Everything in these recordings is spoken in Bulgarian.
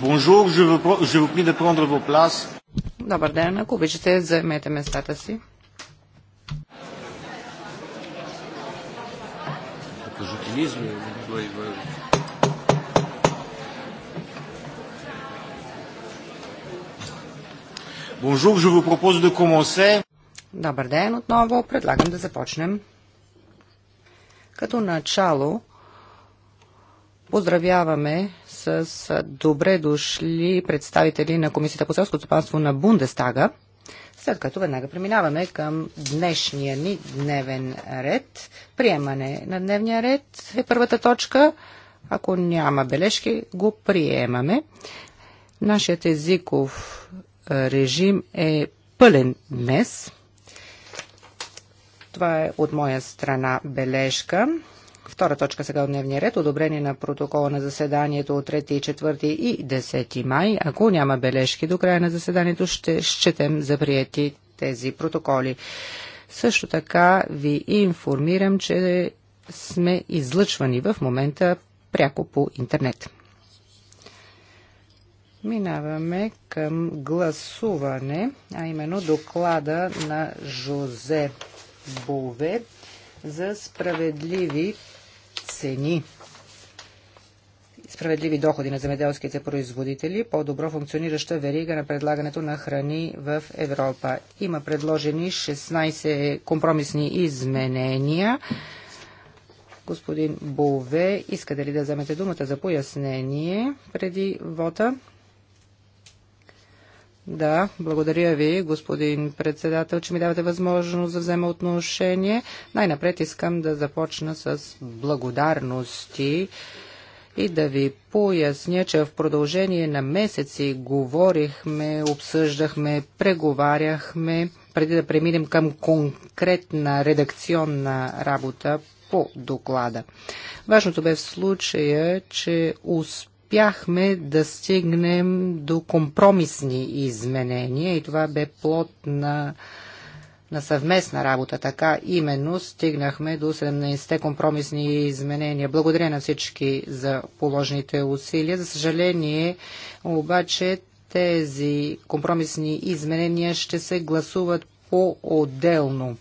Bonjour, je vous, je vous prie de prendre vos places. Добър ден, ако обичате, заемете местата си. Е, Bonjour, je vous propose de commencer. Добър ден отново. Предлагам да започнем. Като начало Поздравяваме с добре дошли представители на Комисията по селско стопанство на Бундестага, след като веднага преминаваме към днешния ни дневен ред. Приемане на дневния ред е първата точка. Ако няма бележки, го приемаме. Нашият езиков режим е пълен днес. Това е от моя страна бележка. Втора точка сега от дневния ред. Одобрение на протокола на заседанието от 3, 4 и 10 май. Ако няма бележки до края на заседанието, ще счетем за приети тези протоколи. Също така ви информирам, че сме излъчвани в момента пряко по интернет. Минаваме към гласуване, а именно доклада на Жозе Бове за справедливи цени справедливи доходи на земеделските производители, по-добро функционираща верига на предлагането на храни в Европа. Има предложени 16 компромисни изменения. Господин Бове, искате ли да вземете думата за пояснение преди вота? Да, благодаря ви, господин председател, че ми давате възможност да взема отношение. Най-напред искам да започна с благодарности и да ви поясня, че в продължение на месеци говорихме, обсъждахме, преговаряхме, преди да преминем към конкретна редакционна работа по доклада. Важното бе в случая, че успе успяхме да стигнем до компромисни изменения и това бе плод на на съвместна работа. Така именно стигнахме до 17-те компромисни изменения. Благодаря на всички за положените усилия. За съжаление, обаче тези компромисни изменения ще се гласуват по-отделно.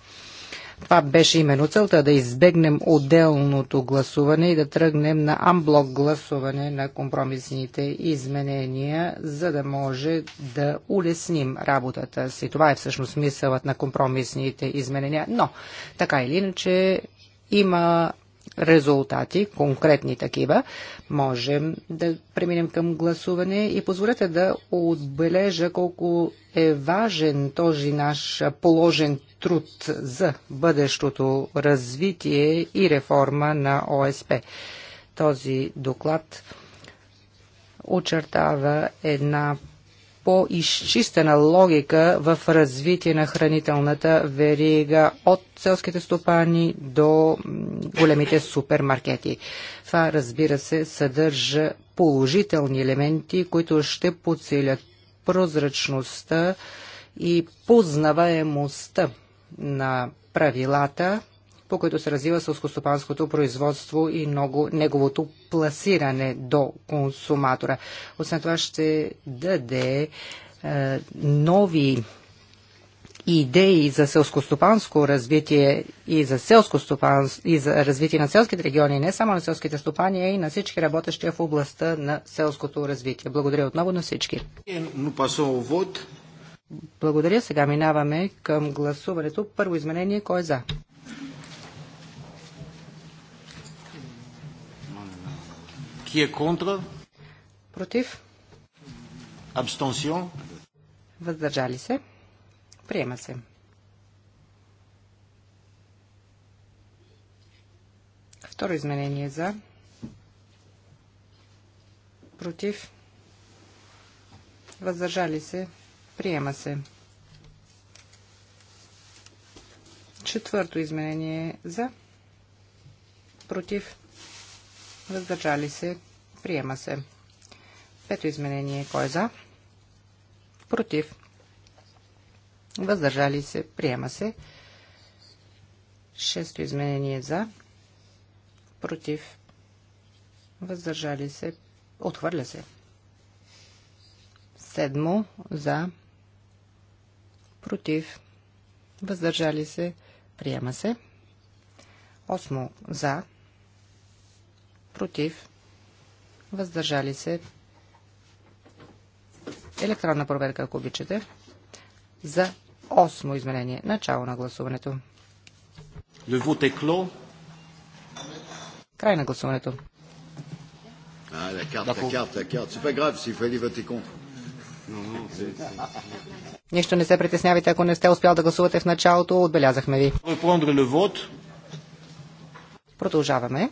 Това беше именно целта да избегнем отделното гласуване и да тръгнем на амблок гласуване на компромисните изменения, за да може да улесним работата си. Това е всъщност смисълът на компромисните изменения. Но, така или иначе, има резултати, конкретни такива, можем да преминем към гласуване и позволете да отбележа колко е важен този наш положен труд за бъдещото развитие и реформа на ОСП. Този доклад очертава една по-изчистена логика в развитие на хранителната верига от селските стопани до големите супермаркети. Това, разбира се, съдържа положителни елементи, които ще подсилят прозрачността и познаваемостта на правилата по които се развива сълскостопанското производство и много, неговото пласиране до консуматора. Освен това ще даде е, нови идеи за селскостопанско развитие и за, селско и за развитие на селските региони, не само на селските стопани, а и на всички работещи в областта на селското развитие. Благодаря отново на всички. Благодаря. Сега минаваме към гласуването. Първо изменение. Кой е за? Qui est контра? Против? Абстенсион? Въздържали се? Приема се. Второ изменение за. Против. Въздържали се. Приема се. Четвърто изменение за. Против. Въздържали се. Приема се. Пето изменение. Кой е за? Против. Въздържали се. Приема се. Шесто изменение за. Против. Въздържали се. Отхвърля се. Седмо за. Против. Въздържали се. Приема се. Осмо за. Против въздържали се. Електронна проверка, ако обичате, за осмо изменение. Начало на гласуването. Le vote est Край на гласуването. Ah, la carte, la carte, la carte. C'est pas grave s'il fallait voter contre. Нищо не се притеснявайте, ако не сте успял да гласувате в началото, отбелязахме ви. Продължаваме.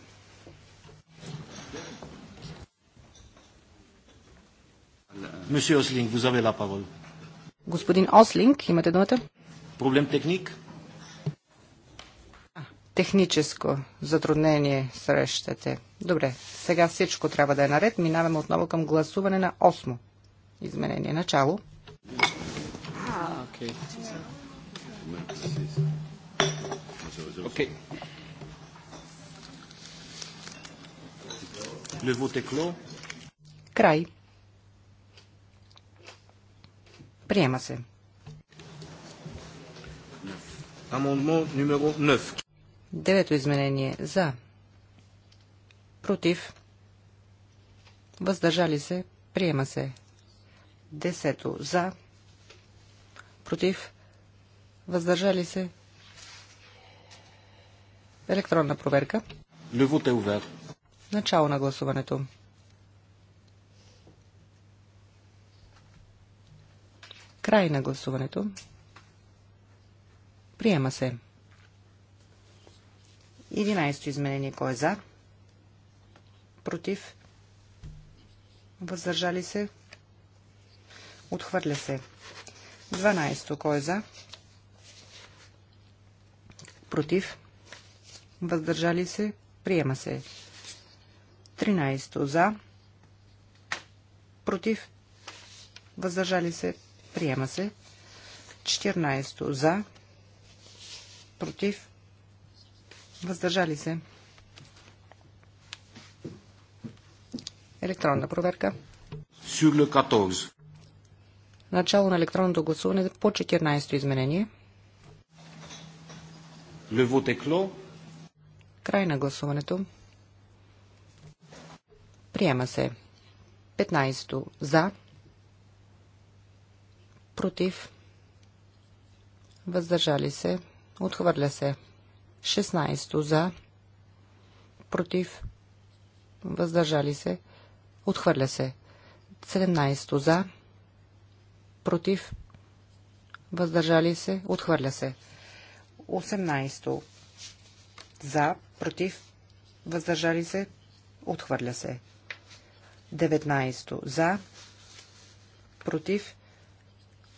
Monsieur Ослинг, vous avez la parole. Господин Ослинг, имате думата. Проблем техник? Техническо затруднение срещате. Добре, сега всичко трябва да е наред. Минаваме отново към гласуване на 8 изменение. Начало. Okay. Okay. Край. Приема се. Девето изменение. За. Против. Въздържали се. Приема се. Десето. За. Против. Въздържали се. Електронна проверка. Левото е увер. Начало на гласуването. Край на гласуването. Приема се. 11 изменение. Кой е за? Против? Въздържали се? Отхвърля се. 12. Кой е за? Против? Въздържали се? Приема се. 13. За? Против? Въздържали се? Приема се. 14 за. Против. Въздържали се. Електронна проверка. Начало на електронното гласуване по 14-то изменение. Le vote Край на гласуването. Приема се. 15 за против, въздържали се, отхвърля се. 16 за, против, въздържали се, отхвърля се. 17 за, против, въздържали се, отхвърля се. 18 за, против, въздържали се, отхвърля се. 19 за, против,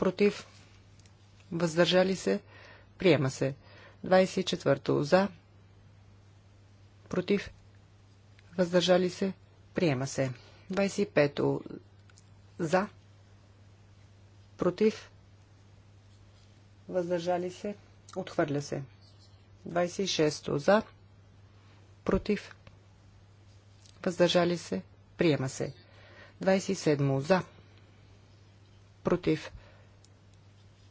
против, въздържали се, приема се. 24 за, против, въздържали се, приема се. 25 за, против, въздържали се, отхвърля се. 26 за, против, въздържали се, приема се. 27 за, против,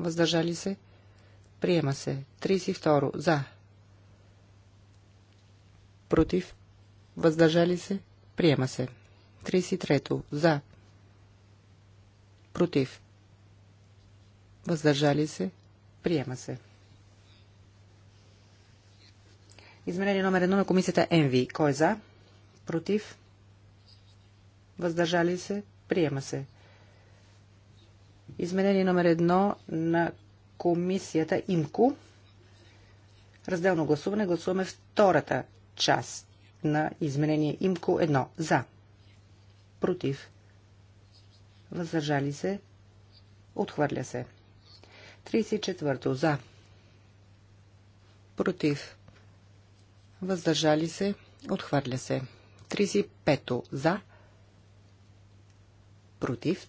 въздържали се, приема се. 32 за, против, въздържали се, приема се. 33 за, против, въздържали се, приема се. Изменение номер 1 на комисията МВ. Кой е за? Против? Въздържали се? Приема се. Изменение номер едно на комисията ИМКО. Разделно гласуване. Гласуваме втората част на изменение ИМКО едно. За. Против. Въздържали се. Отхвърля се. 34. За. Против. Въздържали се. Отхвърля се. 35. За. Против.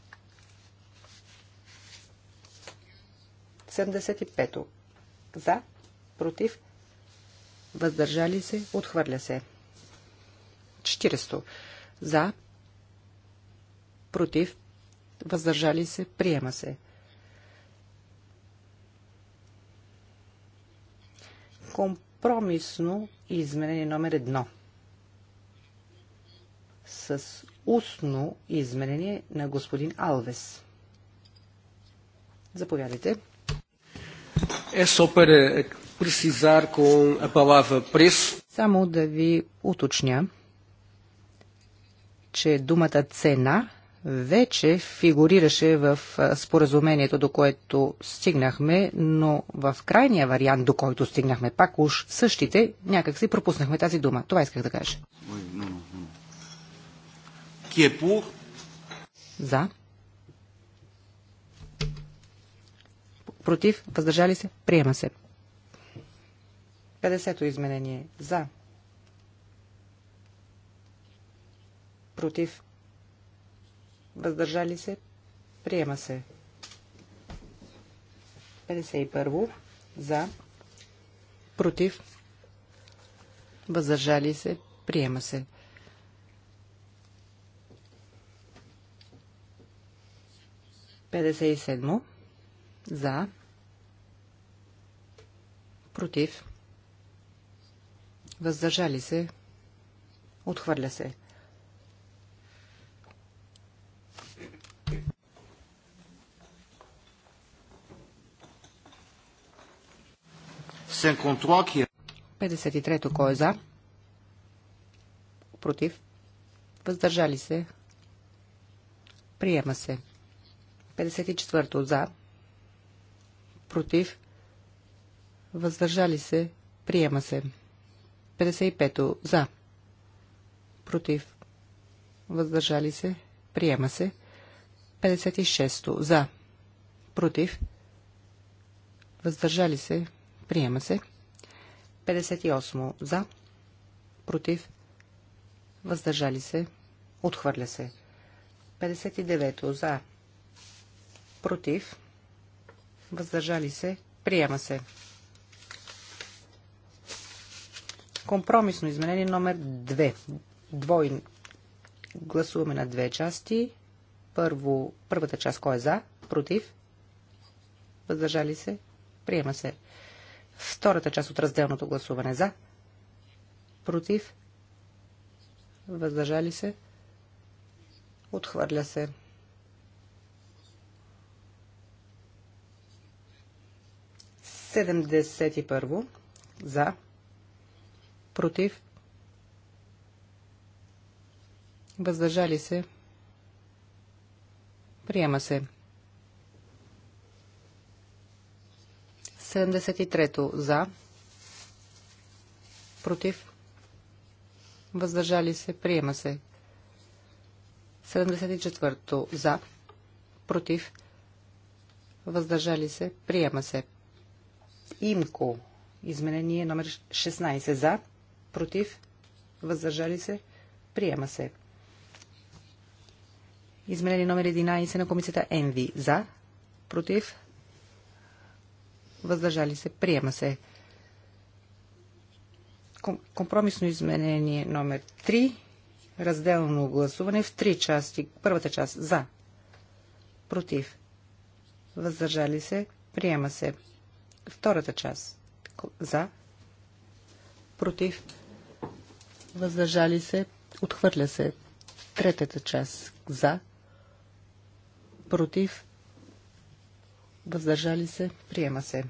75 За, против, въздържали се, отхвърля се. 40 За, против, въздържали се, приема се. Компромисно изменение номер 1 с устно изменение на господин Алвес. Заповядайте. É só para precisar com a palavra preço. Само да ви уточня, че думата цена вече фигурираше в споразумението, до което стигнахме, но в крайния вариант, до който стигнахме пак уж същите, някак си пропуснахме тази дума. Това исках да кажа. Ки е За. против, въздържали се, приема се. 50-то изменение. За. Против. Въздържали се. Приема се. 51. За. Против. Въздържали се. Приема се. 57. За. Против. Въздържали се. Отхвърля се. Сенконтлокия. 53-то кой е за? Против. Въздържали се. Приема се. 54-то за против, въздържали се, приема се. 55 за, против, въздържали се, приема се. 56 за, против, въздържали се, приема се. 58 за, против, въздържали се, отхвърля се. 59 за, против, въздържали се, приема се. Компромисно изменение номер 2. Двойно. Гласуваме на две части. Първо, първата част кой е за? Против? Въздържали се? Приема се. Втората част от разделното гласуване за? Против? Въздържали се? Отхвърля се. 71 за, против, въздържали се, приема се. 73 то за, против, въздържали се, приема се. 74 за, против, въздържали се, приема се. Имко. Изменение номер 16. За. Против. Въздържали се. Приема се. Изменение номер 11 на комисията Енви. За. Против. Въздържали се. Приема се. Компромисно изменение номер 3. Разделно гласуване в три части. Първата част. За. Против. Въздържали се. Приема се. Втората част. За. Против. Въздържали се. Отхвърля се. Третата част. За. Против. Въздържали се. Приема се.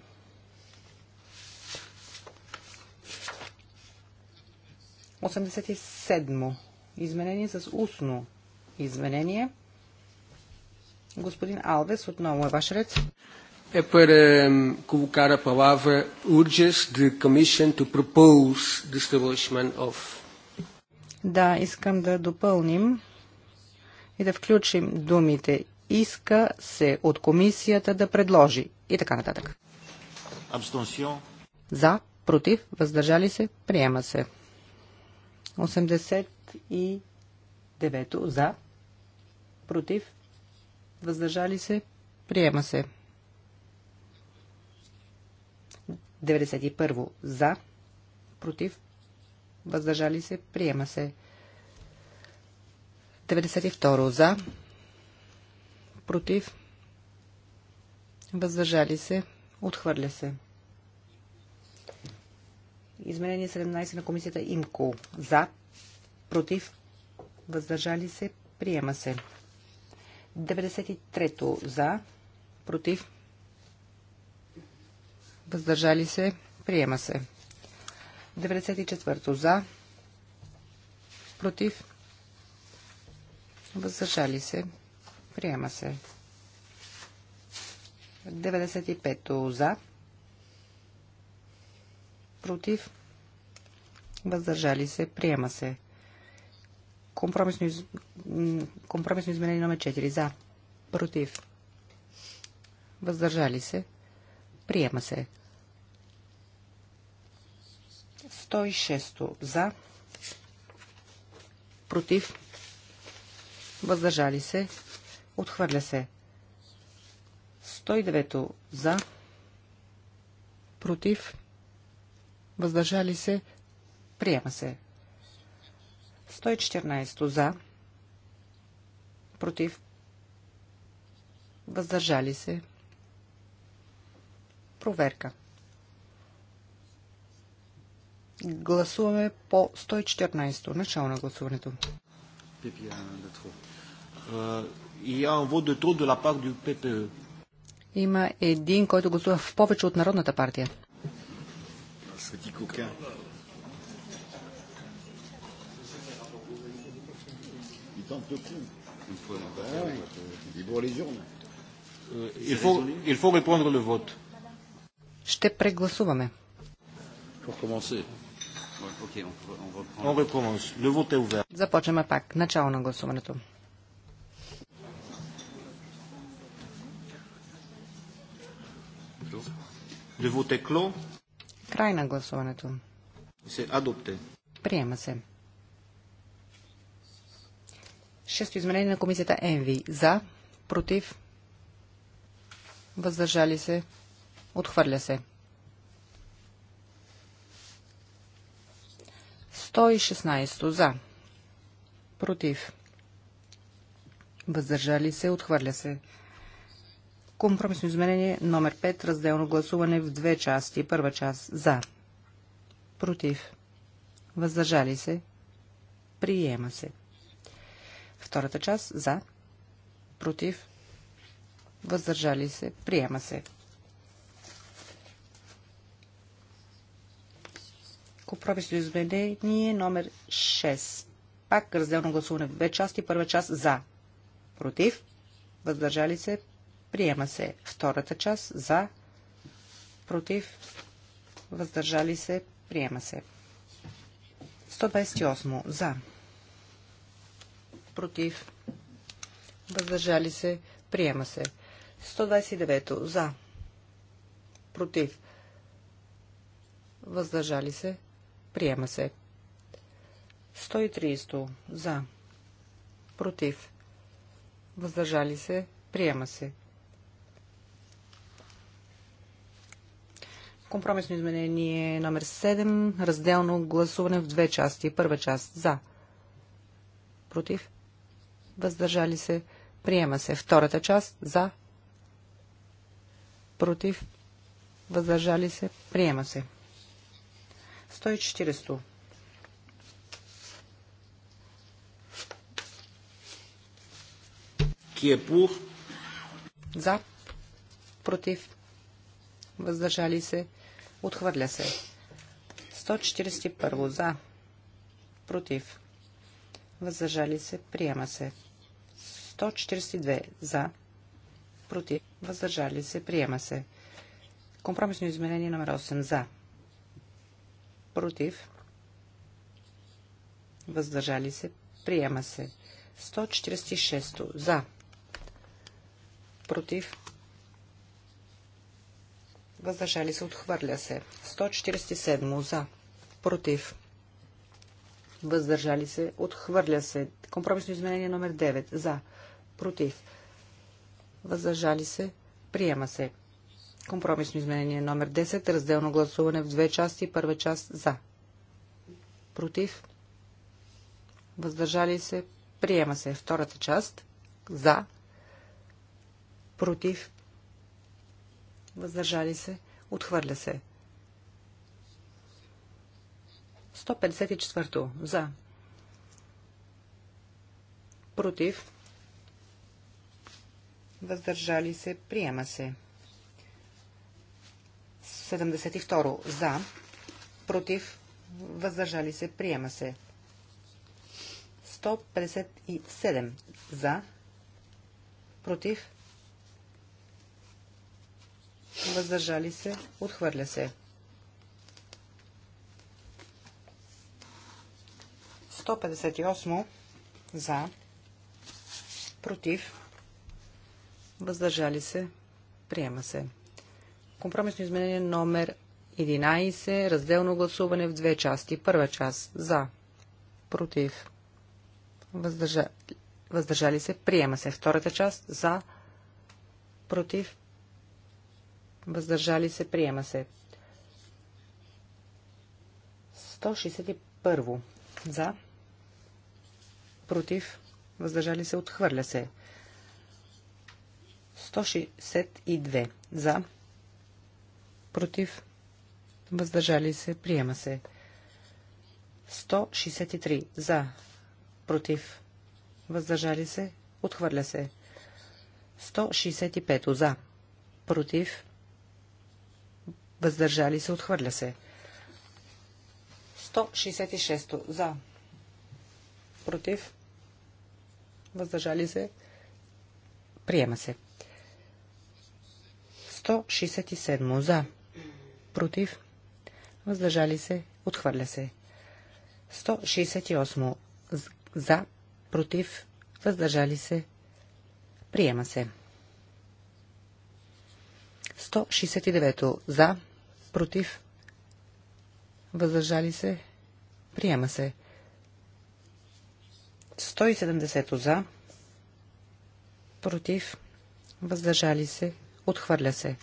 Осемдесет и седмо. Изменение с устно изменение. Господин Алвес, отново е ваш ред é para um, colocar a palavra urges the Commission to propose the establishment of. Да, искам да допълним и да включим думите иска се от комисията да предложи и така нататък. Абстенсион. За, против, въздържали се, приема се. 89 за, против, въздържали се, приема се. 91 за, против, въздържали се, приема се. 92 за, против, въздържали се, отхвърля се. Изменение 17 на комисията ИМКО. За, против, въздържали се, приема се. 93 за, против, въздържали се, приема се. 94 за, против, въздържали се, приема се. 95 за, против, въздържали се, приема се. Компромисно, из... компромисно изменение номер 4 за, против, въздържали се, приема се. 106 за, против, въздържали се, отхвърля се. 109 за, против, въздържали се, приема се. 114 за, против, въздържали се. Проверка. Гласуваме по 114. то Начало на гласуването. Е, e. Има един, който гласува в повече от Народната партия. Ah euh, Ще прегласуваме. Pour commencer. Започваме пак. Начало на гласуването. Край на гласуването. Приема се. Шесто изменение на комисията ЕНВИ. За, против, въздържали се, отхвърля се. 116 за. Против. Въздържали се. Отхвърля се. Компромисно изменение номер 5. Разделно гласуване в две части. Първа част за. Против. Въздържали се. Приема се. Втората част за. Против. Въздържали се. Приема се. Компромисно изведение номер 6. Пак разделно гласуване в две части. Първа част за. Против. Въздържали се. Приема се. Втората част за. Против. Въздържали се. Приема се. 128. За. Против. Въздържали се. Приема се. 129. За. Против. Въздържали се. Приема се. 130. За. Против. Въздържали се. Приема се. Компромисно изменение номер 7. Разделно гласуване в две части. Първа част. За. Против. Въздържали се. Приема се. Втората част. За. Против. Въздържали се. Приема се. 140. Ки е За. Против. Въздържали се. Отхвърля се. 141. За. Против. Въздържали се. Приема се. 142. За. Против. Въздържали се. Приема се. Компромисно изменение номер 8. За против, въздържали се, приема се. 146 за, против, въздържали се, отхвърля се. 147 за, против, въздържали се, отхвърля се. Компромисно изменение номер 9 за, против, въздържали се, приема се. Компромисно изменение номер 10. Разделно гласуване в две части. Първа част за. Против. Въздържали се. Приема се. Втората част. За. Против. Въздържали се. Отхвърля се. 154. За. Против. Въздържали се. Приема се. 72 за, против, въздържали се, приема се. 157 за, против, въздържали се, отхвърля се. 158 за, против, въздържали се, приема се. Компромисно изменение номер 11. Разделно гласуване в две части. Първа част. За. Против. Въздържа... Въздържали се. Приема се. Втората част. За. Против. Въздържали се. Приема се. 161. За. Против. Въздържали се. Отхвърля се. 162. За против, въздържали се, приема се. 163 за, против, въздържали се, отхвърля се. 165 за, против, въздържали се, отхвърля се. 166 за, против, въздържали се, приема се. 167 за, против, въздържали се, отхвърля се. 168 за, против, въздържали се, приема се. 169 за, против, въздържали се, приема се. 170 за, против, въздържали се, отхвърля се.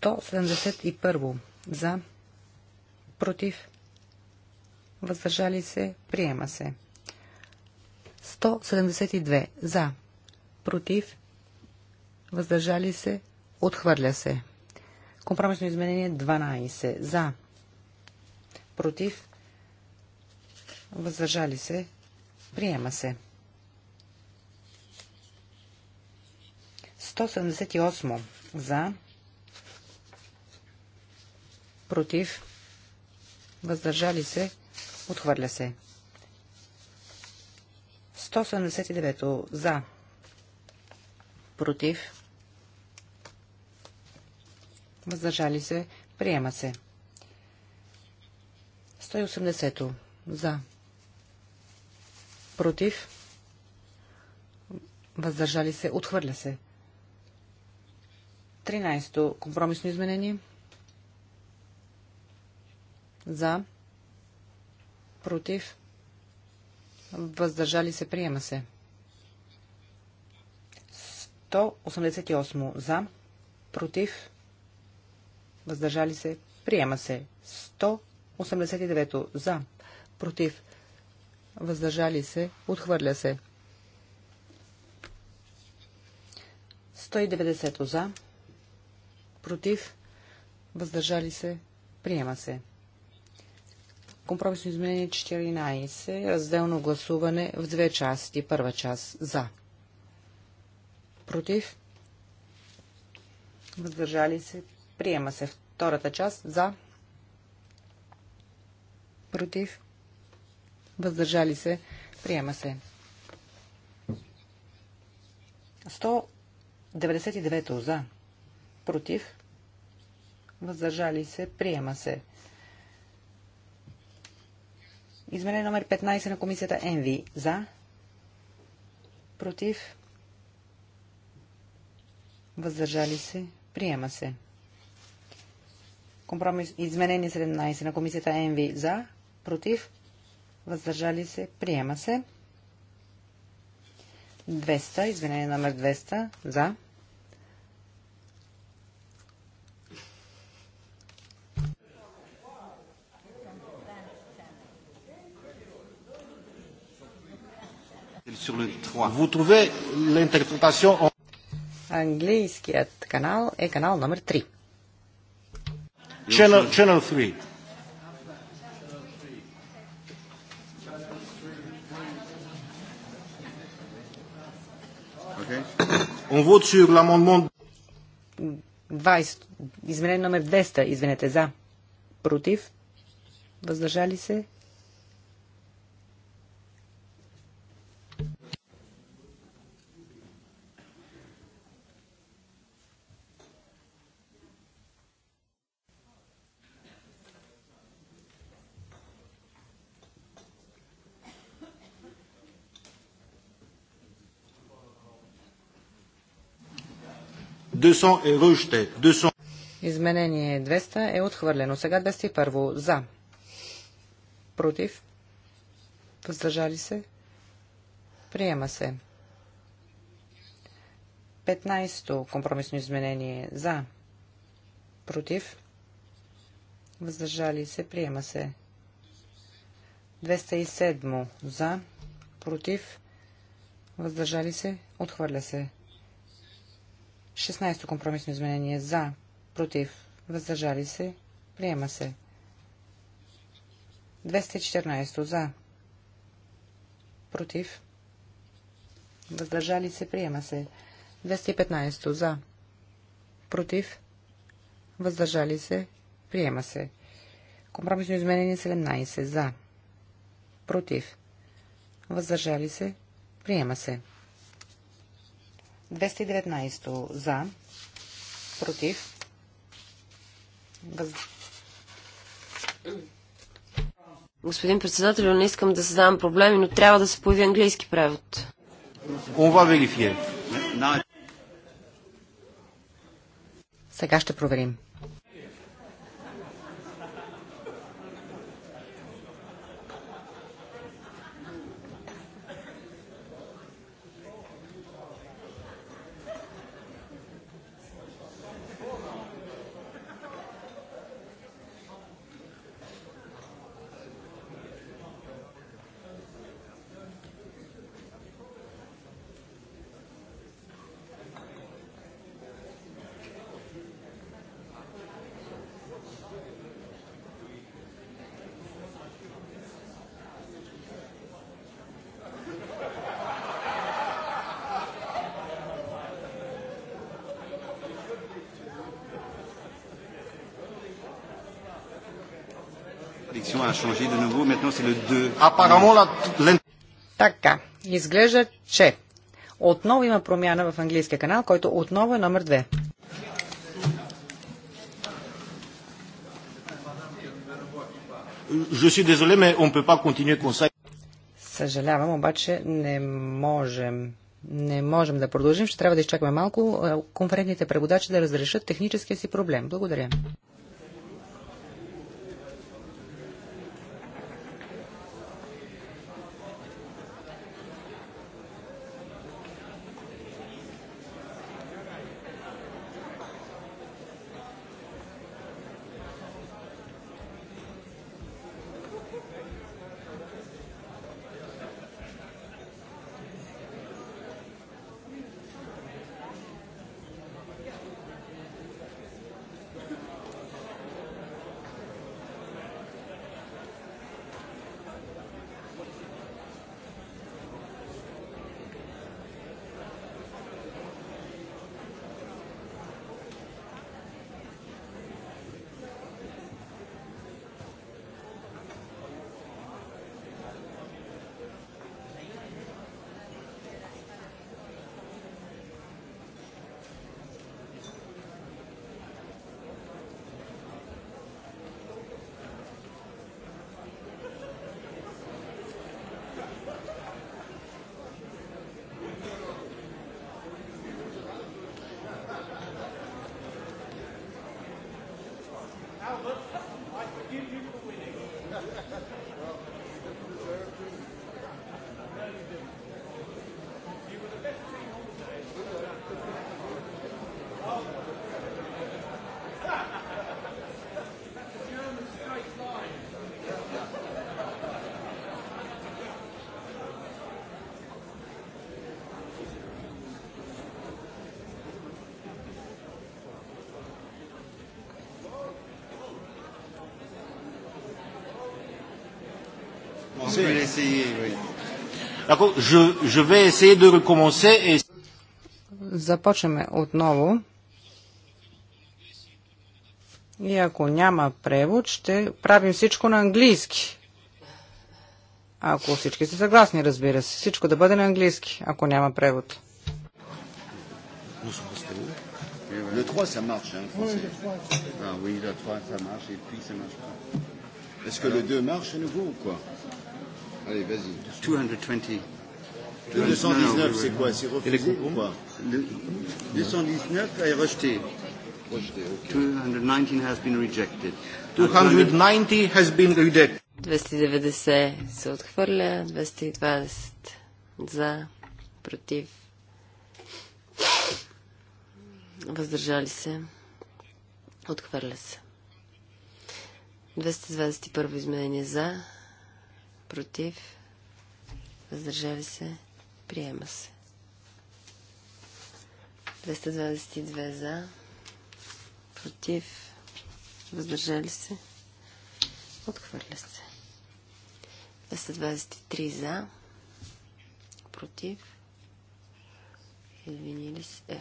171 за, против, въздържали се, приема се. 172 за, против, въздържали се, отхвърля се. Компромисно изменение 12 за, против, въздържали се, приема се. 178 за, против, въздържали се, отхвърля се. 179 за, против, въздържали се, приема се. 180 за, против, въздържали се, отхвърля се. 13 компромисно изменение. За. Против. Въздържали се. Приема се. 188 за. Против. Въздържали се. Приема се. 189 за. Против. Въздържали се. Отхвърля се. 190 за. Против. Въздържали се. Приема се. Компромисно изменение 14. Разделно гласуване в две части. Първа част за. Против. Въздържали се. Приема се втората част за. Против. Въздържали се. Приема се. 199 за. Против. Въздържали се. Приема се. Изменение номер 15 на комисията НВ. За? Против? Въздържали се? Приема се. Компромис. Изменение 17 на комисията НВ. За? Против? Въздържали се? Приема се. 200. Изменение номер 200. За? sur le 3. Vous trouvez l'interprétation en... Anglais, qui est canal, е canal numéro 3. Channel, channel 3. Okay. On vote sur l'amendement 20, изменение номер 200, извинете, за, против, въздържали се, 200 е 200... Изменение 200 е отхвърлено. Сега 201. За. Против. Въздържали се. Приема се. 15-то компромисно изменение. За. Против. Въздържали се. Приема се. 207. За. Против. Въздържали се. Отхвърля се. 16 компромисно изменение за, против, въздържали се, приема се. 214 за, против, въздържали се, приема се. 215 за, против, въздържали се, приема се. Компромисно изменение 17 за, против, въздържали се, приема се. 219 за, против, въз... Господин председател, не искам да създавам проблеми, но трябва да се появи английски превод. Онва верифие. Сега ще проверим. changé de nouveau. Maintenant, c'est le 2. Apparemment, la... Така, изглежда, че отново има промяна в английския канал, който отново е номер 2. Je suis désolé, mais on peut pas continuer comme ça. Съжалявам, обаче не можем. Не можем да продължим. Ще трябва да изчакаме малко е, конферентните преводачи да разрешат техническия си проблем. Благодаря. Започваме отново. И ако няма превод, ще правим всичко на английски. Ако всички сте съгласни, разбира се. Всичко да бъде на английски, ако няма превод. Le 3, ça marche, hein, français. Ah oui, le 3, ça marche, et puis ça marche pas. Est-ce que le 2 marche à nouveau ou quoi Allez, vas-y. 220. 219, c'est quoi C'est refusé ou quoi 219 est rejeté. 219 has been rejected. 290 has been rejected. 290 се отхвърля, 220 за, против, въздържали се, отхвърля се. 221 изменение за, против, въздържали се, приема се. 222 за, против, въздържали се, отхвърля се. 223 за, против, извинили се, е,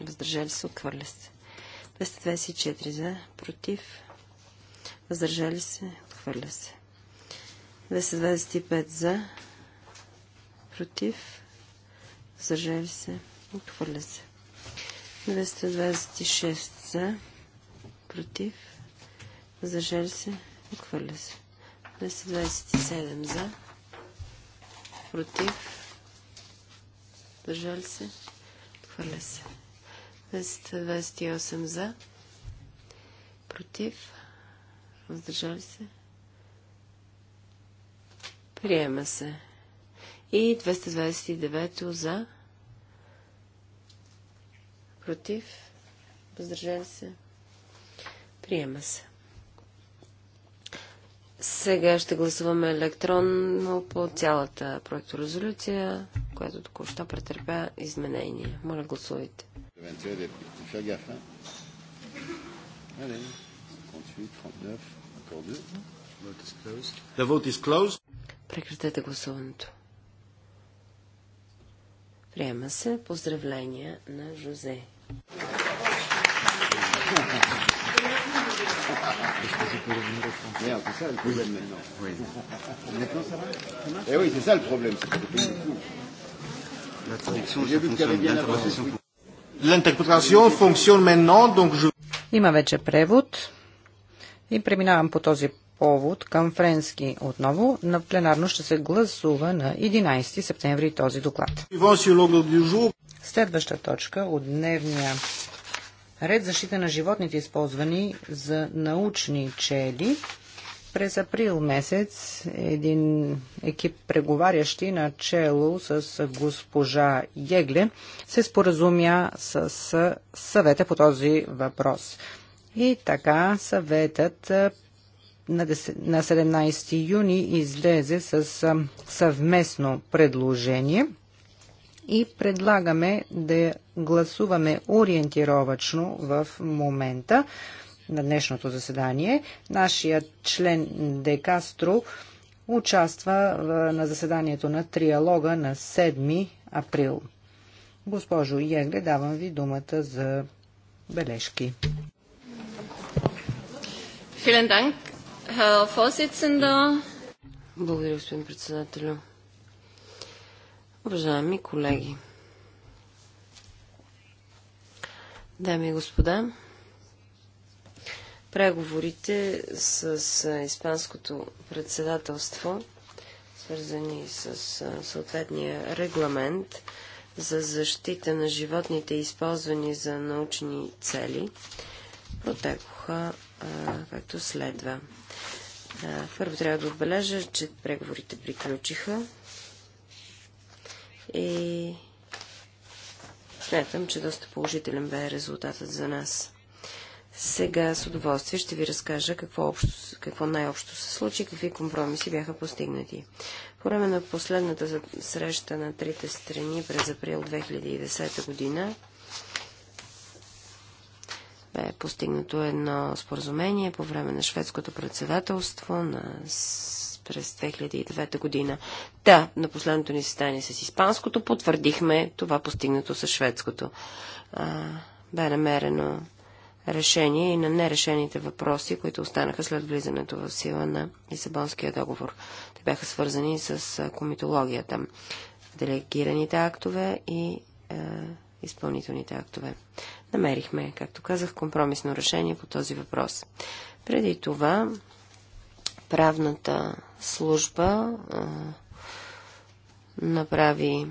въздържали се, отхвърля се. 224 за, против, въздържали се, отхвърля се. 225 за, против, Съжали се, отхвърля се. 226 за, против, зажали се, отхвърля се. 227 за, против, въздържали се, отхвърля се. 228 за, против, въздържали се, Приема се. И 229 за. Против. Въздържали се. Приема се. Сега ще гласуваме електронно по цялата проекторезолюция, която току-що претърпя изменения. Моля, гласувайте. The vote is closed. Прекратете гласуването. Приема се поздравления на Жозе. Има вече превод и преминавам по този повод към френски. Отново на пленарно ще се гласува на 11 септември този доклад. Следваща точка от дневния ред защита на животните, използвани за научни чели. През април месец един екип преговарящи на чело с госпожа Егле се споразумя с съвета по този въпрос. И така съветът на 17 юни излезе с съвместно предложение и предлагаме да гласуваме ориентировачно в момента на днешното заседание. Нашият член Декастро участва на заседанието на триалога на 7 април. Госпожо Егле, давам ви думата за бележки. Vielen благодаря, господин председателю. Уважаеми колеги, дами и господа, преговорите с Испанското председателство, свързани с съответния регламент за защита на животните, използвани за научни цели, протекоха както следва първо трябва да отбележа, че преговорите приключиха и смятам, че доста положителен бе резултатът за нас. Сега с удоволствие ще ви разкажа какво, общо, какво най-общо се случи, какви компромиси бяха постигнати. По време на последната среща на трите страни през април 2010 година бе постигнато едно споразумение по време на шведското председателство на... през 2009 година. Да, на последното ни състояние с испанското потвърдихме това постигнато с шведското. А, бе намерено решение и на нерешените въпроси, които останаха след влизането в сила на Лисабонския договор. Те бяха свързани с комитологията, делегираните актове и изпълнителните актове. Намерихме, както казах, компромисно решение по този въпрос. Преди това правната служба а, направи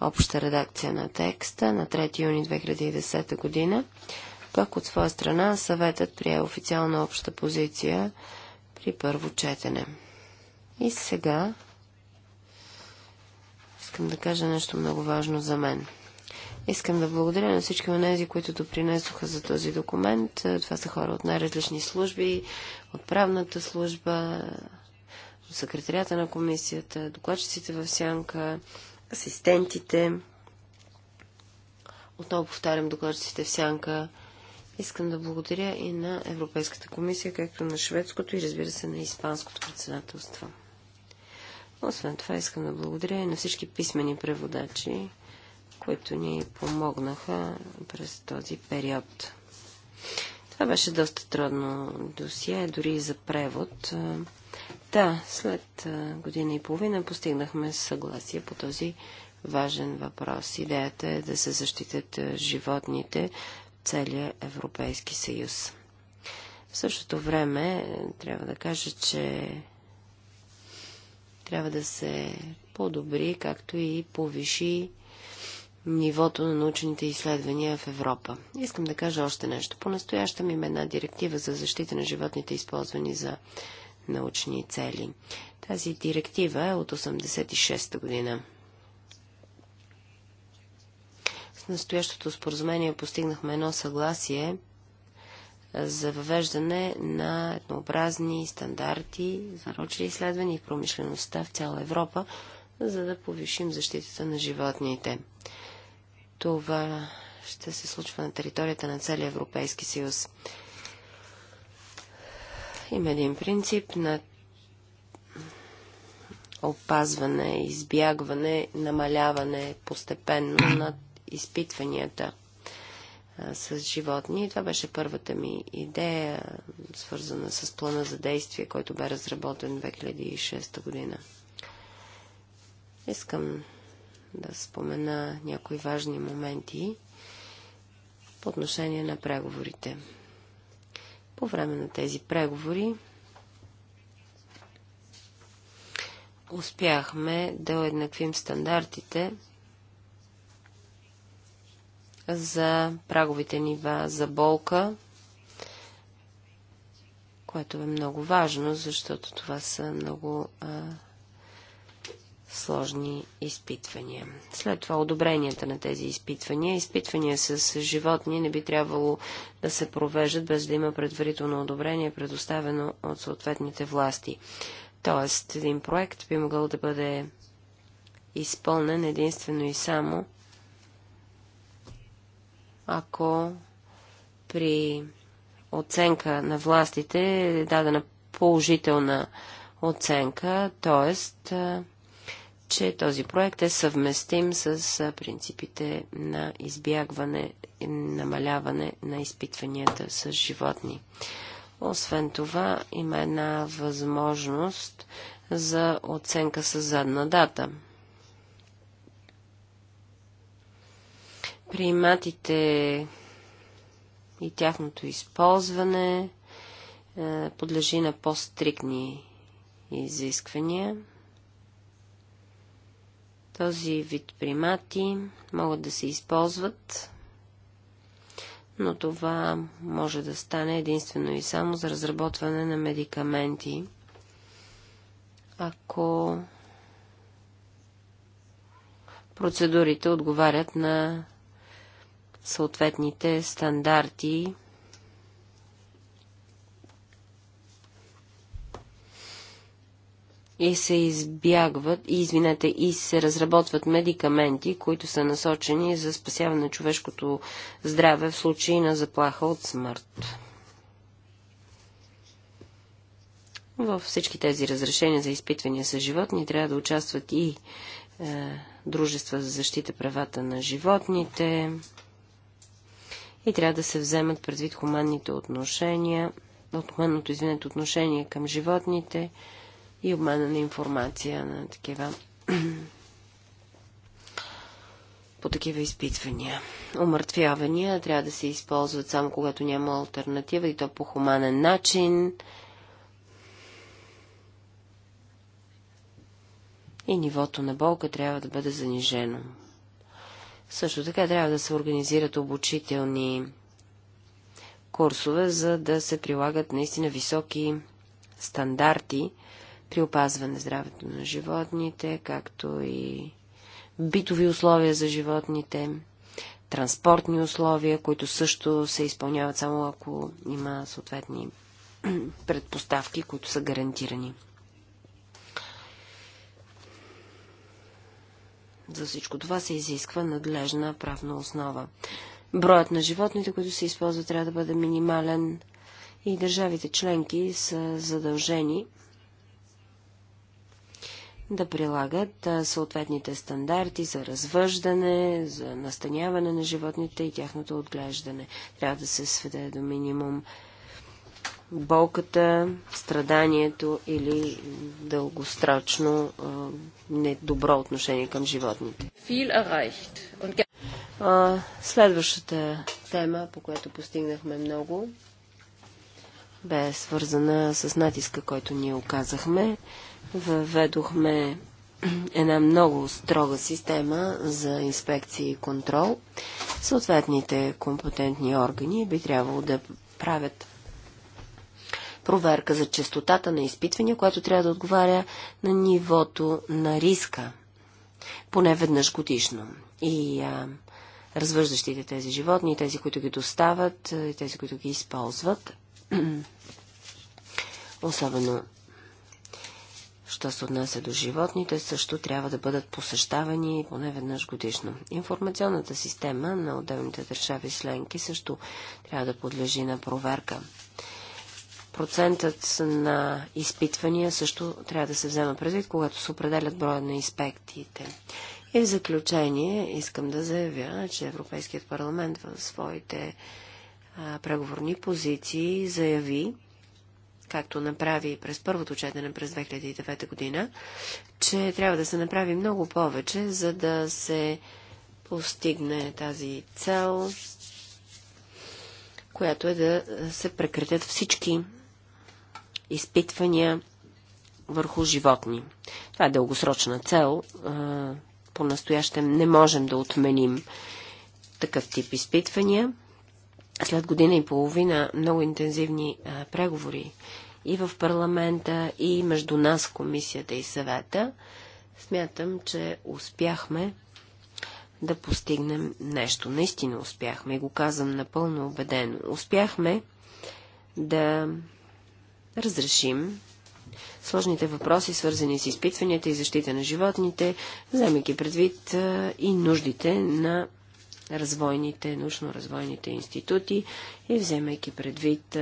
обща редакция на текста на 3 юни 2010 година. Пък от своя страна съветът прие официална обща позиция при първо четене. И сега искам да кажа нещо много важно за мен. Искам да благодаря на всички от тези, които допринесоха за този документ. Това са хора от най-различни служби, от правната служба, от секретарията на комисията, докладчиците в сянка, асистентите. Отново повтарям докладчиците в сянка. Искам да благодаря и на Европейската комисия, както на шведското и разбира се на испанското председателство. Освен това искам да благодаря и на всички писмени преводачи, които ни помогнаха през този период. Това беше доста трудно досие, дори и за превод. Да, след година и половина постигнахме съгласие по този важен въпрос. Идеята е да се защитят животните в целия Европейски съюз. В същото време е, трябва да кажа, че трябва да се подобри, както и повиши нивото на научните изследвания в Европа. Искам да кажа още нещо. По-настоящем има една директива за защита на животните, използвани за научни цели. Тази директива е от 86 година. С настоящото споразумение постигнахме едно съгласие – за въвеждане на еднообразни стандарти за научни изследвания и промишлеността в цяла Европа, за да повишим защитата на животните. Това ще се случва на територията на целия Европейски съюз. Има един принцип на опазване, избягване, намаляване постепенно на изпитванията – а, с животни. И това беше първата ми идея, свързана с плана за действие, който бе разработен 2006 година. Искам да спомена някои важни моменти по отношение на преговорите. По време на тези преговори успяхме да уеднаквим стандартите за праговите нива за болка, което е много важно, защото това са много а, сложни изпитвания. След това одобренията на тези изпитвания. Изпитвания с животни не би трябвало да се провеждат без да има предварително одобрение, предоставено от съответните власти. Тоест, един проект би могъл да бъде изпълнен единствено и само – ако при оценка на властите е дадена положителна оценка, т.е. че този проект е съвместим с принципите на избягване и намаляване на изпитванията с животни. Освен това, има една възможност за оценка с задна дата – приматите и тяхното използване е, подлежи на по-стрикни изисквания. Този вид примати могат да се използват, но това може да стане единствено и само за разработване на медикаменти. Ако процедурите отговарят на съответните стандарти и се избягват, и, извинете, и се разработват медикаменти, които са насочени за спасяване на човешкото здраве в случай на заплаха от смърт. Във всички тези разрешения за изпитвания с животни трябва да участват и е, дружества за защита правата на животните, и трябва да се вземат предвид хуманните отношения, хуманното извинете отношение към животните и обмена на информация на такива по такива изпитвания. Омъртвявания трябва да се използват само когато няма альтернатива и то по хуманен начин. И нивото на болка трябва да бъде занижено. Също така трябва да се организират обучителни курсове, за да се прилагат наистина високи стандарти при опазване здравето на животните, както и битови условия за животните, транспортни условия, които също се изпълняват само ако има съответни предпоставки, които са гарантирани. За всичко това се изисква надлежна правна основа. Броят на животните, които се използват, трябва да бъде минимален и държавите членки са задължени да прилагат съответните стандарти за развъждане, за настаняване на животните и тяхното отглеждане. Трябва да се сведе до минимум болката, страданието или дългосрочно недобро отношение към животните. Следващата тема, по която постигнахме много, бе свързана с натиска, който ние оказахме. Въведохме една много строга система за инспекции и контрол. Съответните компетентни органи би трябвало да правят проверка за частотата на изпитвания, която трябва да отговаря на нивото на риска, поне веднъж годишно. И а, развъждащите тези животни, и тези, които ги доставят, и тези, които ги използват, особено Що се отнася до животните, също трябва да бъдат посещавани поне веднъж годишно. Информационната система на отделните държави членки също трябва да подлежи на проверка. Процентът на изпитвания също трябва да се взема предвид, когато се определят броя на инспекциите. И в заключение искам да заявя, че Европейският парламент в своите преговорни позиции заяви, както направи през първото четене през 2009 година, че трябва да се направи много повече, за да се постигне тази цел, която е да се прекратят всички изпитвания върху животни. Това е дългосрочна цел. По-настоящем не можем да отменим такъв тип изпитвания. След година и половина много интензивни преговори и в парламента, и между нас, комисията и съвета, смятам, че успяхме да постигнем нещо. Наистина успяхме, и го казвам напълно убедено. Успяхме да разрешим сложните въпроси, свързани с изпитванията и защита на животните, вземайки предвид и нуждите на развойните, научно-развойните институти и вземайки предвид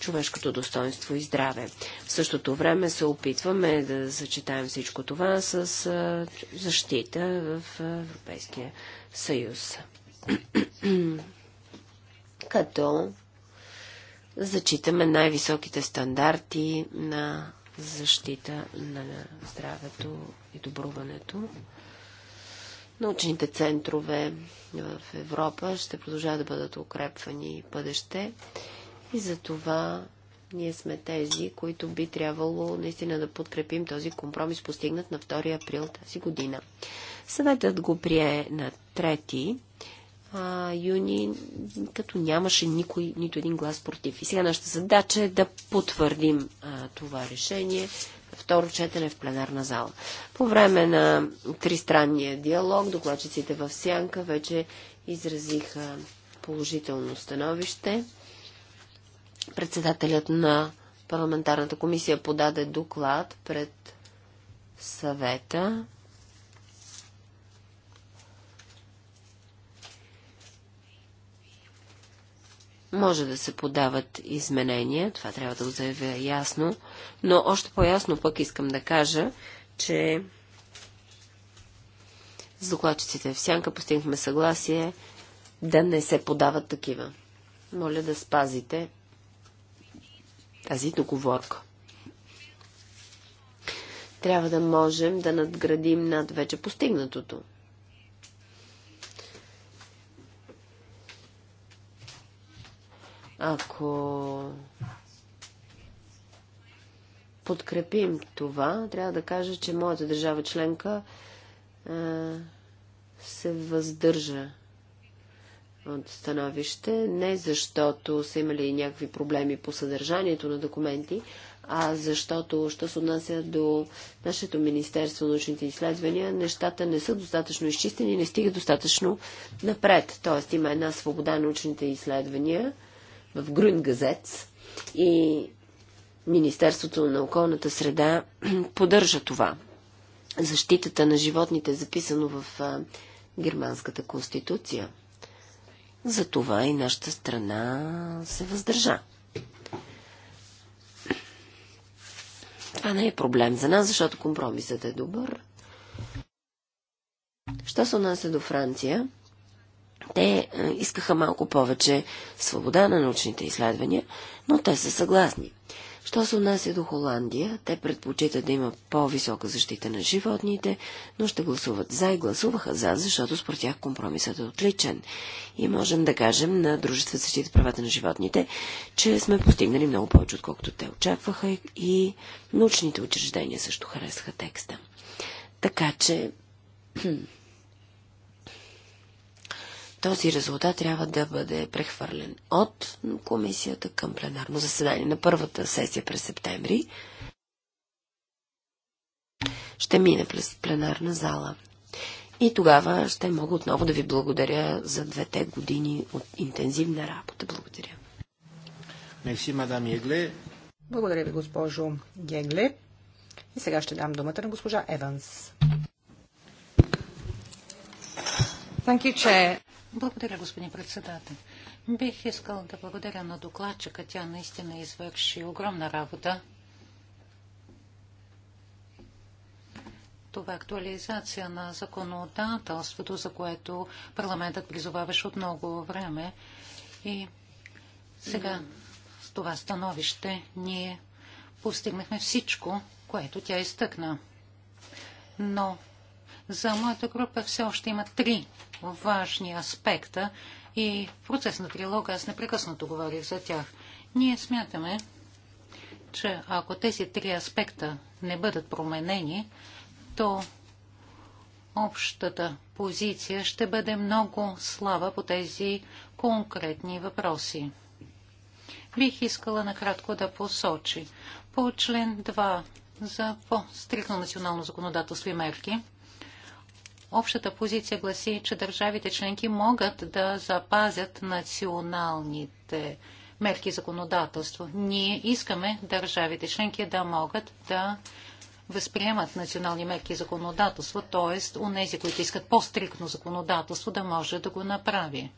човешкото достоинство и здраве. В същото време се опитваме да съчетаем всичко това с защита в Европейския съюз. Като зачитаме най-високите стандарти на защита на здравето и добруването. Научните центрове в Европа ще продължават да бъдат укрепвани в бъдеще и за това ние сме тези, които би трябвало наистина да подкрепим този компромис, постигнат на 2 април тази година. Съветът го прие на 3 а, юни, като нямаше никой, нито един глас против. И сега нашата задача е да потвърдим а, това решение второ четене в пленарна зала. По време на тристранния диалог докладчиците в Сянка вече изразиха положително становище. Председателят на парламентарната комисия подаде доклад пред съвета Може да се подават изменения, това трябва да го заявя ясно, но още по-ясно пък искам да кажа, че с докладчиците в Сянка постигнахме съгласие да не се подават такива. Моля да спазите тази договорка. Трябва да можем да надградим над вече постигнатото. Ако подкрепим това, трябва да кажа, че моята държава членка е, се въздържа от становище, не защото са имали някакви проблеми по съдържанието на документи, а защото, що се отнася до нашето Министерство на научните изследвания, нещата не са достатъчно изчистени, и не стига достатъчно напред. Тоест има една свобода на научните изследвания, в Грюнгазец и Министерството на околната среда поддържа това. Защитата на животните е записано в германската конституция. Затова и нашата страна се въздържа. Това не е проблем за нас, защото компромисът е добър. Що се отнася до Франция, те е, искаха малко повече свобода на научните изследвания, но те са съгласни. Що се отнася до Холандия, те предпочитат да има по-висока защита на животните, но ще гласуват за и гласуваха за, защото според тях компромисът е отличен. И можем да кажем на Дружество за защита правата на животните, че сме постигнали много повече, отколкото те очакваха и научните учреждения също харесаха текста. Така че Този резултат трябва да бъде прехвърлен от комисията към пленарно заседание на първата сесия през септември. Ще мине през пленарна зала. И тогава ще мога отново да ви благодаря за двете години от интензивна работа. Благодаря. Мерси, мадам Егле. Благодаря ви, госпожо Гегле. И сега ще дам думата на госпожа Еванс. You, благодаря, господин председател. Бих искал да благодаря на докладчика. Тя наистина извърши огромна работа. Това е актуализация на законодателството, за което парламентът призоваваше от много време. И сега с това становище ние постигнахме всичко, което тя изтъкна. Но за моята група все още има три важни аспекта и в процес на трилога аз непрекъснато говорих за тях. Ние смятаме, че ако тези три аспекта не бъдат променени, то общата позиция ще бъде много слаба по тези конкретни въпроси. Бих искала накратко да посочи по член 2 за по-стрикно национално законодателство и мерки. Общата позиция гласи, че държавите членки могат да запазят националните мерки законодателство. Ние искаме държавите членки да могат да възприемат национални мерки законодателство, т.е. у нези, които искат по-стрикно законодателство, да може да го направи.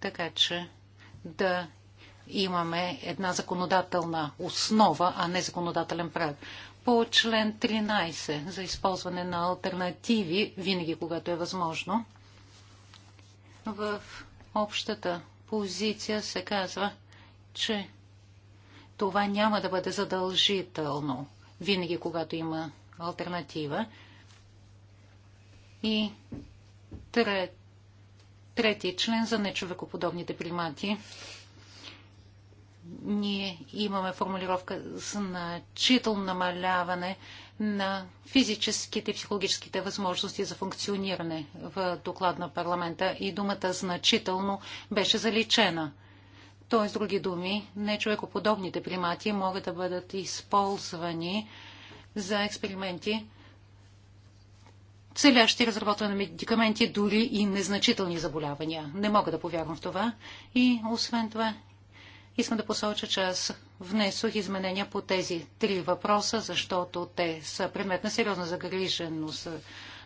Така че да имаме една законодателна основа, а не законодателен прав по член 13 за използване на альтернативи, винаги когато е възможно. В общата позиция се казва, че това няма да бъде задължително, винаги когато има альтернатива. И трет, трети член за нечовекоподобните примати ние имаме формулировка значително намаляване на физическите и психологическите възможности за функциониране в доклад на парламента и думата значително беше заличена. Тоест, други думи, нечовекоподобните примати могат да бъдат използвани за експерименти, целящи разработване на медикаменти, дори и незначителни заболявания. Не мога да повярвам в това. И освен това, Искам да посоча, че аз внесох изменения по тези три въпроса, защото те са предмет на сериозна загриженост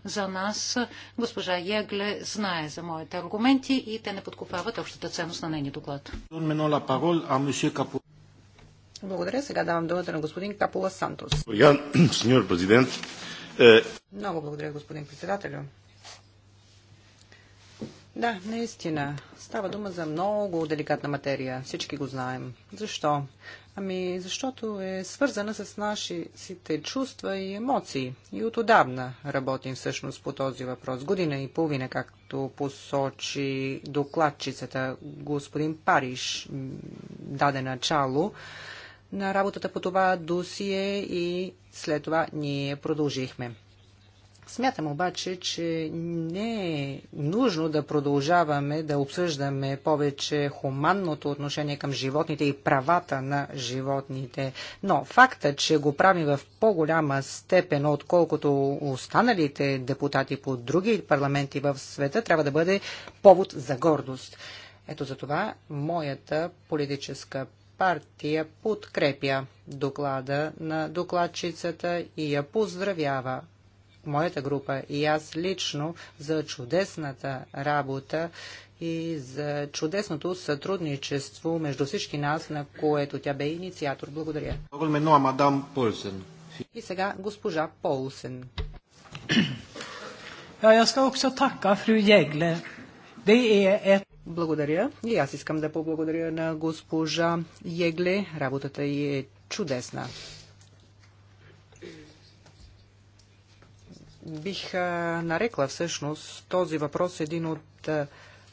за нас. Госпожа Ягле знае за моите аргументи и те не подкопават общата ценност на нейния доклад. Благодаря. Сега давам думата на господин Капула Сантос. Е, Много благодаря, господин председателю. Да, наистина. Става дума за много деликатна материя. Всички го знаем. Защо? Ами, защото е свързана с нашите чувства и емоции. И от отдавна работим всъщност по този въпрос. Година и половина, както посочи докладчицата господин Париж, даде начало на работата по това досие и след това ние продължихме. Смятам обаче, че не е нужно да продължаваме да обсъждаме повече хуманното отношение към животните и правата на животните. Но факта, че го правим в по-голяма степен, отколкото останалите депутати по други парламенти в света, трябва да бъде повод за гордост. Ето за това моята политическа партия подкрепя доклада на докладчицата и я поздравява моята група и аз лично за чудесната работа и за чудесното сътрудничество между всички нас, на което тя бе инициатор. Благодаря. И сега госпожа Полсен. Благодаря. И аз искам да поблагодаря на госпожа Егле. Работата й е чудесна. бих нарекла всъщност този въпрос един от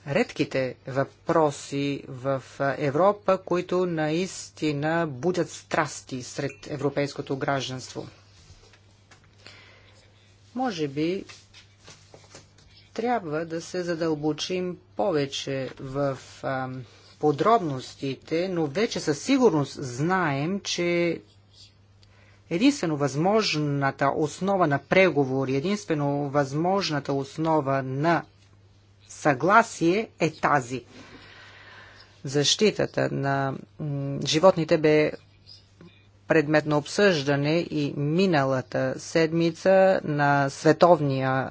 редките въпроси в Европа, които наистина будят страсти сред европейското гражданство. Може би трябва да се задълбочим повече в подробностите, но вече със сигурност знаем, че единствено възможната основа на преговори, единствено възможната основа на съгласие е тази. Защитата на животните бе предмет на обсъждане и миналата седмица на Световния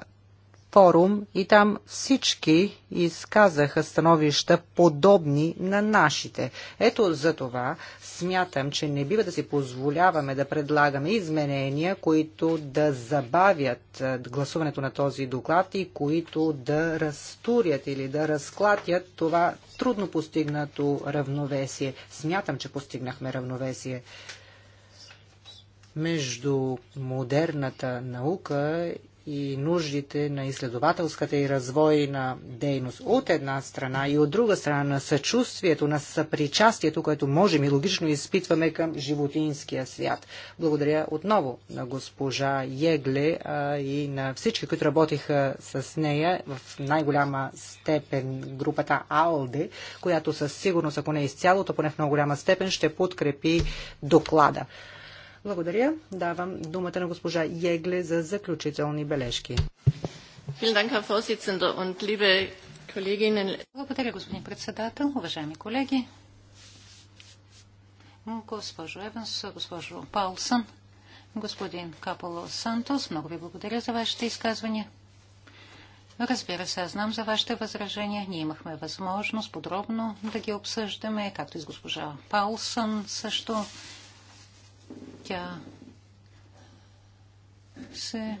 форум и там всички изказаха становища подобни на нашите. Ето за това смятам, че не бива да си позволяваме да предлагаме изменения, които да забавят е, гласуването на този доклад и които да разтурят или да разклатят това трудно постигнато равновесие. Смятам, че постигнахме равновесие между модерната наука и нуждите на изследователската и развойна дейност от една страна и от друга страна на съчувствието, на съпричастието, което можем и логично изпитваме към животинския свят. Благодаря отново на госпожа Егле а, и на всички, които работиха с нея в най-голяма степен групата АЛДЕ, която със сигурност, ако не изцялото, поне в много голяма степен ще подкрепи доклада. Благодаря. Давам думата на госпожа Егле за заключителни бележки. Благодаря, господин председател, уважаеми колеги. Госпожо Еванс, госпожо Паулсън, господин Капало Сантос, много ви благодаря за вашите изказвания. Разбира се, аз знам за вашите възражения. Ние имахме възможност подробно да ги обсъждаме, както и с госпожа Паулсън също. Тя се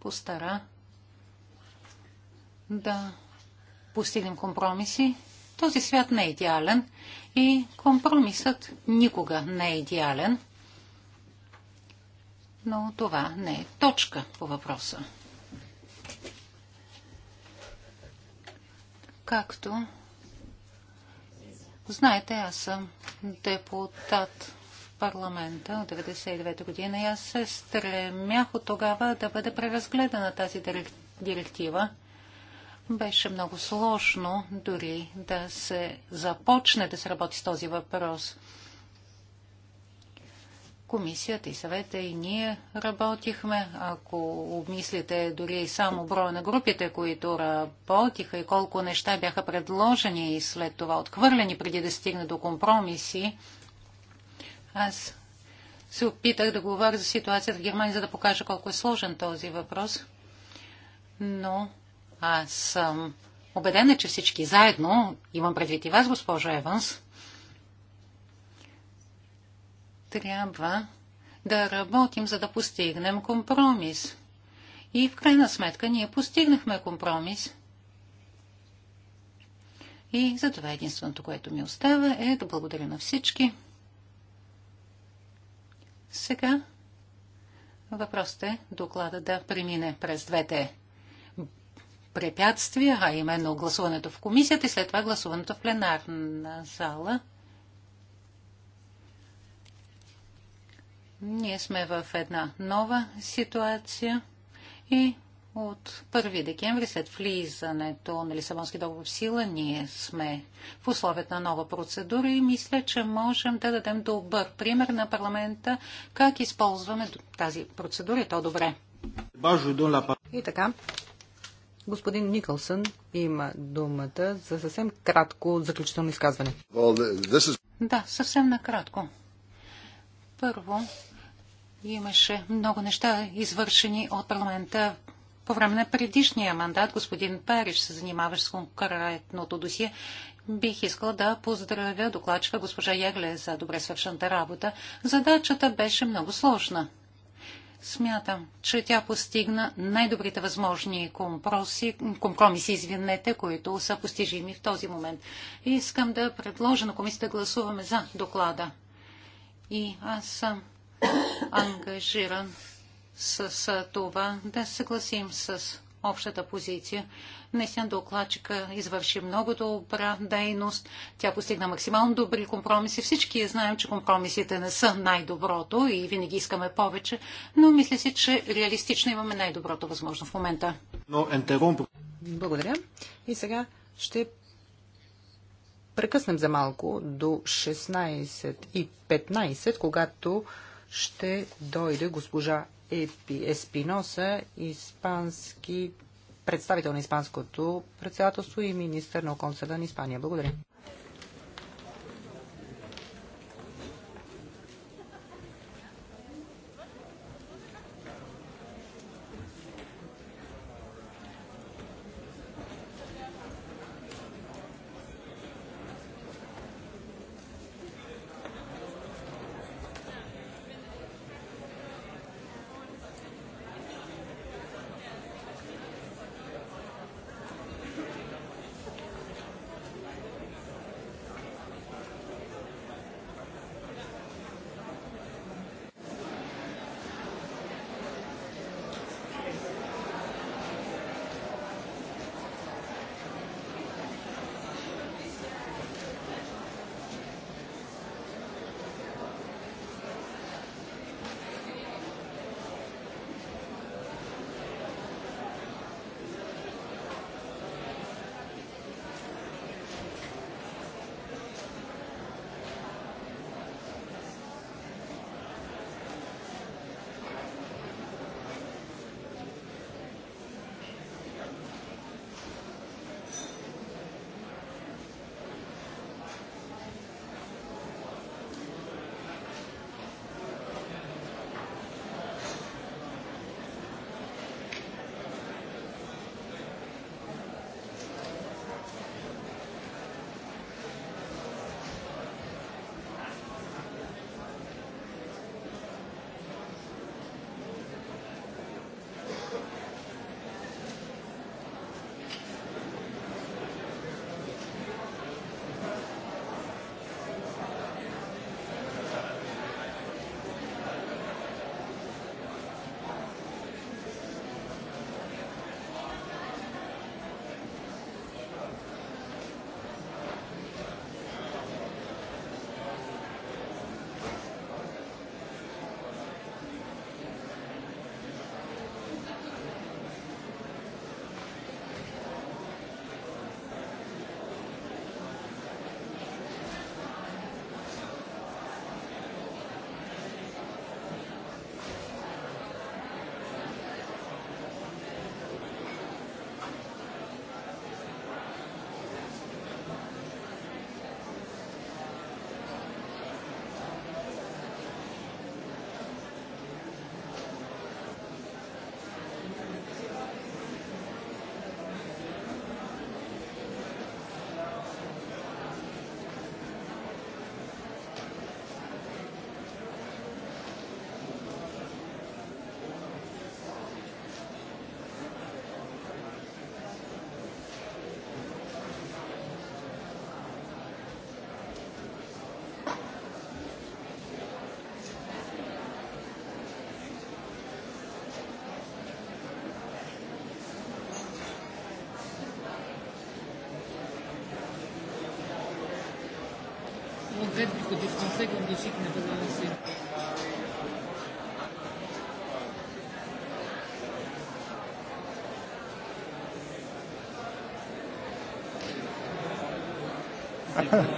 постара да постигнем компромиси. Този свят не е идеален и компромисът никога не е идеален. Но това не е точка по въпроса. Както знаете, аз съм депутат парламента от 1999 година и аз се стремях от тогава да бъде преразгледана тази директива. Беше много сложно дори да се започне да се работи с този въпрос. Комисията и съвета и ние работихме. Ако обмислите дори и само броя на групите, които работиха и колко неща бяха предложени и след това отхвърлени преди да стигне до компромиси, аз се опитах да говоря за ситуацията в Германия, за да покажа колко е сложен този въпрос. Но аз съм убедена, че всички заедно, имам предвид и вас, госпожо Еванс, трябва да работим, за да постигнем компромис. И в крайна сметка ние постигнахме компромис. И затова единственото, което ми остава е да благодаря на всички. Сега въпросът е доклада да премине през двете препятствия, а именно гласуването в комисията и след това гласуването в пленарна зала. Ние сме в една нова ситуация и от 1 декември след влизането на Лисабонски договор в сила ние сме в условията на нова процедура и мисля, че можем да дадем добър пример на парламента как използваме тази процедура и то добре. И така, господин Никълсън има думата за съвсем кратко заключително изказване. Well, is... Да, съвсем накратко. Първо, имаше много неща извършени от парламента по време на предишния мандат господин Париж се занимаваше с конкретното досие. Бих искал да поздравя докладчика госпожа Ягле за добре свършената работа. Задачата беше много сложна. Смятам, че тя постигна най-добрите възможни компромиси, компромиси, извинете, които са постижими в този момент. Искам да предложа на комисията да гласуваме за доклада. И аз съм ангажиран с това да се съгласим с общата позиция. Наистина докладчика извърши много добра дейност. Тя постигна максимално добри компромиси. Всички знаем, че компромисите не са най-доброто и винаги искаме повече, но мисля си, че реалистично имаме най-доброто възможно в момента. Благодаря. И сега ще прекъснем за малко до 16 и 15, когато ще дойде госпожа Еспиноса, испански представител на Испанското председателство и министър на околната среда на Испания. Благодаря. que des Français qu'on dit qu'il n'a pas avancé. Ha ha.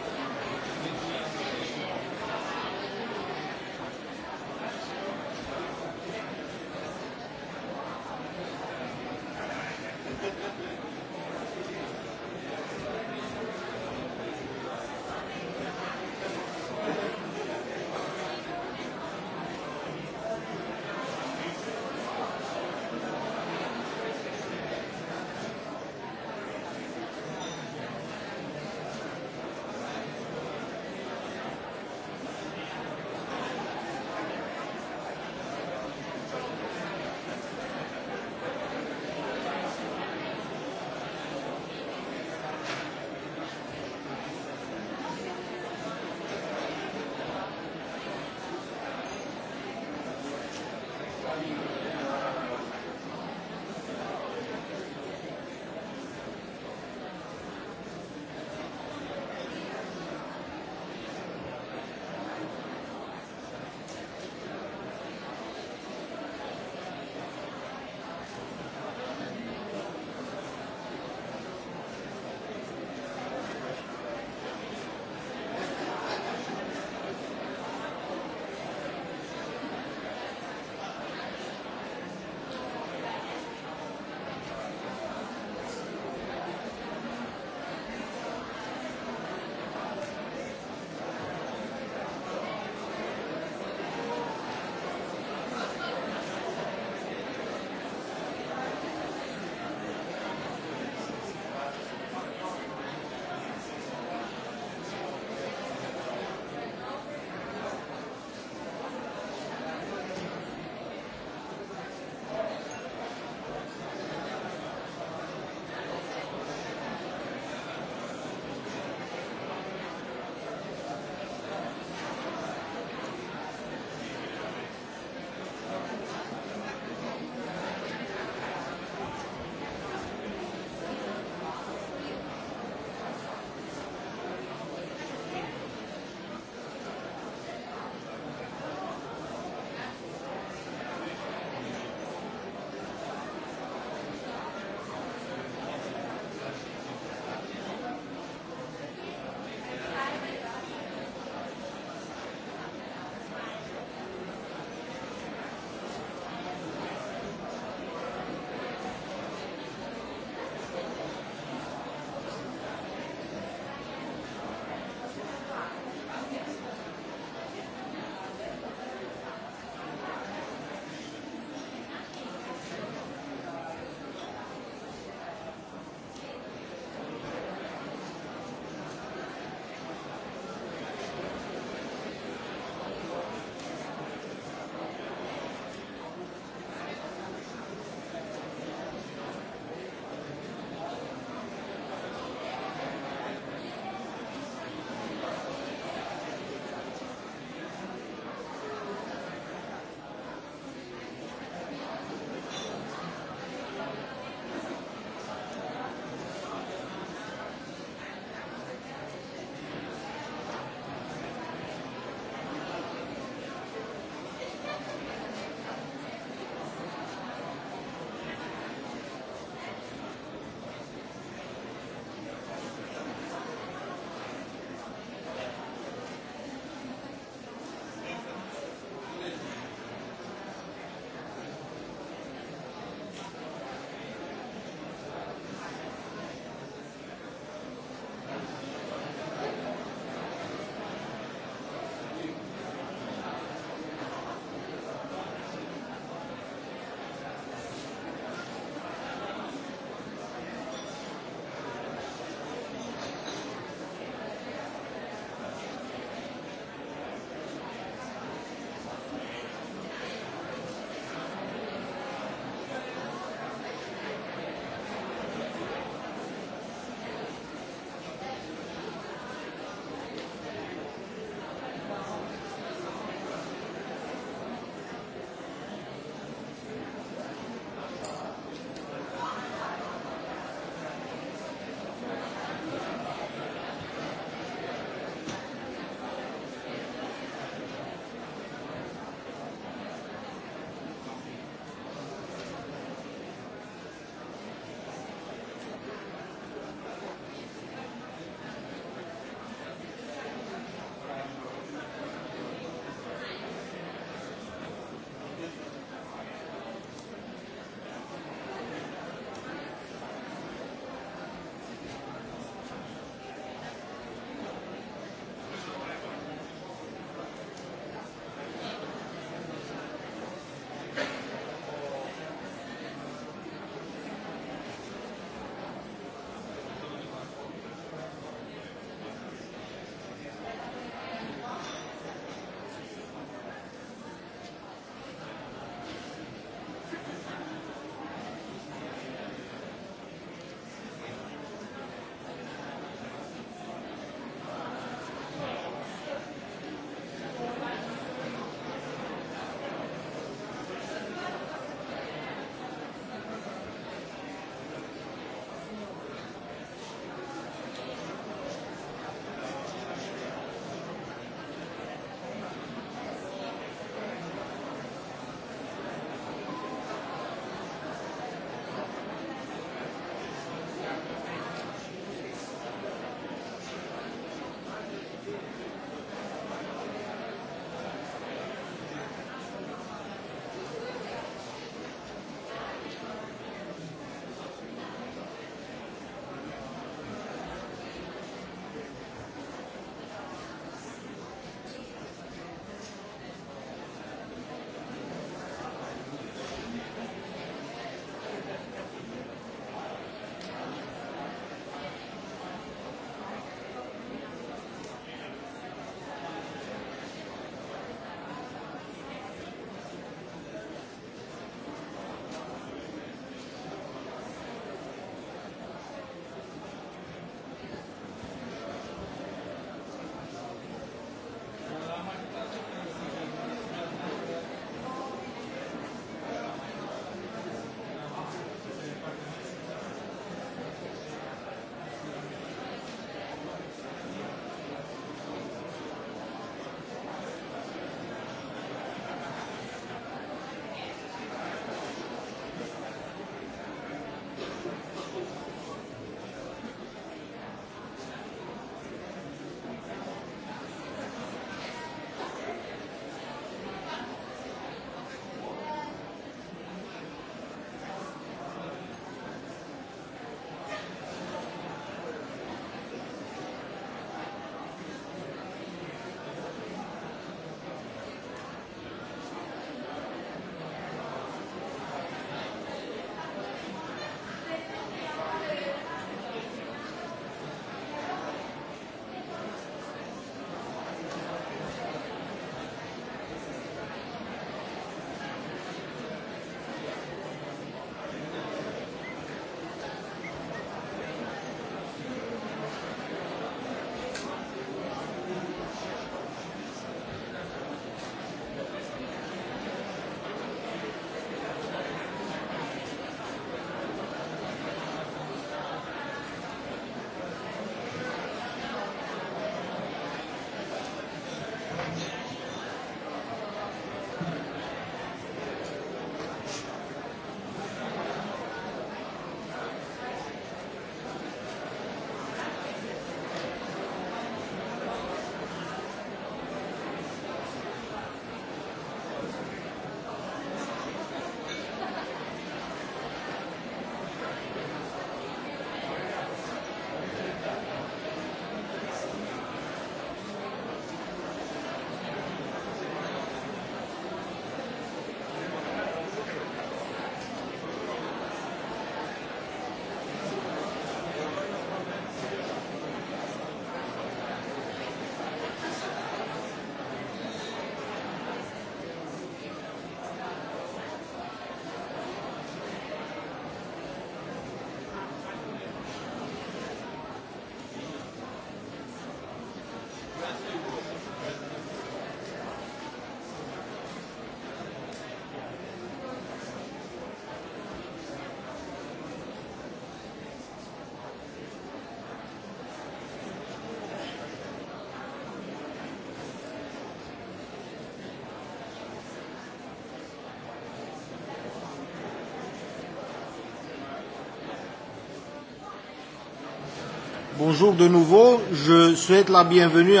Bonjour de nouveau. Je souhaite la bienvenue.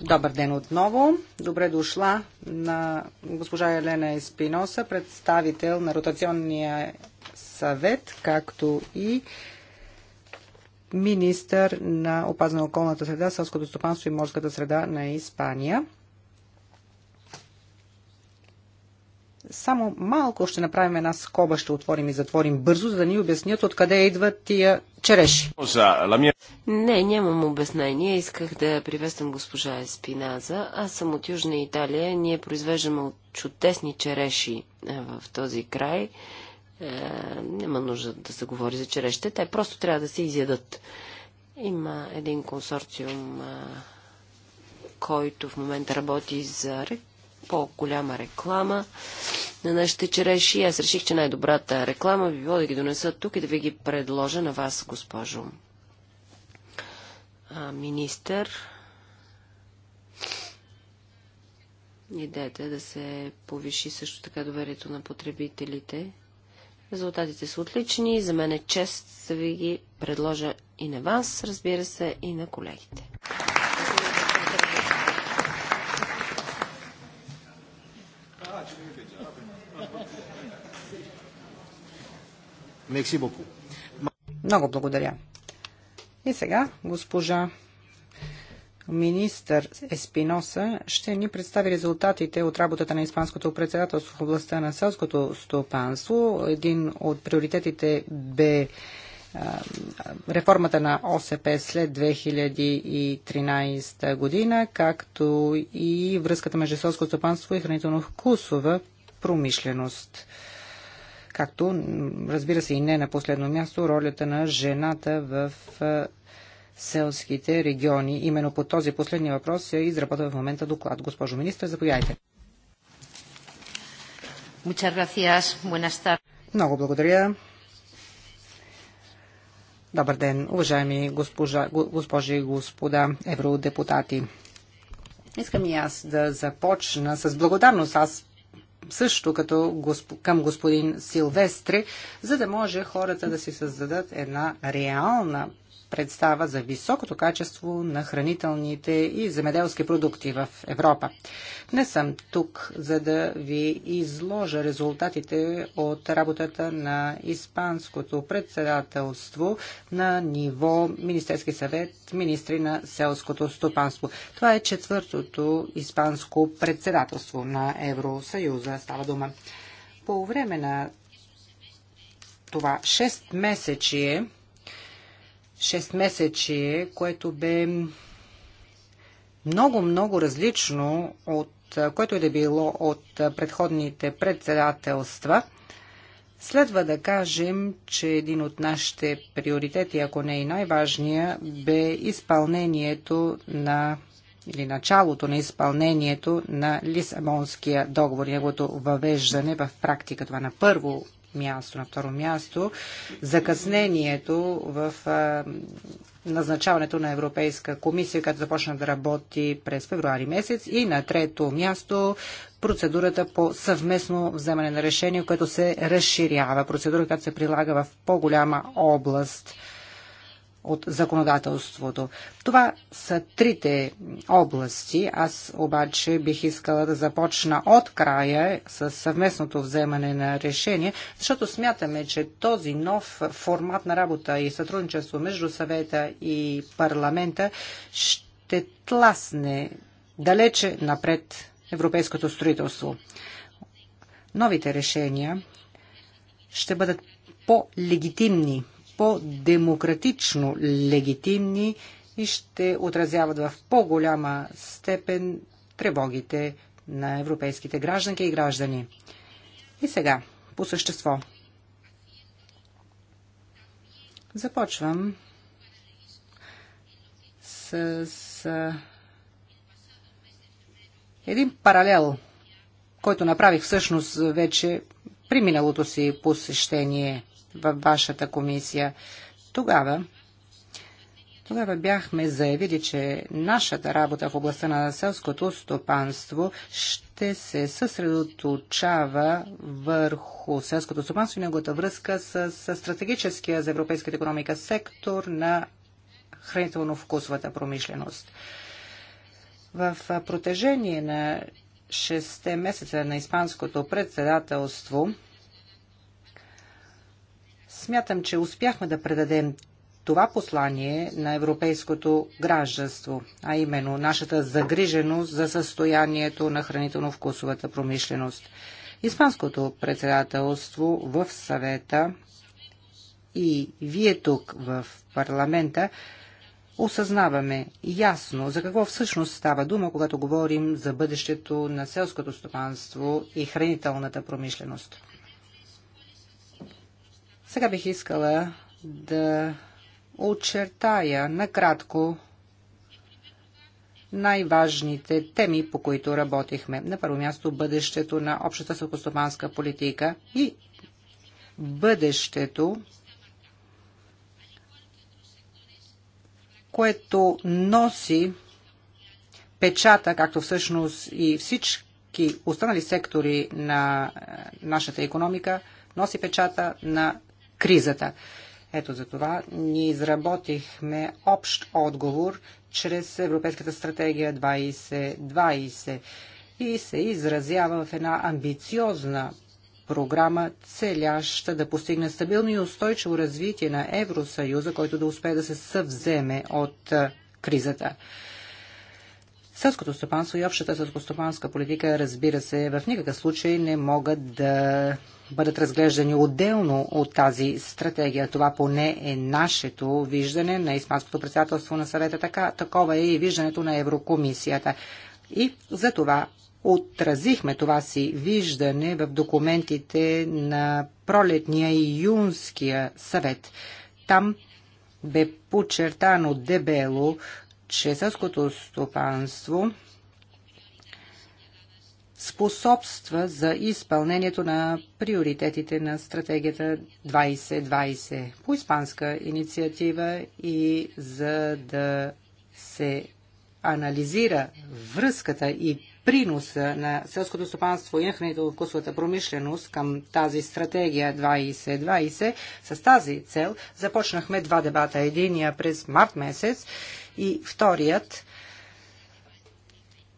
Добър ден отново. Добре дошла на госпожа Елена Еспиноса, представител на ротационния съвет, както и министър на опазване на околната среда, селското стопанство и морската среда на Испания. само малко ще направим една скоба, ще отворим и затворим бързо, за да ни обяснят откъде идват тия череши. Не, нямам обяснение. Исках да приветствам госпожа Еспиназа. Аз съм от Южна Италия. Ние произвеждаме от чудесни череши е, в този край. Е, няма нужда да се говори за черешите. Те просто трябва да се изядат. Има един консорциум е, който в момента работи за по-голяма реклама на нашите череши. Аз реших, че най-добрата реклама би било да ги донеса тук и да ви ги предложа на вас, госпожо а, министър. Идеята е да се повиши също така доверието на потребителите. Резултатите са отлични. За мен е чест да ви ги предложа и на вас, разбира се, и на колегите. Боку. Много благодаря. И сега госпожа министър Еспиноса ще ни представи резултатите от работата на Испанското председателство в областта на селското стопанство. Един от приоритетите бе реформата на ОСП след 2013 година, както и връзката между селско стопанство и хранително-вкусова промишленост както, разбира се, и не на последно място, ролята на жената в селските региони. Именно по този последния въпрос се изработва в момента доклад. Госпожо министр, заповядайте. Много благодаря. Добър ден, уважаеми госпожа, госпожи и господа евродепутати. Искам и аз да започна с благодарност. Аз също като госп... към господин Силвестри, за да може хората да си създадат една реална представа за високото качество на хранителните и земеделски продукти в Европа. Не съм тук, за да ви изложа резултатите от работата на Испанското председателство на ниво Министерски съвет, министри на селското стопанство. Това е четвъртото Испанско председателство на Евросъюза. Става дума. По време на това 6 месечие 6-месечие, което бе много-много различно от което е да било от предходните председателства. Следва да кажем, че един от нашите приоритети, ако не и най-важния, бе изпълнението на или началото на изпълнението на Лисабонския договор неговото въвеждане в практика. Това на първо място. На второ място, закъснението в а, назначаването на Европейска комисия, която започна да работи през февруари месец. И на трето място, процедурата по съвместно вземане на решение, което се разширява. Процедура, която се прилага в по-голяма област от законодателството. Това са трите области. Аз обаче бих искала да започна от края с съвместното вземане на решение, защото смятаме, че този нов формат на работа и сътрудничество между съвета и парламента ще тласне далече напред европейското строителство. Новите решения ще бъдат по-легитимни по-демократично легитимни и ще отразяват в по-голяма степен тревогите на европейските гражданки и граждани. И сега, по същество. Започвам с, с един паралел, който направих всъщност вече при миналото си посещение във вашата комисия. Тогава тогава бяхме заявили, че нашата работа в областта на селското стопанство ще се съсредоточава върху селското стопанство и неговата връзка с, с стратегическия за европейската економика сектор на хранително-вкусовата промишленост. В протежение на 6 месеца на испанското председателство – Смятам, че успяхме да предадем това послание на европейското гражданство, а именно нашата загриженост за състоянието на хранително-вкусовата промишленост. Испанското председателство в съвета и вие тук в парламента осъзнаваме ясно за какво всъщност става дума, когато говорим за бъдещето на селското стопанство и хранителната промишленост. Сега бих искала да очертая накратко най-важните теми, по които работихме. На първо място бъдещето на общата селкостопанска политика и бъдещето, което носи печата, както всъщност и всички останали сектори на е, нашата економика, носи печата на кризата. Ето за това ние изработихме общ отговор чрез Европейската стратегия 2020 и се изразява в една амбициозна програма, целяща да постигне стабилно и устойчиво развитие на Евросъюза, който да успее да се съвземе от кризата. Селското стопанство и общата селскостопанска политика, разбира се, в никакъв случай не могат да бъдат разглеждани отделно от тази стратегия. Това поне е нашето виждане на Испанското председателство на съвета. Така, такова е и виждането на Еврокомисията. И за това отразихме това си виждане в документите на пролетния и юнския съвет. Там бе подчертано дебело че селското стопанство способства за изпълнението на приоритетите на стратегията 2020 по испанска инициатива и за да се анализира връзката и приноса на селското стопанство и на хранително-вкусовата промишленост към тази стратегия 2020, с тази цел започнахме два дебата. Единия през март месец и вторият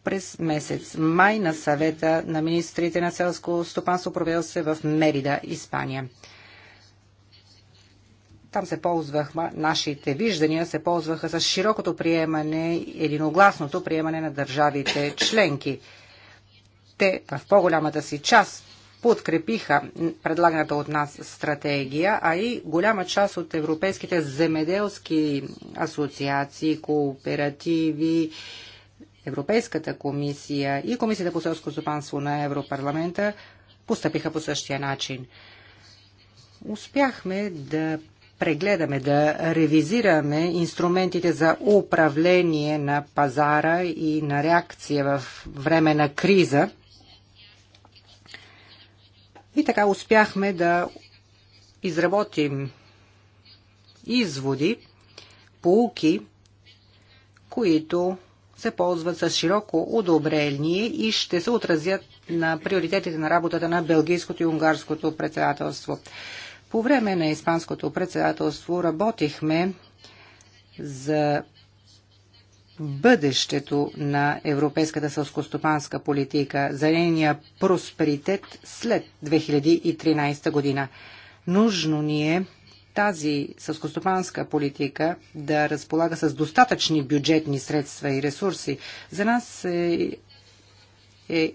през месец май на съвета на министрите на селско стопанство провел се в Мерида, Испания. Там се ползвахме, нашите виждания се ползваха с широкото приемане, единогласното приемане на държавите членки. Те в по-голямата си част подкрепиха предлаганата от нас стратегия, а и голяма част от европейските земеделски асоциации, кооперативи, Европейската комисия и Комисията по селско стопанство на Европарламента постъпиха по същия начин. Успяхме да прегледаме, да ревизираме инструментите за управление на пазара и на реакция в време на криза и така успяхме да изработим изводи, полуки, които се ползват с широко одобрение и ще се отразят на приоритетите на работата на Белгийското и Унгарското председателство. По време на Испанското председателство работихме за бъдещето на европейската селскостопанска политика, за нейния просперитет след 2013 година. Нужно ни е тази съскостопанска политика да разполага с достатъчни бюджетни средства и ресурси. За нас е, е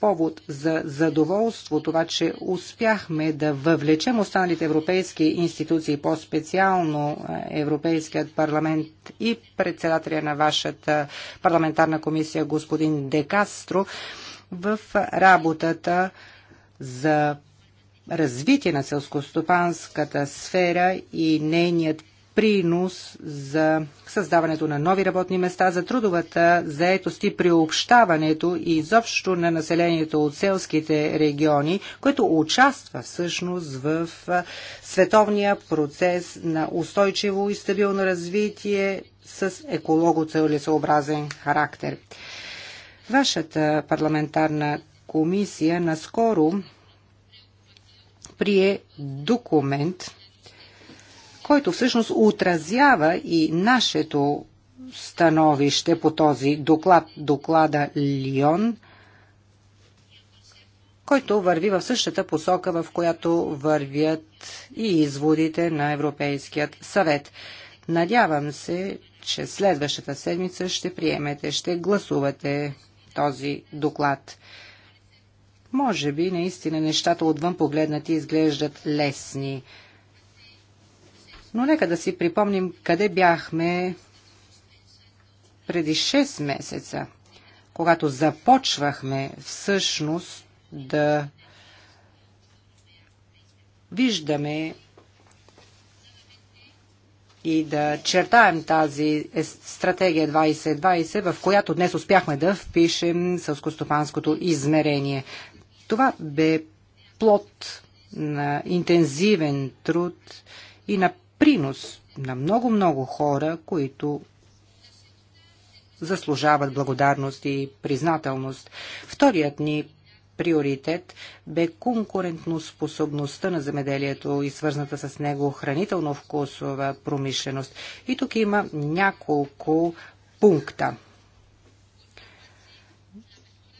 повод за задоволство това, че успяхме да въвлечем останалите европейски институции, по-специално Европейският парламент и председателя на вашата парламентарна комисия господин Декастро в работата за развитие на селскостопанската сфера и нейният принос за създаването на нови работни места, за трудовата заетост и приобщаването и изобщо на населението от селските региони, което участва всъщност в световния процес на устойчиво и стабилно развитие с еколого-целесообразен характер. Вашата парламентарна комисия наскоро прие документ, който всъщност отразява и нашето становище по този доклад, доклада Лион, който върви в същата посока, в която вървят и изводите на Европейският съвет. Надявам се, че следващата седмица ще приемете, ще гласувате този доклад. Може би наистина нещата отвън погледнати изглеждат лесни. Но нека да си припомним къде бяхме преди 6 месеца, когато започвахме всъщност да виждаме и да чертаем тази стратегия 2020, в която днес успяхме да впишем сълскостопанското измерение. Това бе плод на интензивен труд и на принос на много-много хора, които заслужават благодарност и признателност. Вторият ни приоритет бе конкурентноспособността на земеделието и свързната с него хранително-вкусова промишленост. И тук има няколко пункта.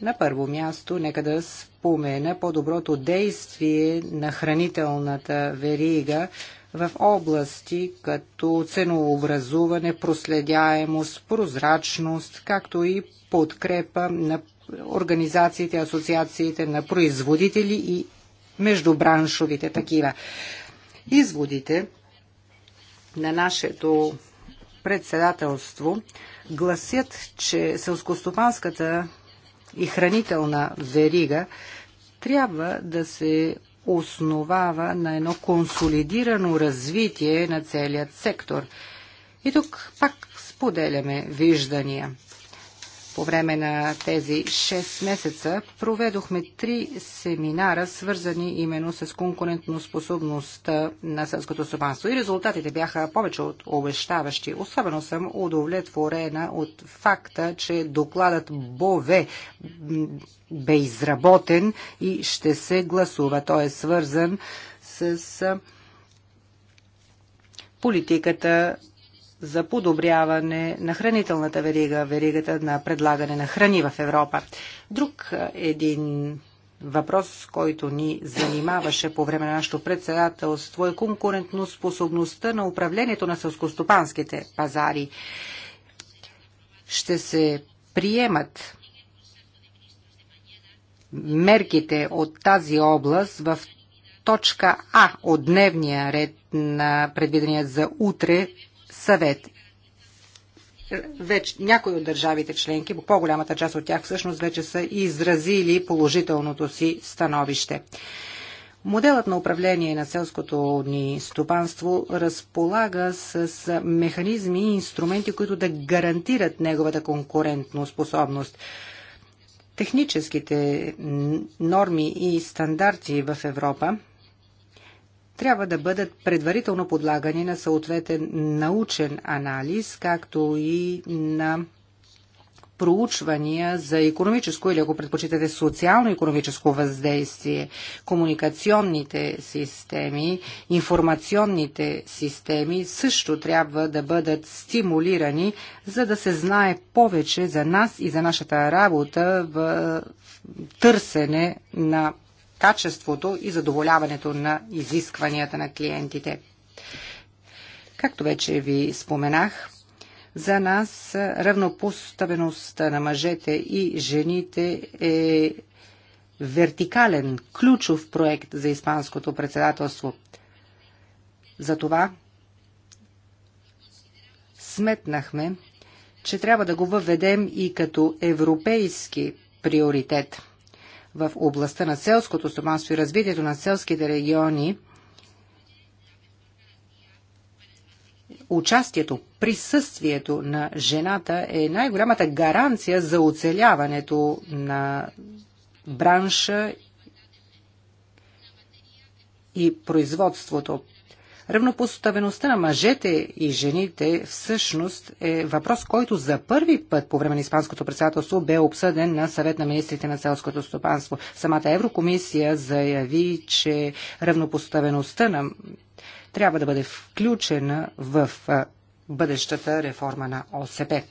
На първо място, нека да спомена по-доброто действие на хранителната верига в области като ценообразуване, проследяемост, прозрачност, както и подкрепа на организациите, асоциациите на производители и междубраншовите такива. Изводите на нашето председателство гласят, че селскостопанската и хранителна верига трябва да се основава на едно консолидирано развитие на целият сектор. И тук пак споделяме виждания. По време на тези 6 месеца проведохме три семинара, свързани именно с конкурентноспособността на селското стопанство. И резултатите бяха повече от обещаващи. Особено съм удовлетворена от факта, че докладът БОВЕ бе изработен и ще се гласува. Той е свързан с политиката за подобряване на хранителната верига, веригата на предлагане на храни в Европа. Друг е, един въпрос, който ни занимаваше по време на нашето председателство е конкурентно способността на управлението на сълскостопанските пазари. Ще се приемат мерките от тази област в точка А от дневния ред на предвидения за утре съвет. Вече някои от държавите членки, по-голямата част от тях всъщност вече са изразили положителното си становище. Моделът на управление на селското ни стопанство разполага с механизми и инструменти, които да гарантират неговата конкурентно способност. Техническите норми и стандарти в Европа трябва да бъдат предварително подлагани на съответен научен анализ, както и на проучвания за економическо или ако предпочитате социално-економическо въздействие, комуникационните системи, информационните системи също трябва да бъдат стимулирани, за да се знае повече за нас и за нашата работа в търсене на качеството и задоволяването на изискванията на клиентите. Както вече ви споменах, за нас равнопоставеността на мъжете и жените е вертикален, ключов проект за Испанското председателство. Затова сметнахме, че трябва да го въведем и като европейски приоритет – в областта на селското стопанство и развитието на селските региони, участието, присъствието на жената е най-голямата гаранция за оцеляването на бранша и производството. Равнопоставеността на мъжете и жените всъщност е въпрос, който за първи път по време на Испанското председателство бе обсъден на съвет на министрите на селското стопанство. Самата Еврокомисия заяви, че равнопоставеността на трябва да бъде включена в бъдещата реформа на ОСП.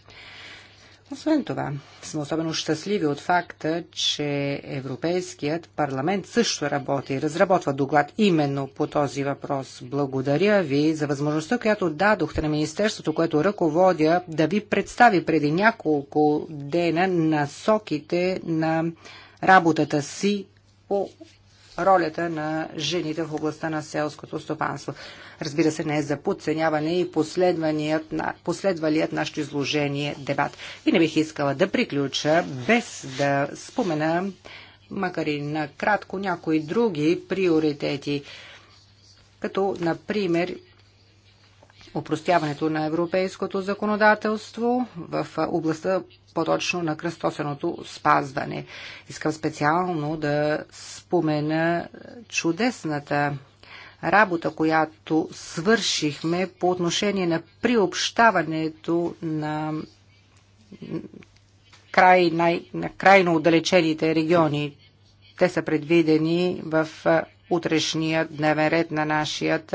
Освен това, сме особено щастливи от факта, че Европейският парламент също работи, и разработва доклад именно по този въпрос. Благодаря ви за възможността, която дадохте на Министерството, което ръководя, да ви представи преди няколко дена насоките на работата си по ролята на жените в областта на селското стопанство. Разбира се, не е за подценяване и последвалият нашето изложение дебат. И не бих искала да приключа без да спомена, макар и накратко, някои други приоритети, като, например, упростяването на европейското законодателство в областта по-точно на кръстосеното спазване. Искам специално да спомена чудесната работа, която свършихме по отношение на приобщаването на край, най, на крайно отдалечените региони. Те са предвидени в утрешния дневен ред на нашият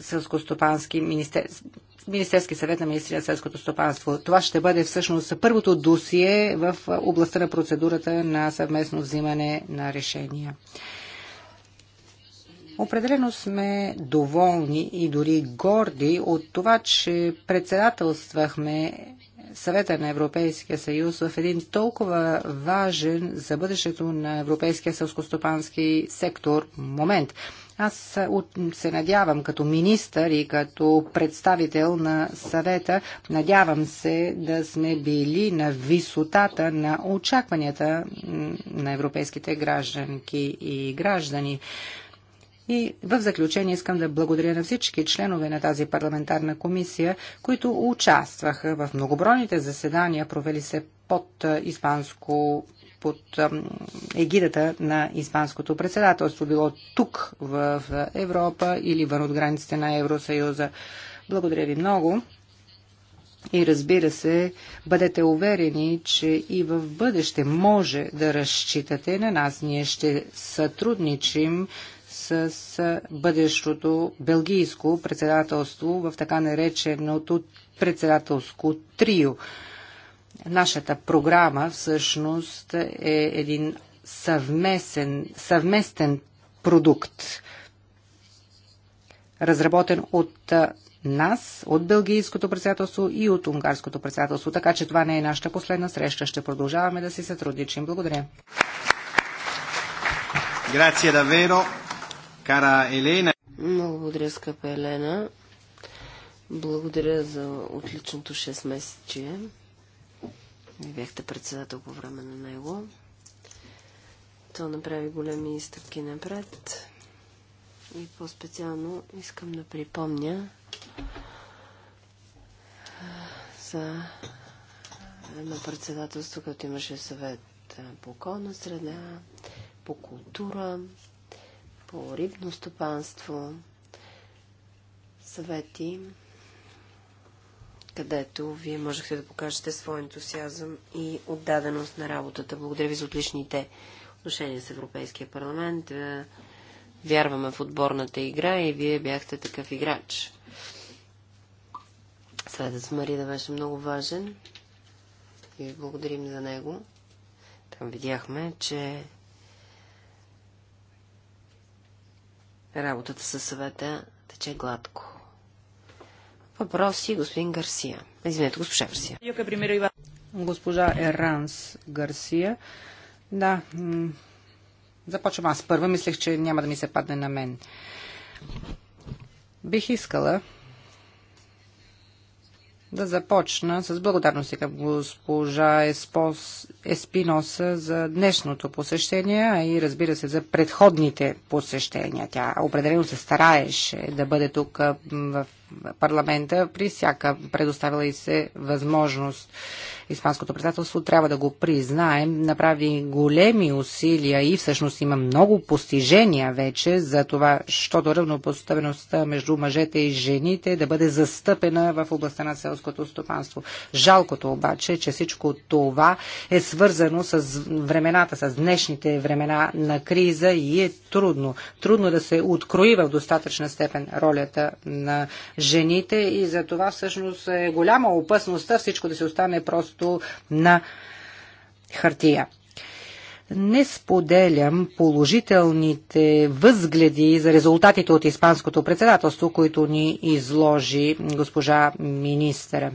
сълскостопански министерство Министерски съвет на министри на селското стопанство. Това ще бъде всъщност първото досие в областта на процедурата на съвместно взимане на решения. Определено сме доволни и дори горди от това, че председателствахме съвета на Европейския съюз в един толкова важен за бъдещето на европейския селскостопански сектор момент – аз се надявам като министър и като представител на съвета, надявам се да сме били на висотата на очакванията на европейските гражданки и граждани. И в заключение искам да благодаря на всички членове на тази парламентарна комисия, които участваха в многобройните заседания, провели се под испанско под егидата на Испанското председателство, било тук в Европа или вън от границите на Евросъюза. Благодаря ви много. И разбира се, бъдете уверени, че и в бъдеще може да разчитате на нас. Ние ще сътрудничим с бъдещото белгийско председателство в така нареченото председателско трио нашата програма всъщност е един съвместен, съвместен продукт, разработен от нас, от Белгийското председателство и от Унгарското председателство. Така че това не е нашата последна среща. Ще продължаваме да си сътрудничим. Благодаря. Грация даверо, кара Елена. Благодаря, скъпа Елена. Благодаря за отличното 6 месечие не бяхте председател по време на него. То направи големи стъпки напред. И по-специално искам да припомня за едно председателство, като имаше съвет по околна среда, по култура, по рибно стопанство, съвети, където вие можехте да покажете своя ентусиазъм и отдаденост на работата. Благодаря ви за отличните отношения с Европейския парламент. Е, вярваме в отборната игра и вие бяхте такъв играч. Съветът с Марида беше много важен и ви благодарим за него. Там видяхме, че работата със съвета тече гладко. Въпроси господин Гарсия. Извинете, госпожа Гарсия. Госпожа Еранс Гарсия. Да, започвам аз първа. Мислех, че няма да ми се падне на мен. Бих искала да започна с благодарности към госпожа Еспос, Еспиноса за днешното посещение, и разбира се за предходните посещения. Тя определено се стараеше да бъде тук в парламента при всяка предоставила и се възможност. Испанското председателство трябва да го признаем, направи големи усилия и всъщност има много постижения вече за това, щото равнопоставеността между мъжете и жените да бъде застъпена в областта на селското стопанство. Жалкото обаче, е, че всичко това е свързано с времената, с днешните времена на криза и е трудно. Трудно да се открои в достатъчна степен ролята на жените и за това всъщност е голяма опасността всичко да се остане просто на хартия. Не споделям положителните възгледи за резултатите от Испанското председателство, които ни изложи госпожа министъра.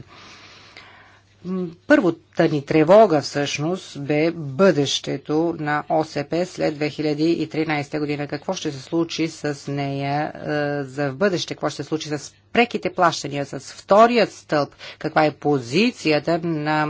Първата ни тревога всъщност бе бъдещето на ОСП след 2013 година. Какво ще се случи с нея е, за в бъдеще? Какво ще се случи с преките плащания, с вторият стълб? Каква е позицията на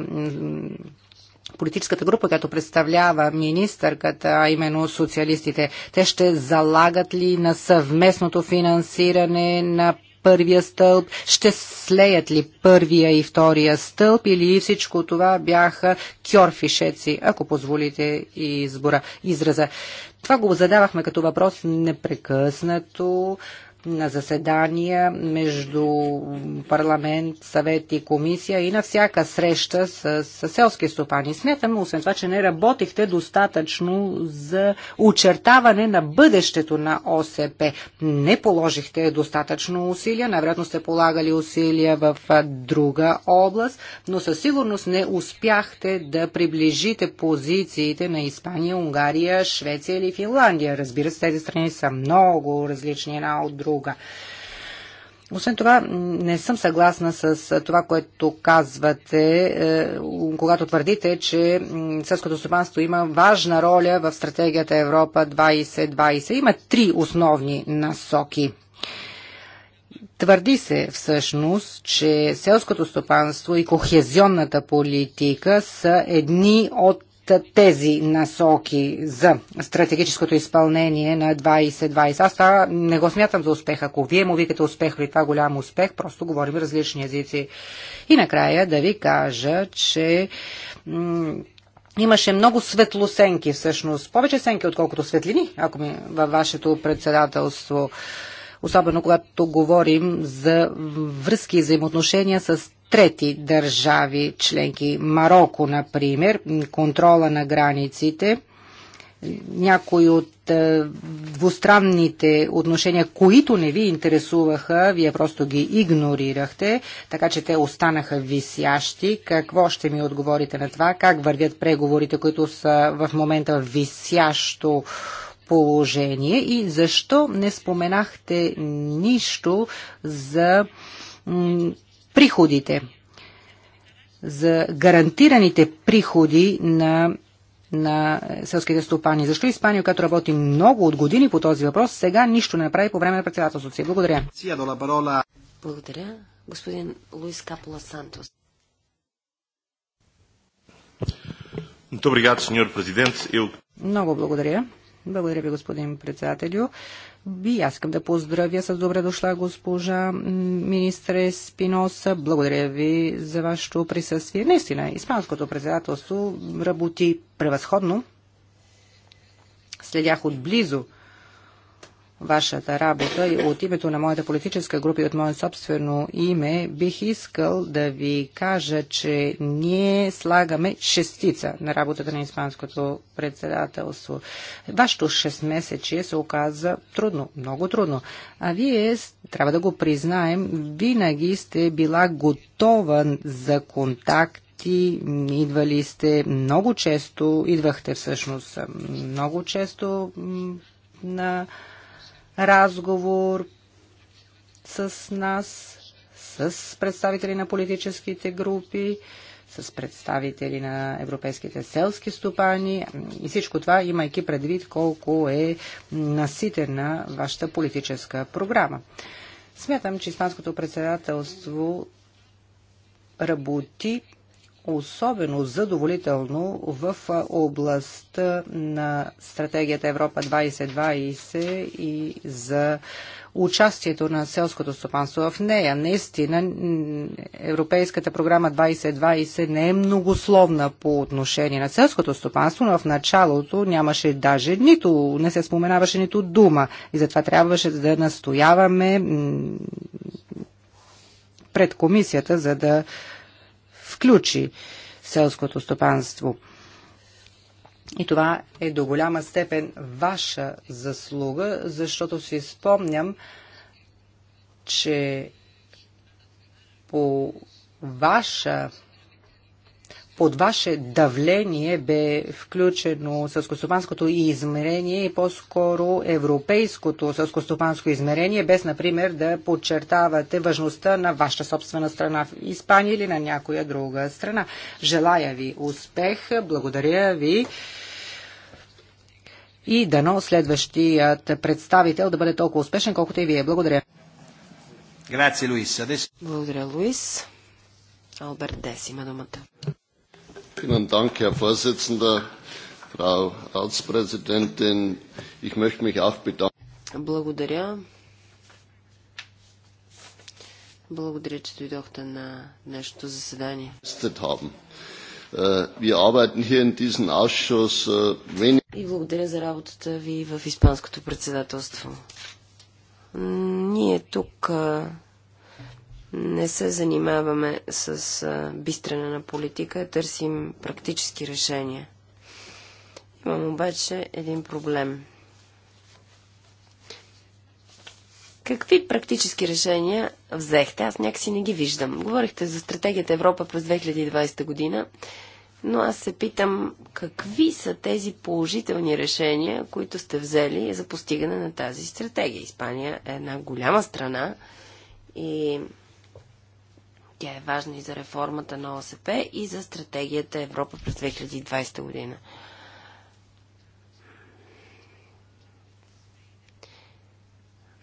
политическата група, която представлява министърката, а именно социалистите, те ще залагат ли на съвместното финансиране на първия стълб, ще слеят ли първия и втория стълб или всичко това бяха кьорфишеци, ако позволите избора, израза. Това го задавахме като въпрос непрекъснато на заседания между парламент, съвет и комисия и на всяка среща с, с селски стопани. Смятам, освен това, че не работихте достатъчно за очертаване на бъдещето на ОСП. Не положихте достатъчно усилия, навредно сте полагали усилия в друга област, но със сигурност не успяхте да приближите позициите на Испания, Унгария, Швеция или Финландия. Разбира се, тези страни са много различни една от друга друга. Освен това, не съм съгласна с това, което казвате, е, когато твърдите, че сърското стопанство има важна роля в стратегията Европа 2020. Има три основни насоки. Твърди се всъщност, че селското стопанство и кохезионната политика са едни от тези насоки за стратегическото изпълнение на 2020. Аз това не го смятам за успех. Ако вие му викате успех или това голям успех, просто говорим различни езици. И накрая да ви кажа, че имаше много светлосенки всъщност. Повече сенки, отколкото светлини, ако ми във вашето председателство особено когато говорим за връзки и взаимоотношения с трети държави членки. Марокко, например, контрола на границите, някои от е, двустранните отношения, които не ви интересуваха, вие просто ги игнорирахте, така че те останаха висящи. Какво ще ми отговорите на това? Как вървят преговорите, които са в момента висящо положение? И защо не споменахте нищо за приходите, за гарантираните приходи на на селските стопани. Защо Испания, която работи много от години по този въпрос, сега нищо не направи по време на председателството си? Благодаря. Благодаря. Господин Луис Капола Сантос. Много благодаря. Благодаря ви, господин председателю. Би аз искам да поздравя с добре дошла госпожа министре Спиноса. Благодаря ви за вашето присъствие. Наистина, Испанското председателство работи превъзходно. Следях отблизо вашата работа и от името на моята политическа група и от мое собствено име бих искал да ви кажа, че ние слагаме шестица на работата на Испанското председателство. Вашето шестмесечие се оказа трудно, много трудно. А вие, трябва да го признаем, винаги сте била готова за контакт ти идвали сте много често, идвахте всъщност много често на разговор с нас, с представители на политическите групи, с представители на европейските селски стопани и всичко това, имайки предвид колко е наситена вашата политическа програма. Смятам, че Испанското председателство работи особено задоволително в областта на стратегията Европа 2020 и за участието на селското стопанство в нея. Наистина, Европейската програма 2020 не е многословна по отношение на селското стопанство, но в началото нямаше даже нито, не се споменаваше нито дума и затова трябваше да настояваме пред комисията, за да включи селското стопанство. И това е до голяма степен ваша заслуга, защото си спомням, че по ваша под ваше давление бе включено сълскостопанското измерение и по-скоро европейското сълскостопанско измерение, без, например, да подчертавате важността на вашата собствена страна в Испания или на някоя друга страна. Желая ви успех, благодаря ви и дано следващият представител да бъде толкова успешен, колкото и вие. Благодаря. Благодаря, Луис. Алберт Дес има думата. Vielen Dank, Herr Vorsitzender, Frau Ratspräsidentin. Ich möchte mich auch bedanken. Благодаря. Благодаря, че дойдохте на днешното заседание. Äh, äh, И благодаря за работата ви в Испанското председателство. Ние тук не се занимаваме с а, бистрена на политика, търсим практически решения. Имам обаче един проблем. Какви практически решения взехте? Аз някакси не ги виждам. Говорихте за стратегията Европа през 2020 година, но аз се питам какви са тези положителни решения, които сте взели за постигане на тази стратегия. Испания е една голяма страна и тя е важна и за реформата на ОСП и за стратегията Европа през 2020 година.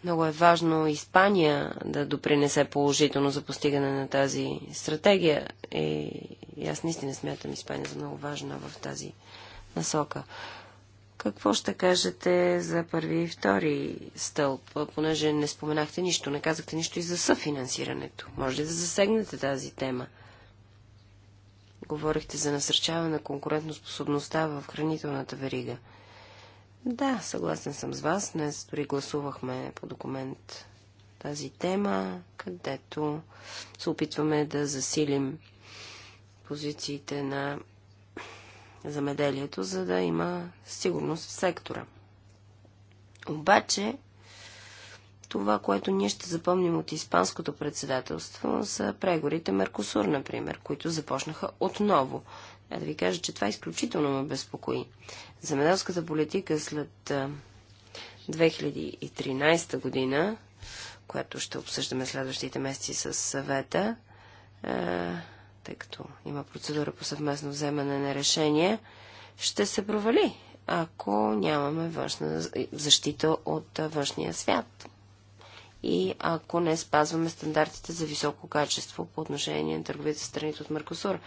Много е важно Испания да допринесе положително за постигане на тази стратегия. И аз наистина смятам Испания за много важна в тази насока. Какво ще кажете за първи и втори стълб, понеже не споменахте нищо, не казахте нищо и за съфинансирането? Може ли да засегнете тази тема? Говорихте за насърчаване на конкурентоспособността в хранителната верига. Да, съгласен съм с вас. Днес дори гласувахме по документ тази тема, където се опитваме да засилим позициите на замеделието, за да има сигурност в сектора. Обаче, това, което ние ще запомним от Испанското председателство, са преговорите Меркосур, например, които започнаха отново. Я е, да ви кажа, че това изключително ме безпокои. Замеделската политика след 2013 година, която ще обсъждаме следващите месеци с съвета, тъй като има процедура по съвместно вземане на решение, ще се провали, ако нямаме външна защита от външния свят и ако не спазваме стандартите за високо качество по отношение на търговите с страните от Меркосур.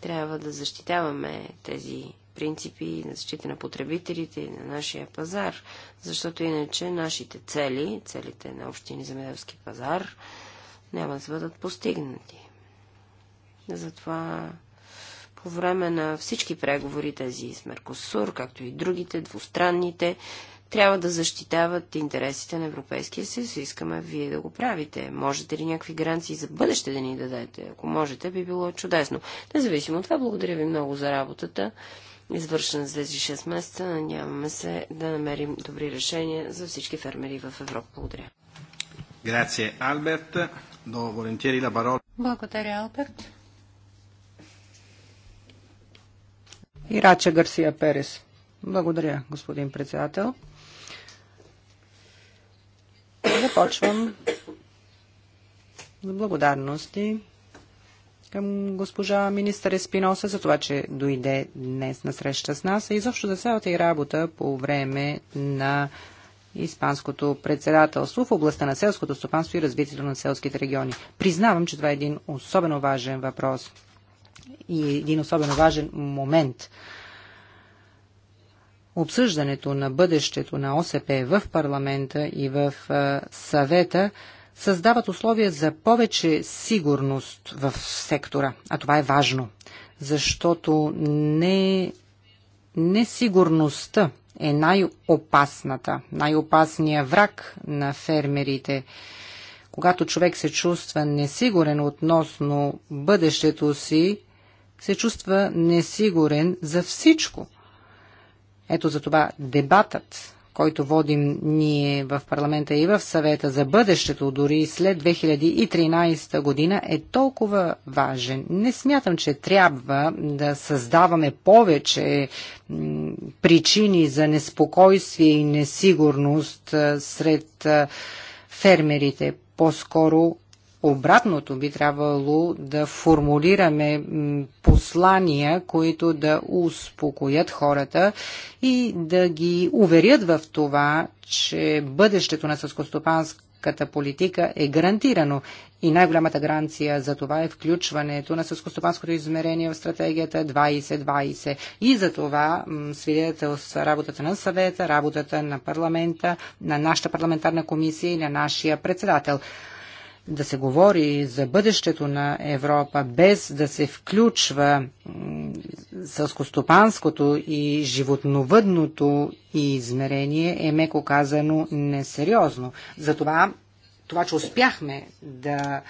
Трябва да защитаваме тези принципи на защита на потребителите и на нашия пазар, защото иначе нашите цели, целите на общия земеделски пазар, няма да бъдат постигнати. Затова по време на всички преговори, тези с Меркосур, както и другите, двустранните, трябва да защитават интересите на Европейския съюз. Искаме вие да го правите. Можете ли някакви гаранции за бъдеще да ни дадете? Ако можете, би било чудесно. Независимо от това, благодаря ви много за работата. Извършена за тези 6 месеца, надяваме се да намерим добри решения за всички фермери в Европа. Благодаря. Благодаря, Алберт. Ираче Гарсия Перес. Благодаря, господин председател. Започвам с благодарности към госпожа министър Еспиноса за това, че дойде днес на среща с нас и изобщо за цялата и работа по време на Испанското председателство в областта на селското стопанство и развитието на селските региони. Признавам, че това е един особено важен въпрос и един особено важен момент. Обсъждането на бъдещето на ОСП в парламента и в съвета създават условия за повече сигурност в сектора, а това е важно, защото не несигурността е най-опасната, най-опасният враг на фермерите. Когато човек се чувства несигурен относно бъдещето си, се чувства несигурен за всичко. Ето за това дебатът, който водим ние в парламента и в съвета за бъдещето, дори след 2013 година, е толкова важен. Не смятам, че трябва да създаваме повече причини за неспокойствие и несигурност сред фермерите. По-скоро Обратното би трябвало да формулираме послания, които да успокоят хората и да ги уверят в това, че бъдещето на съскостопанската политика е гарантирано. И най-голямата гаранция за това е включването на съскостопанското измерение в стратегията 2020. И за това свидетелства работата на съвета, работата на парламента, на нашата парламентарна комисия и на нашия председател да се говори за бъдещето на Европа, без да се включва сълскостопанското и животновъдното измерение, е меко казано несериозно. Затова това, че успяхме да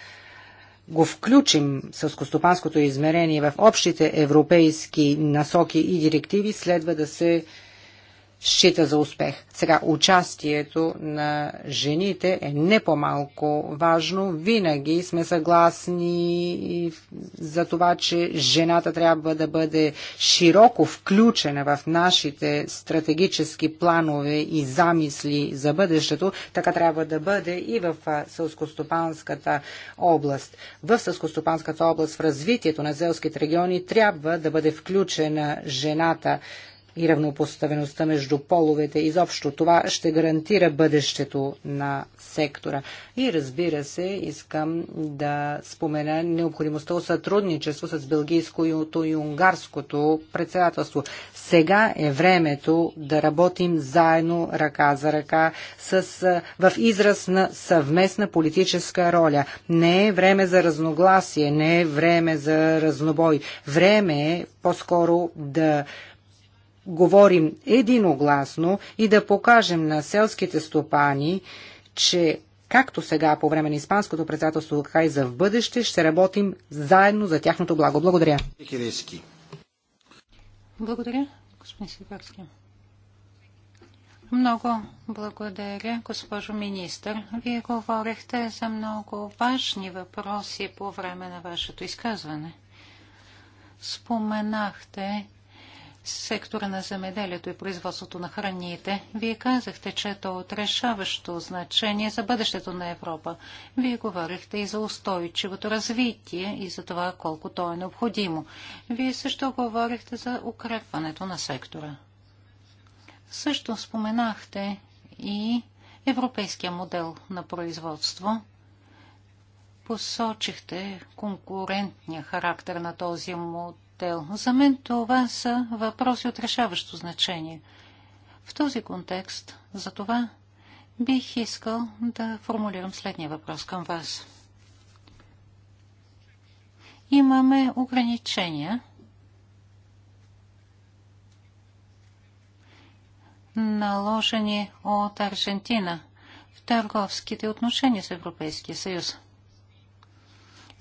го включим сълскостопанското измерение в общите европейски насоки и директиви, следва да се счита за успех. Сега участието на жените е не по-малко важно. Винаги сме съгласни за това, че жената трябва да бъде широко включена в нашите стратегически планове и замисли за бъдещето. Така трябва да бъде и в сълскостопанската област. В сълскостопанската област, в развитието на зелските региони трябва да бъде включена жената и равнопоставеността между половете. Изобщо това ще гарантира бъдещето на сектора. И разбира се, искам да спомена необходимостта от сътрудничество с белгийското и унгарското председателство. Сега е времето да работим заедно ръка за ръка с, в израз на съвместна политическа роля. Не е време за разногласие, не е време за разнобой. Време е по-скоро да говорим единогласно и да покажем на селските стопани, че както сега по време на Испанското председателство, така и за в бъдеще, ще работим заедно за тяхното благо. Благодаря. Благодаря, господин Сибарски. Много благодаря, госпожо министър. Вие говорихте за много важни въпроси по време на вашето изказване. Споменахте сектора на земеделието и производството на храните. Вие казахте, че е то е от решаващо значение за бъдещето на Европа. Вие говорихте и за устойчивото развитие и за това колко то е необходимо. Вие също говорихте за укрепването на сектора. Също споменахте и европейския модел на производство. Посочихте конкурентния характер на този модел модел. За мен това са въпроси от решаващо значение. В този контекст, за това бих искал да формулирам следния въпрос към вас. Имаме ограничения наложени от Аржентина в търговските отношения с Европейския съюз.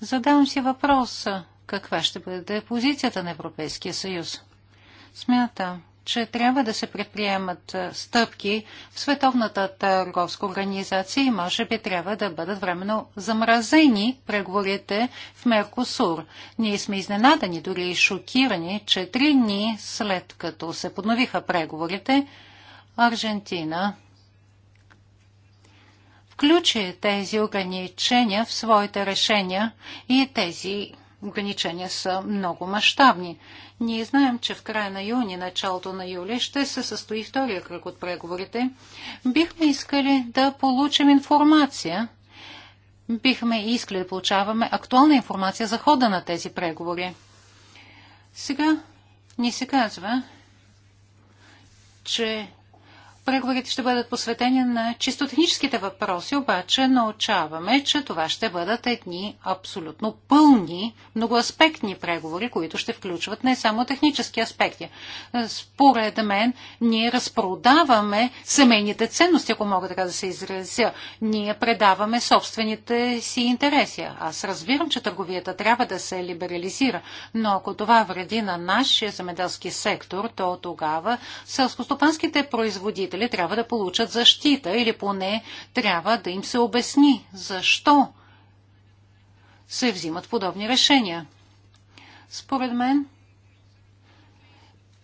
Задавам си въпроса, каква ще бъде позицията на Европейския съюз. Смятам, че трябва да се предприемат стъпки в Световната търговска организация и може би трябва да бъдат временно замразени преговорите в Меркосур. Ние сме изненадани, дори и шокирани, че три дни след като се подновиха преговорите, Аржентина включи тези ограничения в своите решения и тези ограничения са много мащабни. Ние знаем, че в края на юни, началото на юли ще се състои втория кръг от преговорите. Бихме искали да получим информация. Бихме искали да получаваме актуална информация за хода на тези преговори. Сега ни се казва, че преговорите ще бъдат посветени на чисто техническите въпроси, обаче научаваме, че това ще бъдат едни абсолютно пълни, многоаспектни преговори, които ще включват не само технически аспекти. Според мен, ние разпродаваме семейните ценности, ако мога така да се изразя. Ние предаваме собствените си интереси. Аз разбирам, че търговията трябва да се либерализира, но ако това вреди на нашия земеделски сектор, то тогава селскостопанските производители родители трябва да получат защита или поне трябва да им се обясни защо се взимат подобни решения. Според мен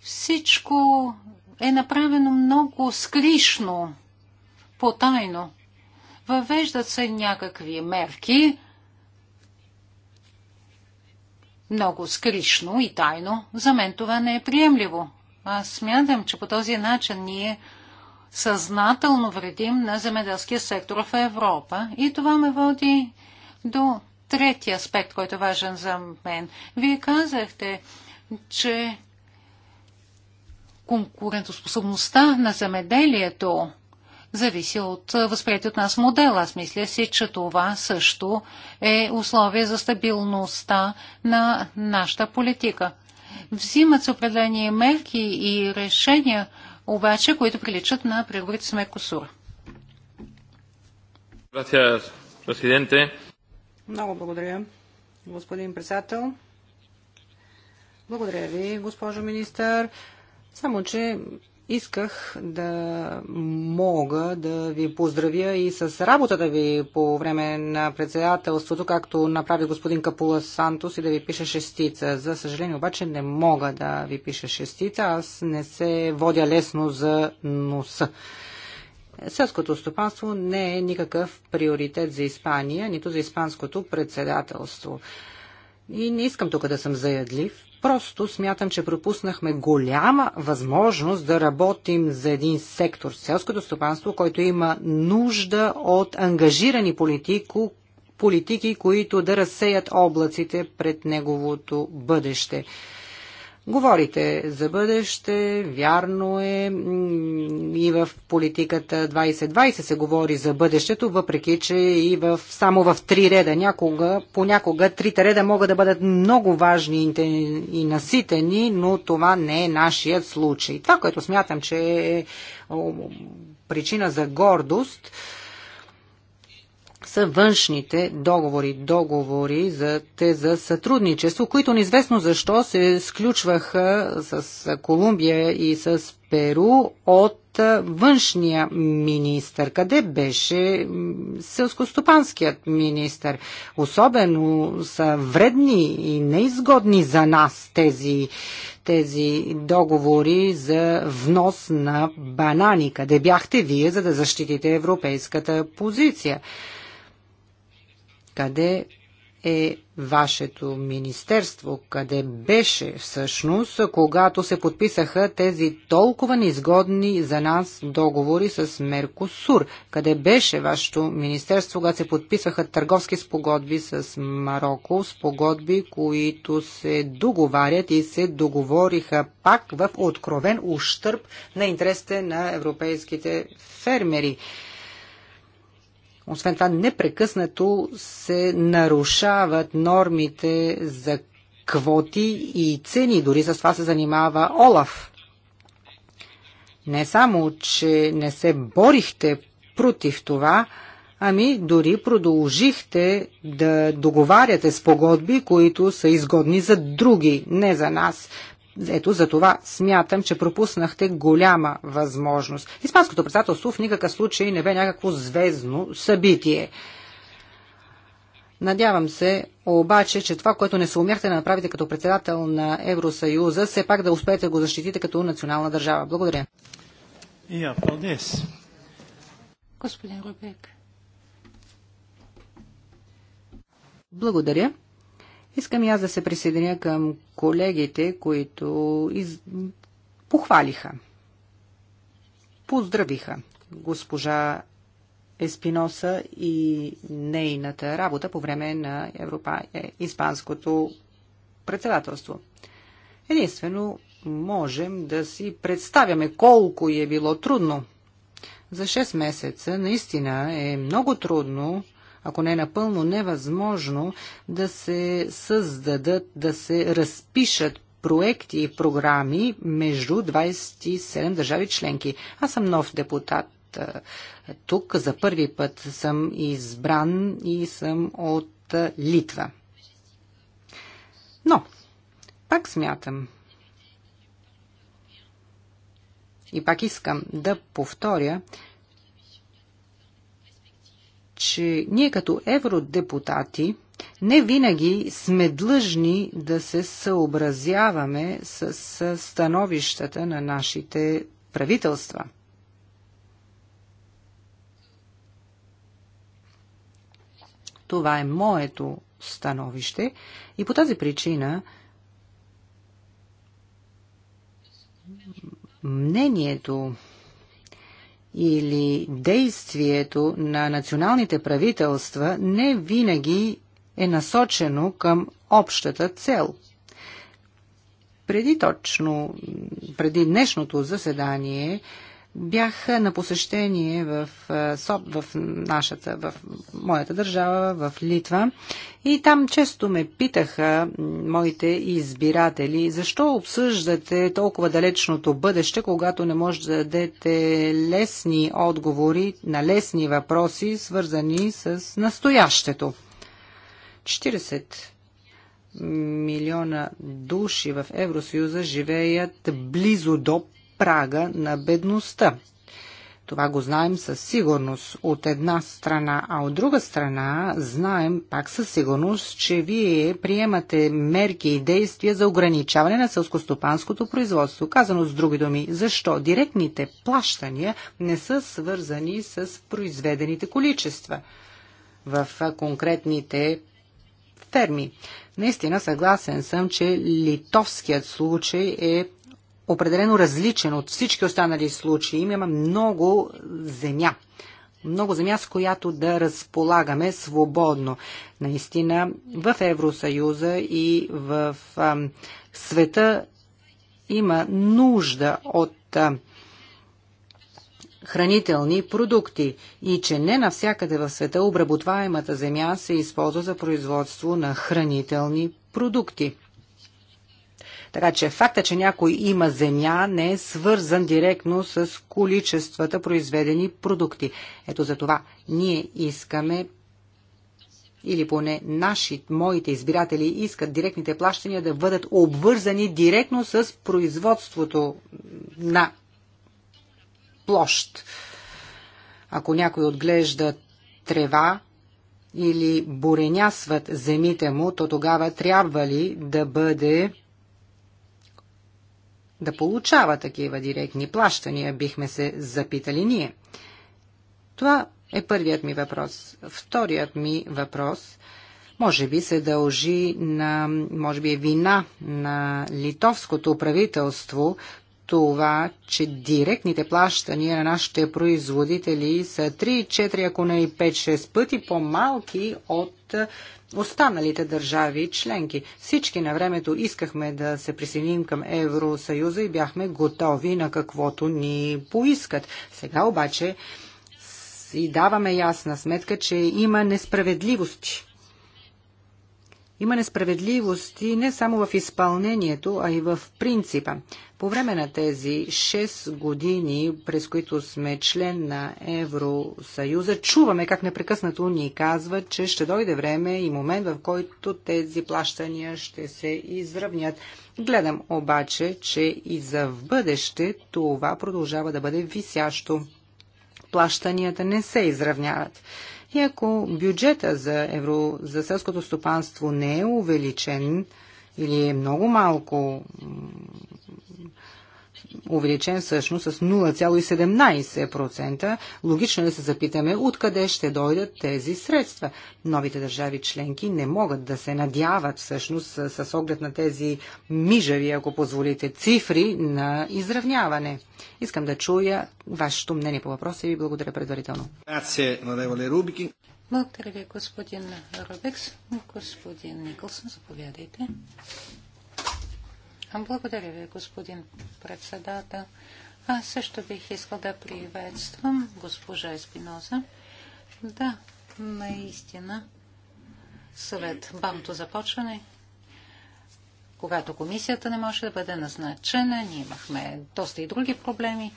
всичко е направено много скришно, потайно. Въвеждат се някакви мерки, много скришно и тайно. За мен това не е приемливо. Аз смятам, че по този начин ние съзнателно вредим на земеделския сектор в Европа. И това ме води до третия аспект, който е важен за мен. Вие казахте, че конкурентоспособността на земеделието зависи от възприятие от нас модел. Аз мисля си, че това също е условие за стабилността на нашата политика. Взимат се определени мерки и решения, обаче, които приличат на преговорите с Мекосур. Много благодаря, господин председател. Благодаря ви, госпожо министър. Само, че Исках да мога да ви поздравя и с работата ви по време на председателството, както направи господин Капула Сантос и да ви пиша шестица. За съжаление обаче не мога да ви пиша шестица. Аз не се водя лесно за носа. Селското стопанство не е никакъв приоритет за Испания, нито за испанското председателство. И не искам тук да съм заядлив, Просто смятам, че пропуснахме голяма възможност да работим за един сектор, селското стопанство, който има нужда от ангажирани политику, политики, които да разсеят облаците пред неговото бъдеще. Говорите за бъдеще, вярно е, и в политиката 2020 се говори за бъдещето, въпреки че и в, само в три реда някога, понякога трите реда могат да бъдат много важни и наситени, но това не е нашият случай. Това, което смятам, че е причина за гордост, са външните договори, договори за, те за сътрудничество, които неизвестно защо се сключваха с Колумбия и с Перу от външния министр. Къде беше селскостопанският министр? Особено са вредни и неизгодни за нас тези, тези договори за внос на банани. Къде бяхте вие, за да защитите европейската позиция? къде е вашето министерство, къде беше всъщност, когато се подписаха тези толкова неизгодни за нас договори с Меркосур? Къде беше вашето министерство, когато се подписаха търговски спогодби с Марокко, спогодби, които се договарят и се договориха пак в откровен ущърп на интересите на европейските фермери? Освен това, непрекъснато се нарушават нормите за квоти и цени. Дори с това се занимава Олаф. Не само, че не се борихте против това, ами дори продължихте да договаряте с погодби, които са изгодни за други, не за нас. Ето за това смятам, че пропуснахте голяма възможност. Испанското председателство в никакъв случай не бе някакво звездно събитие. Надявам се обаче, че това, което не се умяхте да направите като председател на Евросъюза, все пак да успеете да го защитите като национална държава. Благодаря. аплодис. Господин Рубек. Благодаря. Искам и аз да се присъединя към колегите, които из... похвалиха, поздравиха госпожа Еспиноса и нейната работа по време на Европа... Е, Испанското председателство. Единствено, можем да си представяме колко е било трудно. За 6 месеца наистина е много трудно ако не е напълно невъзможно, да се създадат, да се разпишат проекти и програми между 27 държави членки. Аз съм нов депутат тук. За първи път съм избран и съм от Литва. Но, пак смятам и пак искам да повторя, че ние като евродепутати не винаги сме длъжни да се съобразяваме с становищата на нашите правителства. Това е моето становище и по тази причина мнението или действието на националните правителства не винаги е насочено към общата цел. Преди точно, преди днешното заседание, Бях на посещение в, в нашата, в моята държава, в Литва и там често ме питаха моите избиратели, защо обсъждате толкова далечното бъдеще, когато не може да дадете лесни отговори на лесни въпроси, свързани с настоящето. 40 милиона души в Евросъюза живеят близо до прага на бедността. Това го знаем със сигурност от една страна, а от друга страна знаем пак със сигурност, че вие приемате мерки и действия за ограничаване на селскостопанското производство. Казано с други думи, защо директните плащания не са свързани с произведените количества в конкретните ферми. Наистина съгласен съм, че литовският случай е определено различен от всички останали случаи. Имаме много земя. Много земя, с която да разполагаме свободно. Наистина, в Евросъюза и в а, света има нужда от а, хранителни продукти и че не навсякъде в света обработваемата земя се използва за производство на хранителни продукти. Така че факта, че някой има земя, не е свързан директно с количествата произведени продукти. Ето за това ние искаме или поне наши, моите избиратели искат директните плащания да бъдат обвързани директно с производството на площ. Ако някой отглежда трева или буренясват земите му, то тогава трябва ли да бъде да получава такива директни плащания, бихме се запитали ние. Това е първият ми въпрос. Вторият ми въпрос може би се дължи на, може би е вина на литовското правителство, това, че директните плащания на нашите производители са 3, 4, ако не и 5, 6 пъти по-малки от останалите държави членки. Всички на времето искахме да се присъединим към Евросъюза и бяхме готови на каквото ни поискат. Сега обаче си даваме ясна сметка, че има несправедливости има несправедливости не само в изпълнението, а и в принципа. По време на тези 6 години, през които сме член на Евросъюза, чуваме как непрекъснато ни казват, че ще дойде време и момент, в който тези плащания ще се изравнят. Гледам обаче, че и за в бъдеще това продължава да бъде висящо. Плащанията не се изравняват. И ако бюджета за, евро, за селското стопанство не е увеличен или е много малко увеличен всъщност с 0,17%. Логично е да се запитаме откъде ще дойдат тези средства. Новите държави членки не могат да се надяват всъщност с, с оглед на тези мижави, ако позволите, цифри на изравняване. Искам да чуя вашето мнение по въпроса и ви благодаря предварително. Благодаря ви, господин Робекс. Господин Николсон, заповядайте. Благодаря ви, господин председател. Аз също бих искал да приветствам госпожа Еспиноза. Да, наистина. Съвет бамто започване. Когато комисията не може да бъде назначена, ние имахме доста и други проблеми.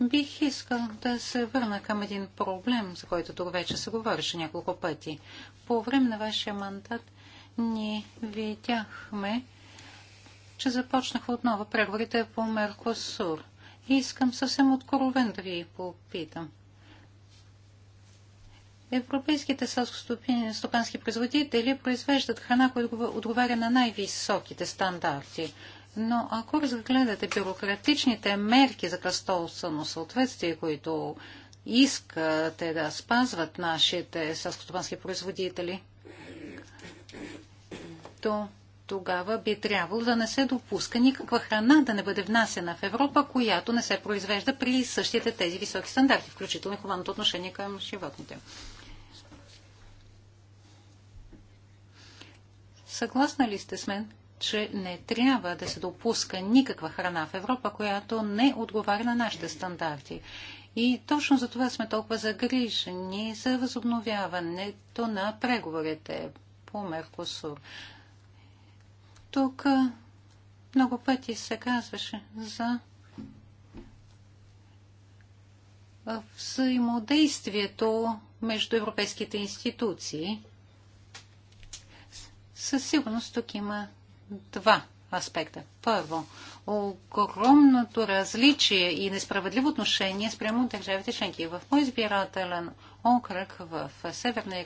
Бих искал да се върна към един проблем, за който тук вече се говореше няколко пъти. По време на вашия мандат ние видяхме че започнаха отново преговорите по Меркосур. И искам съвсем откровен да ви попитам. Европейските селско-стопански производители произвеждат храна, която отговаря на най-високите стандарти. Но ако разгледате бюрократичните мерки за кръстосано съответствие, които искате да спазват нашите селскостопански производители, то тогава би трябвало да не се допуска никаква храна да не бъде внасена в Европа, която не се произвежда при същите тези високи стандарти, включително и хуманното отношение към животните. Съгласна ли сте с мен, че не трябва да се допуска никаква храна в Европа, която не отговаря на нашите стандарти? И точно за това сме толкова загрижени за възобновяването на преговорите по Меркосур. Тук много пъти се казваше за взаимодействието между европейските институции. Със сигурност тук има два аспекта. Първо, огромното различие и несправедливо отношение спрямо държавите членки. В мой избирателен окръг в Северна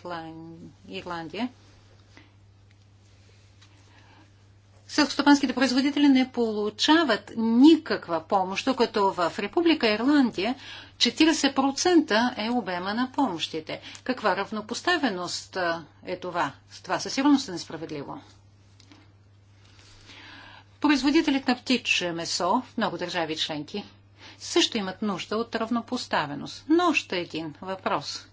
Ирландия Селхостопанските производители не получават никаква помощ, докато в Република Ирландия 40% е обема на помощите. Каква равнопоставеност е това? Това със сигурност е несправедливо. Производителите на птиче месо в много държави членки също имат нужда от равнопоставеност. Но още един въпрос.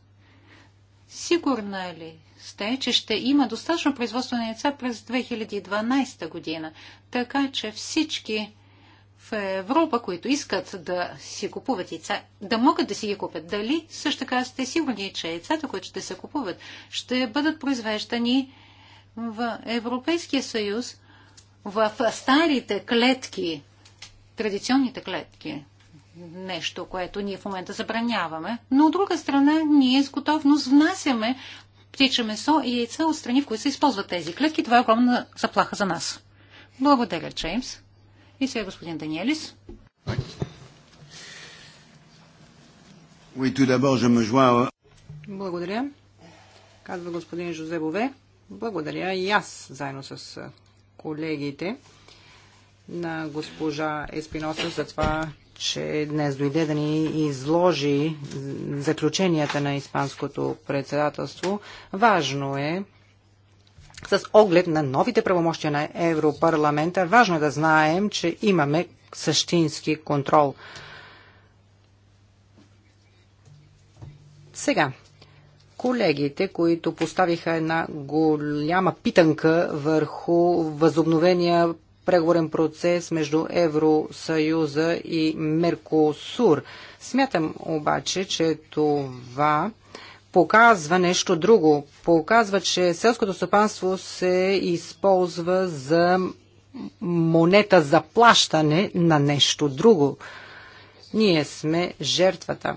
Сигурна ли сте, че ще има достатъчно производство на яйца през 2012 година. Така че всички в Европа, които искат да си купуват яйца, да могат да си ги купят. Дали също така сте сигурни, че яйцата, които ще се купуват, ще бъдат произвеждани в Европейския съюз в старите клетки, традиционните клетки, нещо, което ние в момента забраняваме, но от друга страна ние с готовност внасяме птиче месо и яйца от страни, в които се използват тези клетки. Това е огромна заплаха за нас. Благодаря, Джеймс. И сега господин Даниелис. Благодаря. Казва господин Жозебове. Благодаря и аз, заедно с колегите на госпожа Еспиноса за това, че днес дойде да ни изложи заключенията на Испанското председателство. Важно е с оглед на новите правомощия на Европарламента, важно е да знаем, че имаме същински контрол. Сега, колегите, които поставиха една голяма питанка върху възобновения преговорен процес между Евросъюза и Меркосур. Смятам обаче, че това показва нещо друго. Показва, че селското стопанство се използва за монета за плащане на нещо друго. Ние сме жертвата.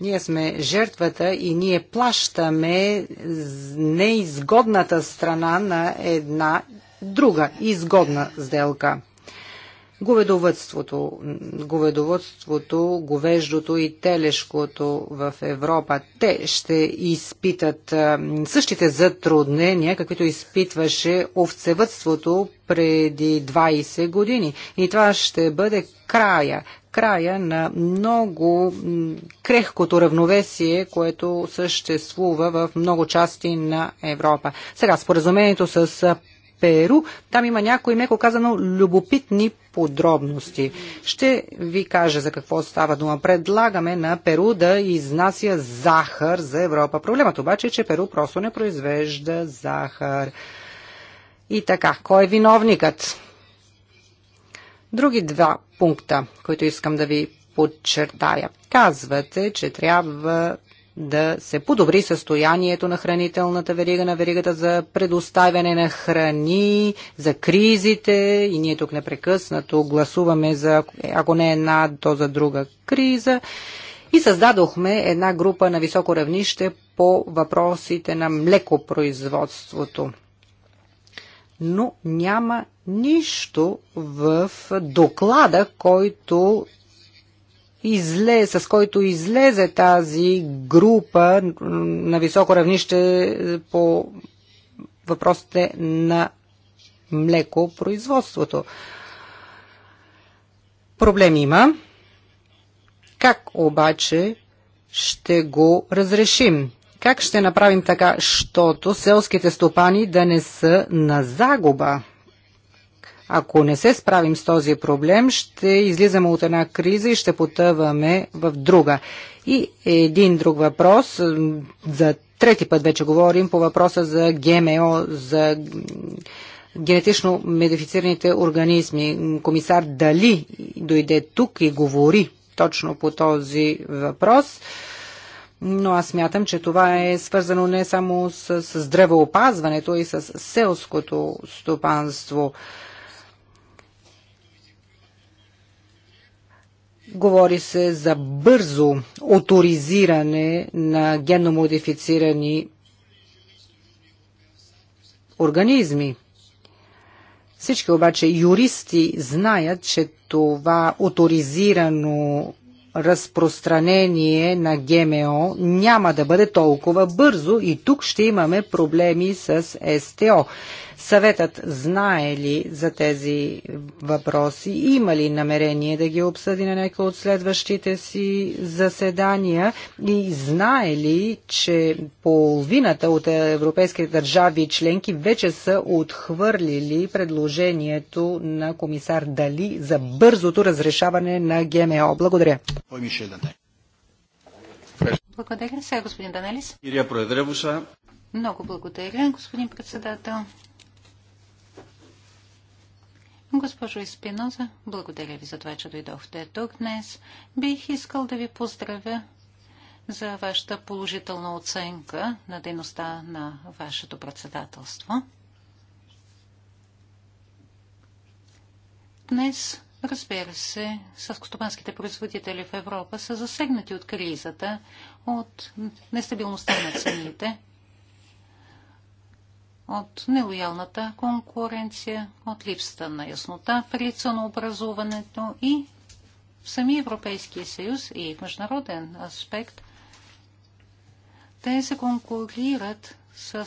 Ние сме жертвата и ние плащаме неизгодната страна на една друга изгодна сделка. Говедовътството, говедовътството, говеждото и телешкото в Европа, те ще изпитат същите затруднения, каквито изпитваше овцевътството преди 20 години. И това ще бъде края, края на много крехкото равновесие, което съществува в много части на Европа. Сега, споразумението с Перу. Там има някои, меко казано, любопитни подробности. Ще ви кажа за какво става дума. Предлагаме на Перу да изнася захар за Европа. Проблемът обаче е, че Перу просто не произвежда захар. И така, кой е виновникът? Други два пункта, които искам да ви подчертая. Казвате, че трябва да се подобри състоянието на хранителната верига, на веригата за предоставяне на храни, за кризите и ние тук непрекъснато гласуваме за, ако не една, то за друга криза. И създадохме една група на високо равнище по въпросите на млекопроизводството. Но няма нищо в доклада, който изле, с който излезе тази група на високо равнище по въпросите на млекопроизводството. Проблем има. Как обаче ще го разрешим? Как ще направим така, щото селските стопани да не са на загуба? Ако не се справим с този проблем, ще излизаме от една криза и ще потъваме в друга. И един друг въпрос, за трети път вече говорим по въпроса за ГМО, за генетично модифицираните организми. Комисар Дали дойде тук и говори точно по този въпрос. Но аз мятам, че това е свързано не само с, с здравеопазването и с селското стопанство. Говори се за бързо авторизиране на генномодифицирани организми. Всички обаче юристи знаят, че това авторизирано разпространение на ГМО няма да бъде толкова бързо и тук ще имаме проблеми с СТО. Съветът знае ли за тези въпроси? Има ли намерение да ги обсъди на някои от следващите си заседания? И знае ли, че половината от европейските държави и членки вече са отхвърлили предложението на комисар Дали за бързото разрешаване на ГМО? Благодаря. Е благодаря. Сега господин Данелис. Много благодаря, господин председател. Госпожо Испиноза, благодаря ви за това, че дойдохте тук днес. Бих искал да ви поздравя за вашата положителна оценка на дейността на вашето председателство. Днес, разбира се, съскостопанските производители в Европа са засегнати от кризата, от нестабилността на цените – от нелоялната конкуренция, от липсата на яснота при ценообразуването и в сами Европейския съюз и в международен аспект те се конкурират с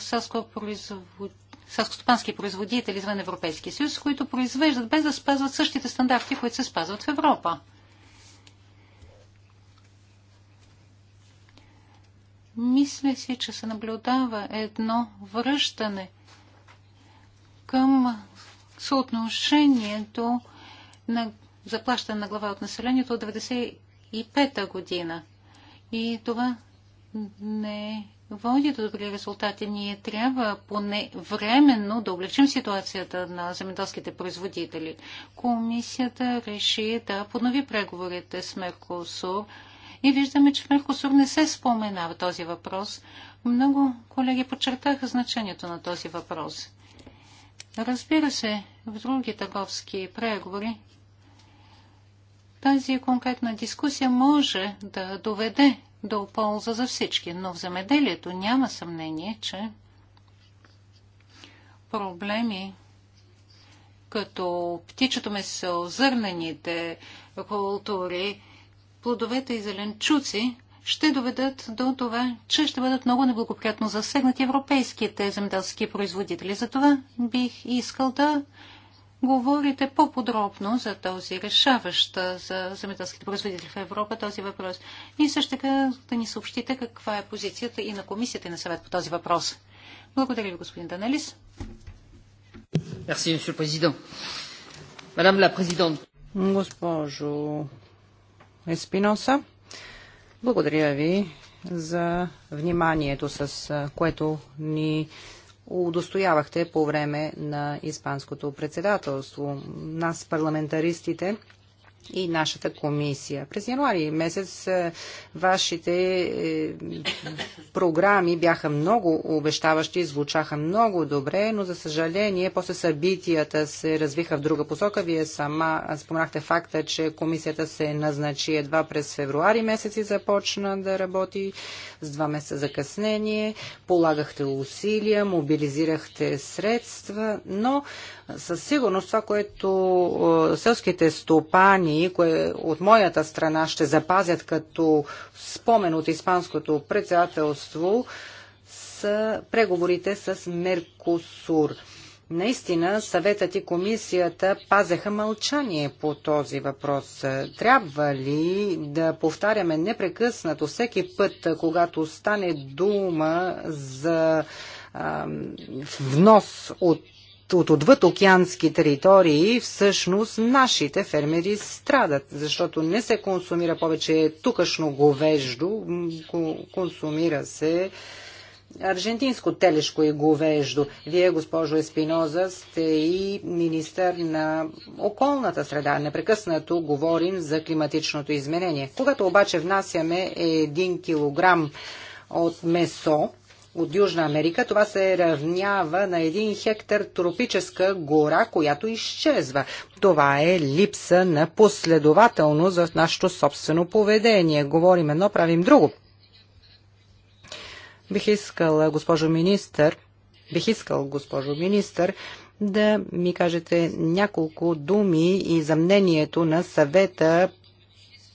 селскостопански производители извън Европейския съюз, които произвеждат без да спазват същите стандарти, които се спазват в Европа. Мисля си, че се наблюдава едно връщане към съотношението на заплащане на глава от населението от 1995 година. И това не води до добри резултати. Ние трябва поне временно да облегчим ситуацията на земеделските производители. Комисията реши да поднови преговорите с Меркосур и виждаме, че в Меркосур не се споменава този въпрос. Много колеги подчертаха значението на този въпрос. Разбира се, в други търговски преговори тази конкретна дискусия може да доведе до полза за всички, но в замеделието няма съмнение, че проблеми като птичето месо, зърнените култури, плодовете и зеленчуци ще доведат до това, че ще бъдат много неблагоприятно засегнати европейските земеделски производители. Затова бих искал да говорите по-подробно за този решаващ за земеделските производители в Европа този въпрос. И също така да ни съобщите каква е позицията и на комисията и на съвет по този въпрос. Благодаря ви, господин Данелис. Госпожо Еспиноса. Благодаря ви за вниманието, с което ни удостоявахте по време на Испанското председателство. Нас, парламентаристите, и нашата комисия. През януари месец е, вашите е, програми бяха много обещаващи, звучаха много добре, но за съжаление после събитията се развиха в друга посока. Вие сама споменахте факта, че комисията се назначи едва през февруари месец и започна да работи с два месеца закъснение. Полагахте усилия, мобилизирахте средства, но със сигурност това, което е, селските стопани данни, кое от моята страна ще запазят като спомен от Испанското председателство, са преговорите с Меркосур. Наистина, съветът и комисията пазеха мълчание по този въпрос. Трябва ли да повтаряме непрекъснато всеки път, когато стане дума за а, внос от от отвъд океански територии, всъщност нашите фермери страдат, защото не се консумира повече тукашно говеждо, консумира се аржентинско телешко и говеждо. Вие, госпожо Еспиноза, сте и министър на околната среда. Непрекъснато говорим за климатичното изменение. Когато обаче внасяме 1 килограм от месо, от Южна Америка, това се равнява на един хектар тропическа гора, която изчезва. Това е липса на последователност в нашето собствено поведение. Говорим едно, правим друго. Бих искала, госпожо министър, бих искал, госпожо министър, да ми кажете няколко думи и за мнението на съвета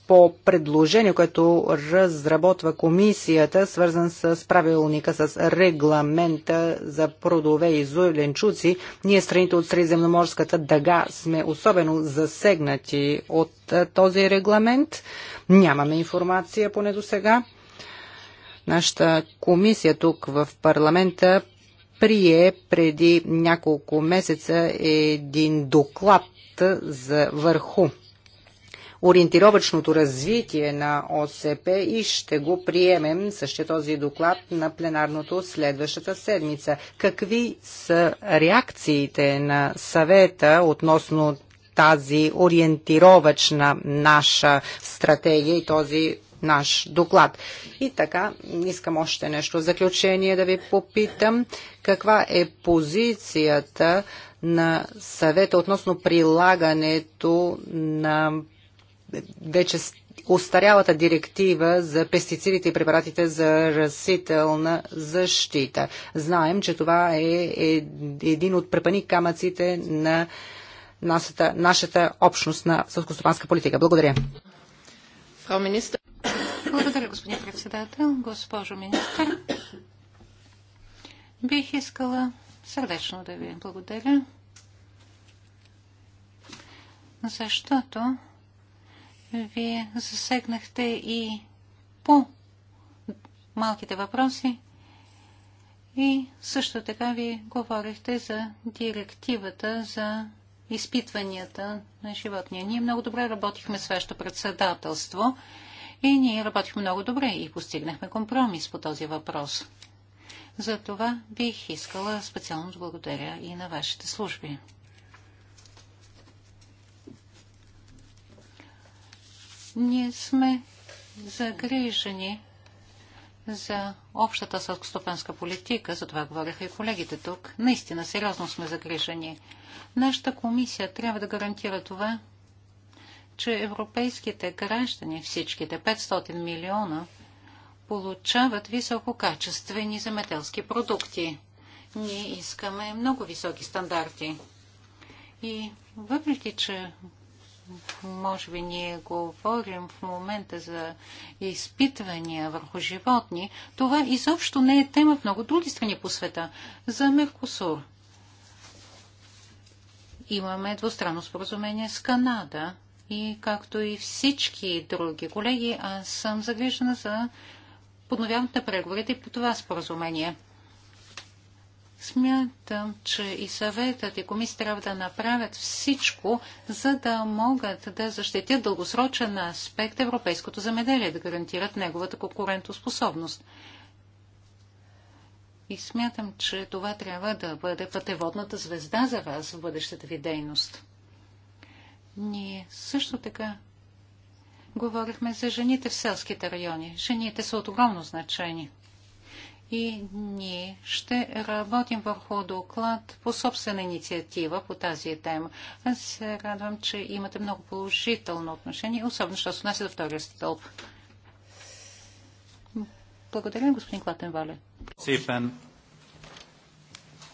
по предложение, което разработва комисията, свързан с правилника, с регламента за продове и зеленчуци, ние страните от Средиземноморската дъга сме особено засегнати от този регламент. Нямаме информация поне до сега. Нашата комисия тук в парламента прие преди няколко месеца един доклад за върху Ориентировачното развитие на ОСП и ще го приемем същия този доклад на пленарното следващата седмица. Какви са реакциите на съвета относно тази ориентировачна наша стратегия и този наш доклад. И така, искам още нещо в заключение да ви попитам. Каква е позицията на съвета относно прилагането на вече устарялата директива за пестицидите и препаратите за растителна защита. Знаем, че това е един от препани камъците на нашата, нашата общност на сълскостопанска политика. Благодаря. Фрау министр. Благодаря, господин председател. Госпожо министр, бих искала сърдечно да ви благодаря, защото вие засегнахте и по малките въпроси и също така ви говорихте за директивата за изпитванията на животния. Ние много добре работихме с вашето председателство и ние работихме много добре и постигнахме компромис по този въпрос. За това бих искала специално да благодаря и на вашите служби. Ние сме загрижени за общата селскостопанска политика, за това говориха и колегите тук. Наистина, сериозно сме загрижени. Нашата комисия трябва да гарантира това, че европейските граждани, всичките 500 милиона, получават висококачествени земеделски продукти. Ние искаме много високи стандарти. И въпреки, че може би ние говорим в момента за изпитвания върху животни, това изобщо не е тема в много други страни по света. За Меркосур имаме двустранно споразумение с Канада и както и всички други колеги, аз съм загрижена за подновяването на преговорите по това споразумение. Смятам, че и съветът и комисията трябва да направят всичко, за да могат да защитят дългосрочен аспект европейското замеделие, да гарантират неговата конкурентоспособност. И смятам, че това трябва да бъде пътеводната звезда за вас в бъдещата ви дейност. Ние също така говорихме за жените в селските райони. Жените са от огромно значение и ние ще работим върху доклад по собствена инициатива по тази тема. Аз се радвам, че имате много положително отношение, особено що се отнася до втория стълб. Благодаря, господин Клатенвале. Szépen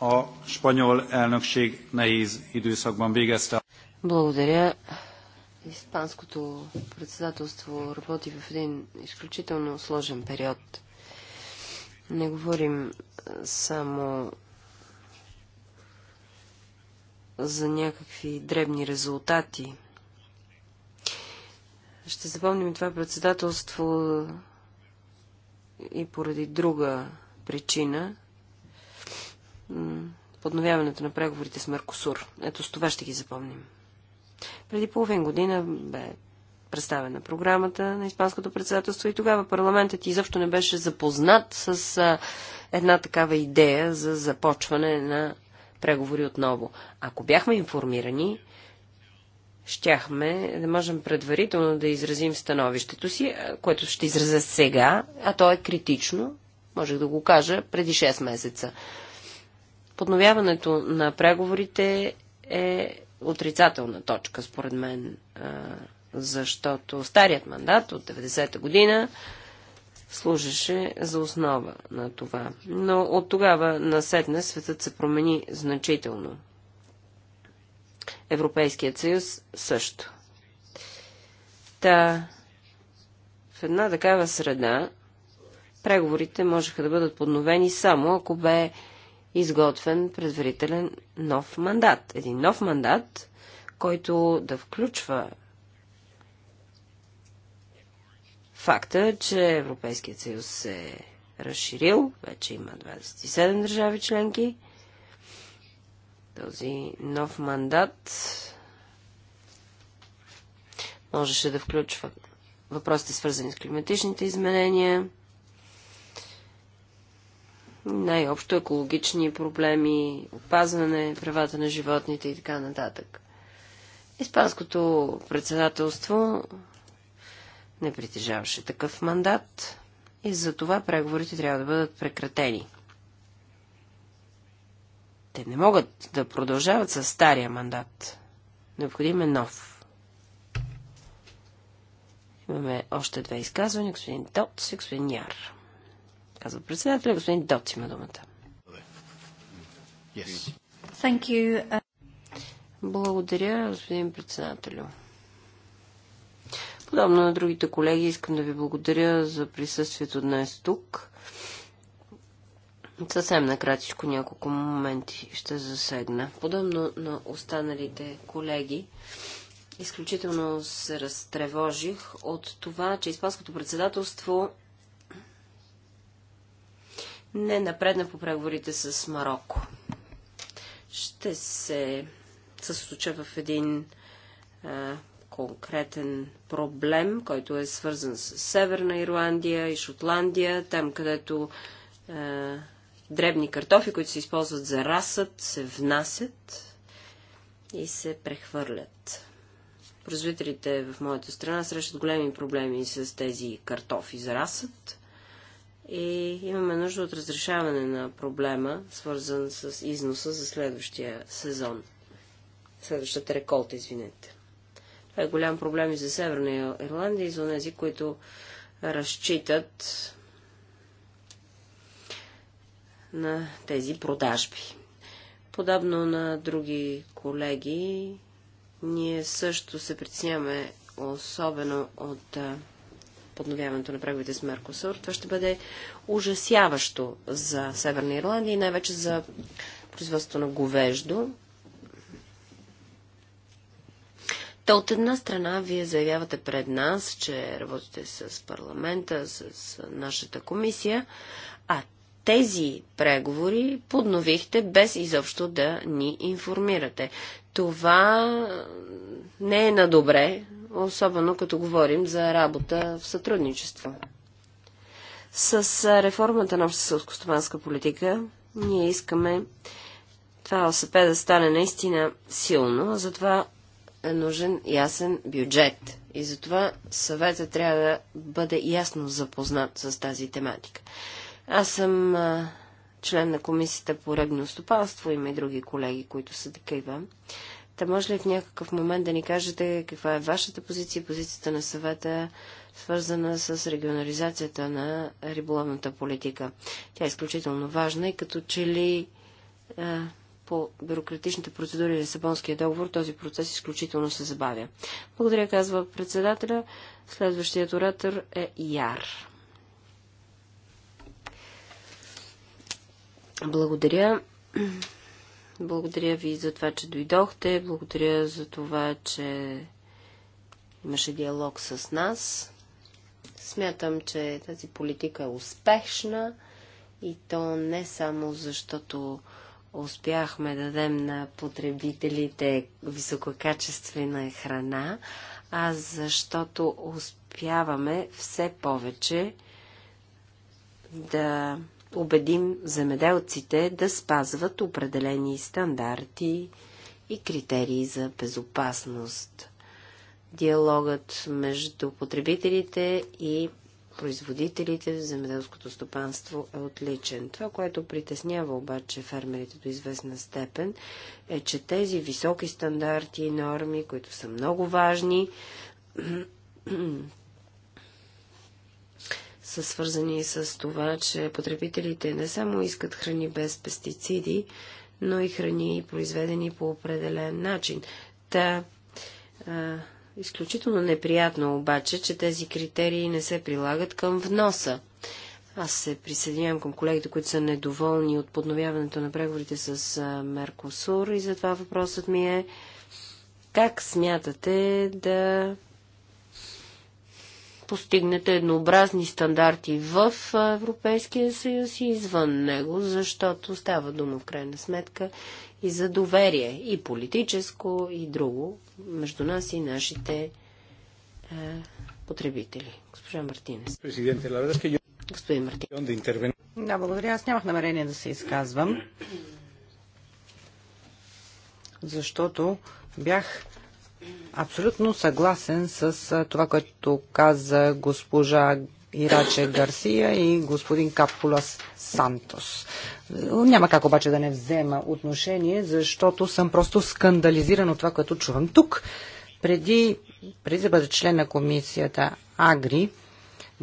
a spanyol elnökség nehéz időszakban végezte. Благодаря. Испанското председателство работи в един изключително сложен период. Не говорим само за някакви дребни резултати. Ще запомним това председателство и поради друга причина подновяването на преговорите с Меркосур. Ето с това ще ги запомним. Преди половин година бе представена програмата на Испанското председателство и тогава парламентът изобщо не беше запознат с а, една такава идея за започване на преговори отново. Ако бяхме информирани, щяхме да можем предварително да изразим становището си, което ще изразя сега, а то е критично, можех да го кажа, преди 6 месеца. Подновяването на преговорите е отрицателна точка, според мен, защото старият мандат от 90-та година служеше за основа на това. Но от тогава насетне светът се промени значително. Европейският съюз също. Та, в една такава среда, преговорите можеха да бъдат подновени само ако бе изготвен предварителен нов мандат. Един нов мандат, който да включва факта, че Европейският съюз се е разширил, вече има 27 държави членки. Този нов мандат можеше да включва въпросите свързани с климатичните изменения, най-общо екологични проблеми, опазване правата на животните и така нататък. Испанското председателство не притежаваше такъв мандат и за това преговорите трябва да бъдат прекратени. Те не могат да продължават със стария мандат. Необходим е нов. Имаме още две изказвания. Господин Доц и господин Яр. Казва председателя. Господин Доц има думата. Благодаря, господин председателю. Подобно на другите колеги, искам да ви благодаря за присъствието днес тук. Съвсем накратичко няколко моменти ще засегна. Подобно на останалите колеги, изключително се разтревожих от това, че Испанското председателство не напредна по преговорите с Марокко. Ще се съсуча в един а, конкретен проблем, който е свързан с Северна Ирландия и Шотландия, там където е, дребни картофи, които се използват за расът, се внасят и се прехвърлят. Производителите в моята страна срещат големи проблеми с тези картофи за расът и имаме нужда от разрешаване на проблема, свързан с износа за следващия сезон. Следващата реколта, извинете. Това е голям проблем и за Северна Ирландия и за тези, които разчитат на тези продажби. Подобно на други колеги, ние също се притесняваме особено от подновяването на преговорите с Меркосур. Това ще бъде ужасяващо за Северна Ирландия и най-вече за производството на говеждо. Та от една страна вие заявявате пред нас, че работите с парламента, с нашата комисия, а тези преговори подновихте без изобщо да ни информирате. Това не е на добре, особено като говорим за работа в сътрудничество. С реформата на общата селскостопанска политика ние искаме това ОСП да стане наистина силно, затова е нужен ясен бюджет. И затова съвета трябва да бъде ясно запознат с тази тематика. Аз съм а, член на комисията по ръгно стопанство, има и други колеги, които са такива. Та може ли в някакъв момент да ни кажете каква е вашата позиция, позицията на съвета, свързана с регионализацията на риболовната политика? Тя е изключително важна и като че ли а, по бюрократичните процедури Лисабонския договор, този процес изключително се забавя. Благодаря, казва председателя. Следващият оратор е Яр. Благодаря. Благодаря ви за това, че дойдохте. Благодаря за това, че имаше диалог с нас. Смятам, че тази политика е успешна и то не само защото успяхме да дадем на потребителите висококачествена храна, а защото успяваме все повече да убедим земеделците да спазват определени стандарти и критерии за безопасност. Диалогът между потребителите и производителите в земеделското стопанство е отличен. Това, което притеснява обаче фермерите до известна степен, е, че тези високи стандарти и норми, които са много важни, са свързани с това, че потребителите не само искат храни без пестициди, но и храни, произведени по определен начин. Та, а, Изключително неприятно обаче, че тези критерии не се прилагат към вноса. Аз се присъединявам към колегите, които са недоволни от подновяването на преговорите с Меркосур и затова въпросът ми е как смятате да постигнете еднообразни стандарти в Европейския съюз и извън него, защото става дума в крайна сметка и за доверие, и политическо, и друго, между нас и нашите е, потребители. Госпожа Мартинес. Господин Мартинес. Да, благодаря. Аз нямах намерение да се изказвам, защото бях Абсолютно съгласен с това, което каза госпожа Ираче Гарсия и господин Капулас Сантос. Няма как обаче да не взема отношение, защото съм просто скандализиран от това, което чувам тук. Преди, преди да бъда член на комисията Агри,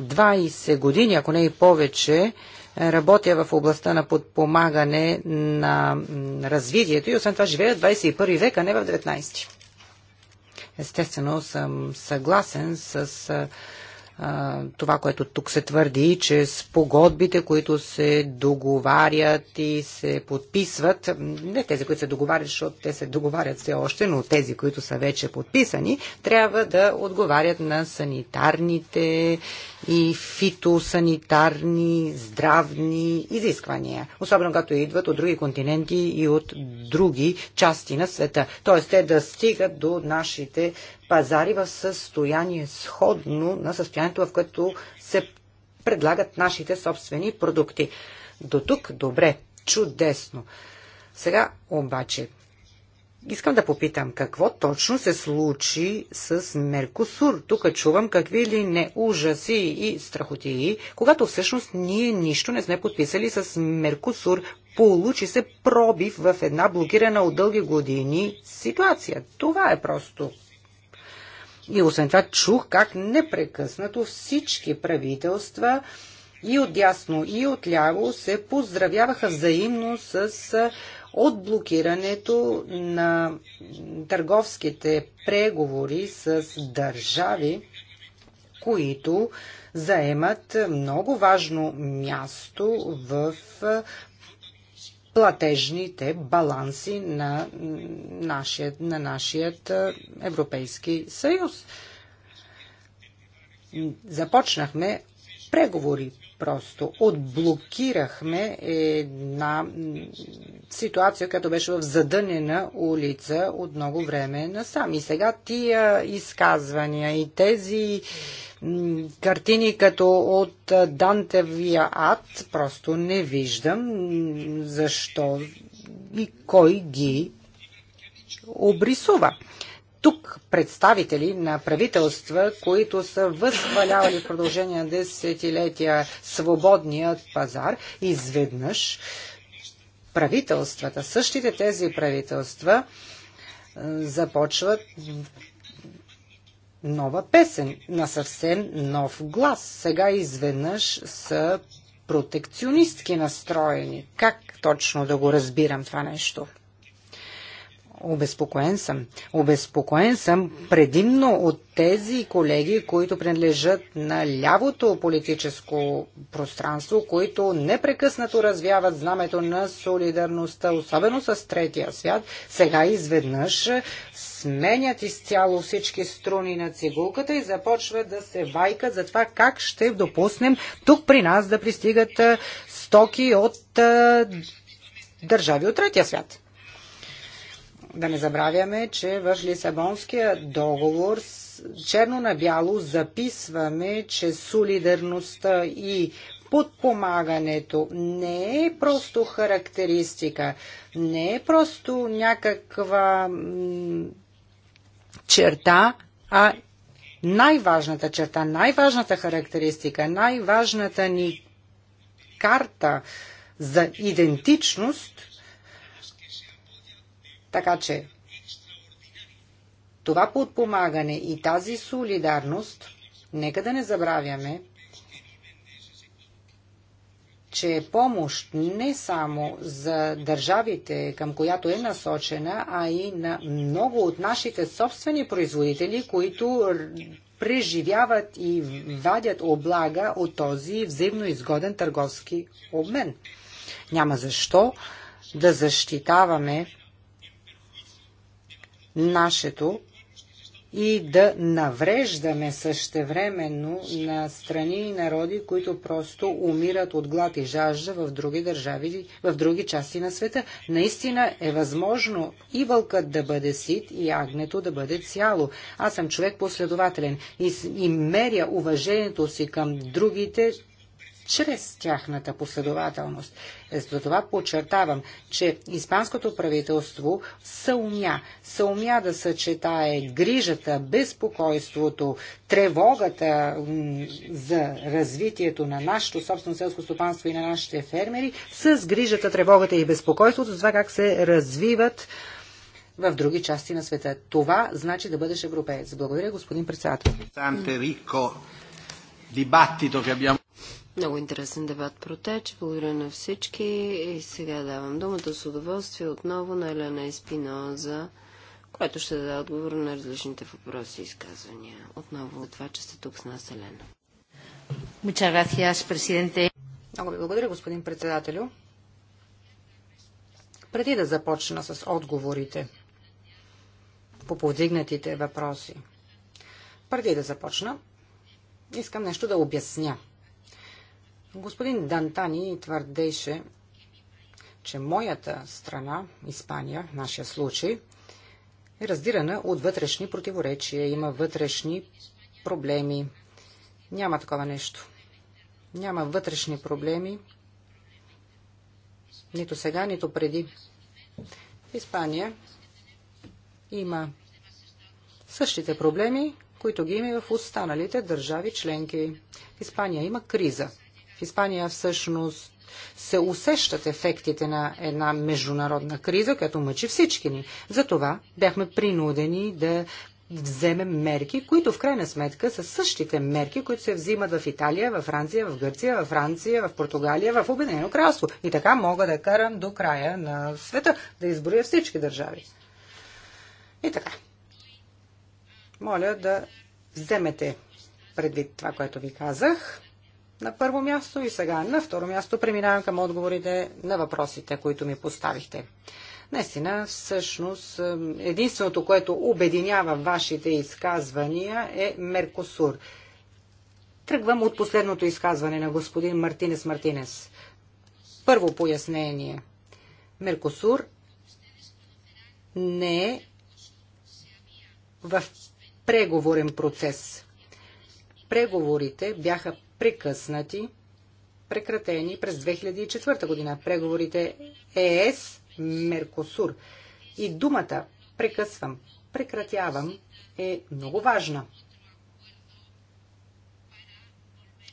20 години, ако не и повече, работя в областта на подпомагане на развитието и освен това живея в 21 век, а не в 19. Естествено съм съгласен с това, което тук се твърди, че погодбите, които се договарят и се подписват, не тези, които се договарят, защото те се договарят все още, но тези, които са вече подписани, трябва да отговарят на санитарните и фитосанитарни, здравни изисквания, особено като идват от други континенти и от други части на света. Тоест те да стигат до нашите пазари в състояние сходно на състоянието, в което се предлагат нашите собствени продукти. До тук добре, чудесно. Сега обаче Искам да попитам какво точно се случи с Меркосур. Тук чувам какви ли не ужаси и страхотии, когато всъщност ние нищо не сме подписали с Меркосур. Получи се пробив в една блокирана от дълги години ситуация. Това е просто и освен това чух как непрекъснато всички правителства и отдясно, и отляво се поздравяваха взаимно с от блокирането на търговските преговори с държави, които заемат много важно място в платежните баланси на нашия, на нашият Европейски съюз. Започнахме преговори Просто отблокирахме една ситуация, която беше в задънена улица от много време насам. И сега тия изказвания и тези картини като от Дантевия ад просто не виждам защо и кой ги обрисува тук представители на правителства, които са възхвалявали в продължение на десетилетия свободният пазар, изведнъж правителствата, същите тези правителства е, започват нова песен на съвсем нов глас. Сега изведнъж са протекционистки настроени. Как точно да го разбирам това нещо? Обезпокоен съм. Обезпокоен съм предимно от тези колеги, които принадлежат на лявото политическо пространство, които непрекъснато развяват знамето на солидарността, особено с третия свят. Сега изведнъж сменят изцяло всички струни на цигулката и започват да се вайкат за това как ще допуснем тук при нас да пристигат стоки от държави от третия свят. Да не забравяме, че в Лисабонския договор черно на бяло записваме, че солидарността и подпомагането не е просто характеристика, не е просто някаква черта, а най-важната черта, най-важната характеристика, най-важната ни карта за идентичност – така че това подпомагане и тази солидарност, нека да не забравяме, че е помощ не само за държавите, към която е насочена, а и на много от нашите собствени производители, които преживяват и вадят облага от този взаимно изгоден търговски обмен. Няма защо да защитаваме нашето и да навреждаме същевременно на страни и народи, които просто умират от глад и жажда в други държави, в други части на света. Наистина е възможно и вълкът да бъде сит, и агнето да бъде цяло. Аз съм човек последователен и, и меря уважението си към другите чрез тяхната последователност. Е, Затова подчертавам, че испанското правителство съумя, съумя да съчетае грижата, безпокойството, тревогата за развитието на нашето собствено селско стопанство и на нашите фермери с грижата, тревогата и безпокойството за това как се развиват в други части на света. Това значи да бъдеш европеец. Благодаря, господин председател. Много интересен дебат протече. Благодаря на всички. И сега давам думата с удоволствие отново на Елена Еспиноза, която ще даде отговор на различните въпроси и изказвания. Отново от това, че сте тук с нас, Елена. Много ви благодаря, господин председателю. Преди да започна с отговорите по повдигнатите въпроси, преди да започна, искам нещо да обясня – Господин Дантани твърдеше, че моята страна, Испания, в нашия случай, е раздирана от вътрешни противоречия, има вътрешни проблеми. Няма такова нещо. Няма вътрешни проблеми, нито сега, нито преди. В Испания има същите проблеми, които ги има в останалите държави членки. В Испания има криза. В Испания всъщност се усещат ефектите на една международна криза, която мъчи всички ни. Затова бяхме принудени да вземем мерки, които в крайна сметка са същите мерки, които се взимат в Италия, в Франция, в Гърция, в Франция, в Португалия, в Обединено кралство. И така мога да карам до края на света, да изброя всички държави. И така. Моля да вземете предвид това, което ви казах на първо място и сега на второ място преминавам към отговорите на въпросите, които ми поставихте. Наистина, всъщност, единственото, което обединява вашите изказвания е Меркосур. Тръгвам от последното изказване на господин Мартинес Мартинес. Първо пояснение. Меркосур не е в преговорен процес. Преговорите бяха прекъснати, прекратени през 2004 година. Преговорите ЕС, Меркосур и думата прекъсвам, прекратявам е много важна.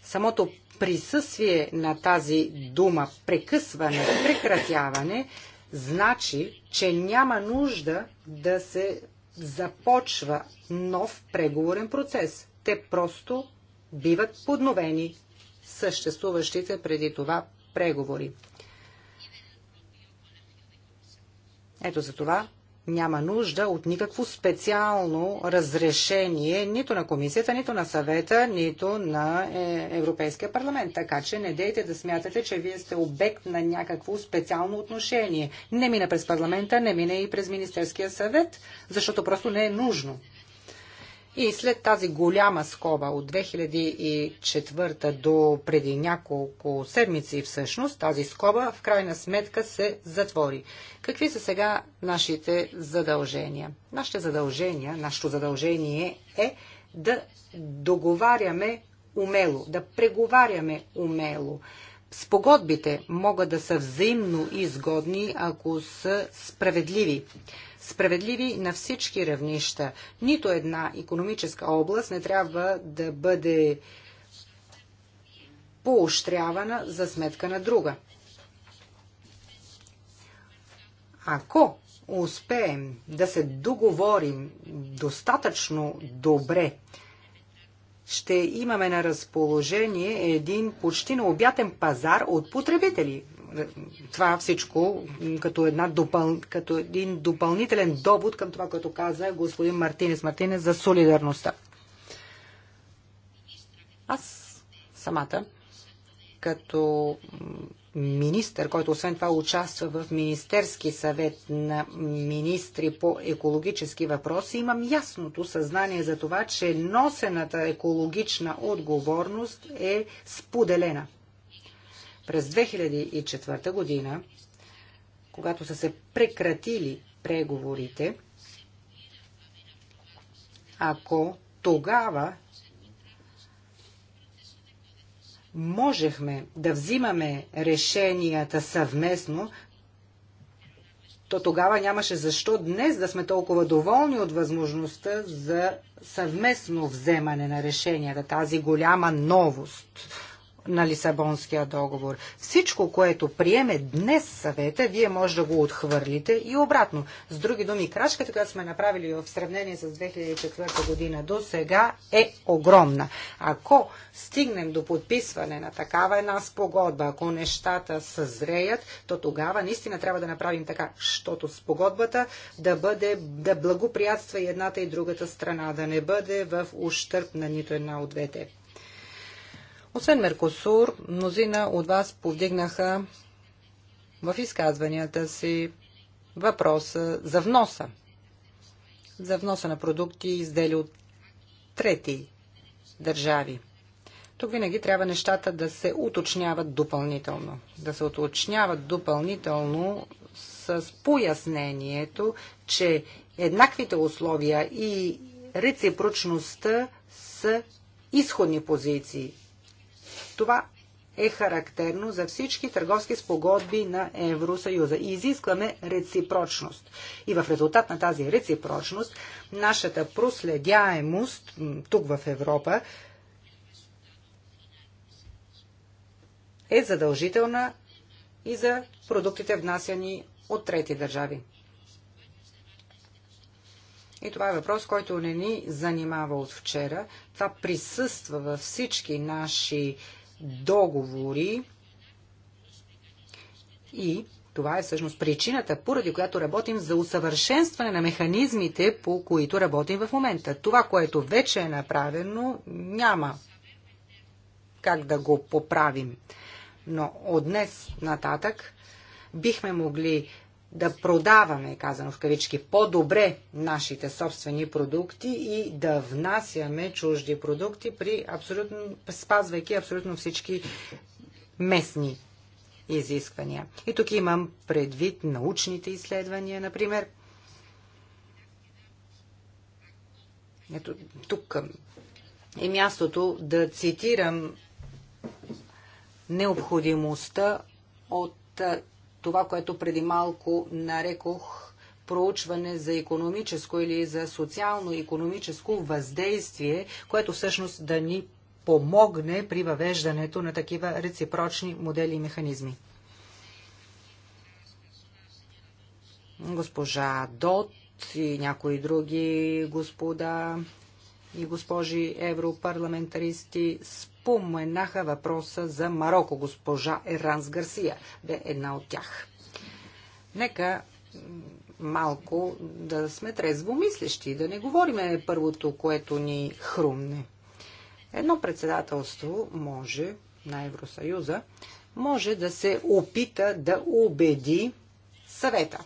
Самото присъствие на тази дума прекъсване, прекратяване, значи, че няма нужда да се започва нов преговорен процес. Те просто биват подновени съществуващите преди това преговори. Ето за това няма нужда от никакво специално разрешение нито на комисията, нито на съвета, нито на е, Европейския парламент. Така че не дейте да смятате, че вие сте обект на някакво специално отношение. Не мина през парламента, не мина и през Министерския съвет, защото просто не е нужно. И след тази голяма скоба от 2004 до преди няколко седмици всъщност, тази скоба в крайна сметка се затвори. Какви са сега нашите задължения? Нашите задължения, нашето задължение е да договаряме умело, да преговаряме умело. Спогодбите могат да са взаимно изгодни, ако са справедливи справедливи на всички равнища. Нито една економическа област не трябва да бъде поощрявана за сметка на друга. Ако успеем да се договорим достатъчно добре, ще имаме на разположение един почти необятен пазар от потребители това всичко като, една допъл... като един допълнителен довод към това, което каза господин Мартинес Мартинес за солидарността. Аз самата, като министър, който освен това участва в Министерски съвет на министри по екологически въпроси, имам ясното съзнание за това, че носената екологична отговорност е споделена. През 2004 година, когато са се прекратили преговорите, ако тогава можехме да взимаме решенията съвместно, то тогава нямаше защо днес да сме толкова доволни от възможността за съвместно вземане на решенията, тази голяма новост на Лисабонския договор. Всичко, което приеме днес съвета, вие може да го отхвърлите и обратно. С други думи, крачката, която сме направили в сравнение с 2004 година до сега е огромна. Ако стигнем до подписване на такава една спогодба, ако нещата съзреят, то тогава наистина трябва да направим така, защото спогодбата да бъде, да благоприятства и едната и другата страна, да не бъде в ущърп на нито една от двете. Освен Меркосур, мнозина от вас повдигнаха в изказванията си въпроса за вноса. За вноса на продукти и изделия от трети държави. Тук винаги трябва нещата да се уточняват допълнително. Да се уточняват допълнително с пояснението, че еднаквите условия и реципрочността са изходни позиции. Това е характерно за всички търговски спогодби на Евросъюза. И изискваме реципрочност. И в резултат на тази реципрочност, нашата проследяемост тук в Европа е задължителна и за продуктите внасяни от трети държави. И това е въпрос, който не ни занимава от вчера. Това присъства във всички наши договори и това е всъщност причината, поради която работим за усъвършенстване на механизмите, по които работим в момента. Това, което вече е направено, няма как да го поправим. Но от днес нататък бихме могли да продаваме, казано в кавички, по-добре нашите собствени продукти и да внасяме чужди продукти, при абсолютно, спазвайки абсолютно всички местни изисквания. И тук имам предвид научните изследвания, например. Ето, тук е мястото да цитирам необходимостта от това, което преди малко нарекох проучване за економическо или за социално-економическо въздействие, което всъщност да ни помогне при въвеждането на такива реципрочни модели и механизми. Госпожа Дот и някои други господа и госпожи европарламентаристи спорят, споменаха въпроса за Марокко. Госпожа Еранс Гарсия бе една от тях. Нека малко да сме трезво мислещи, да не говориме първото, което ни хрумне. Едно председателство може на Евросъюза може да се опита да убеди съвета.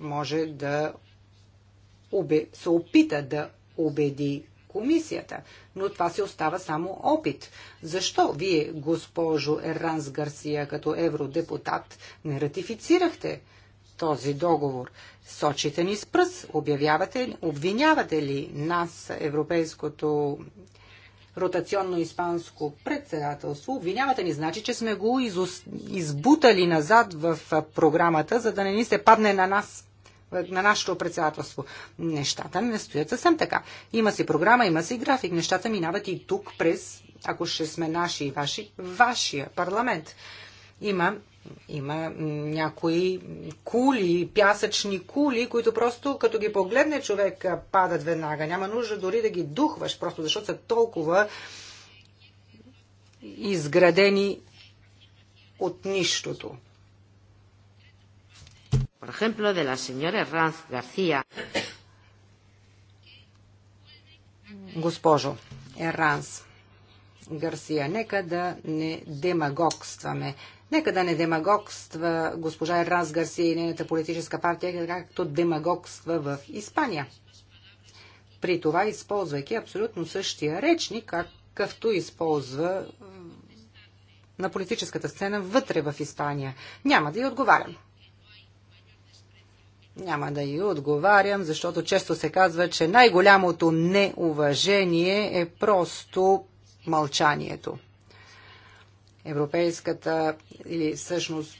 Може да обе, се опита да убеди комисията. Но това си остава само опит. Защо вие, госпожо Еранс Гарсия, като евродепутат, не ратифицирахте този договор? Сочите ни с пръст, обявявате, обвинявате ли нас, Европейското ротационно-испанско председателство. Обвинявате ни, значи, че сме го изус... избутали назад в програмата, за да не ни се падне на нас на нашето председателство. Нещата не стоят съвсем така. Има си програма, има си график. Нещата минават и тук през, ако ще сме наши и ваши, вашия парламент. Има има някои кули, пясъчни кули, които просто като ги погледне човек падат веднага. Няма нужда дори да ги духваш, просто защото са толкова изградени от нищото por ejemplo, de la señora Herranz García. Госпожо Еранс Гарсия, нека да не демагогстваме. Нека да не демагогства госпожа Еранс Гарсия и нейната политическа партия, както демагогства в Испания. При това използвайки абсолютно същия речник, какъвто използва на политическата сцена вътре в Испания. Няма да й отговарям. Няма да и отговарям, защото често се казва, че най-голямото неуважение е просто мълчанието. Европейската или всъщност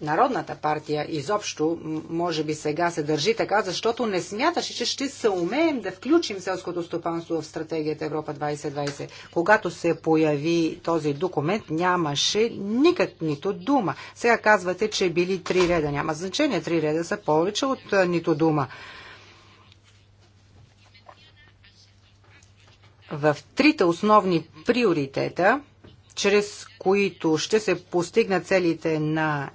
Народната партия изобщо, може би сега се държи така, защото не смяташе, че ще се умеем да включим селското стопанство в стратегията Европа 2020. Когато се появи този документ, нямаше никак нито дума. Сега казвате, че били три реда. Няма значение, три реда са повече от нито дума. В трите основни приоритета чрез които ще се постигнат целите на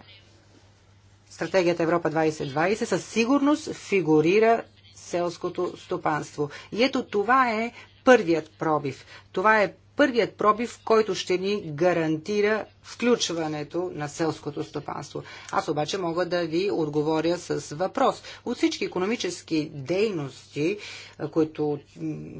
стратегията Европа 2020 със сигурност фигурира селското стопанство. И ето това е първият пробив. Това е първият пробив, който ще ни гарантира включването на селското стопанство. Аз обаче мога да ви отговоря с въпрос. От всички економически дейности, които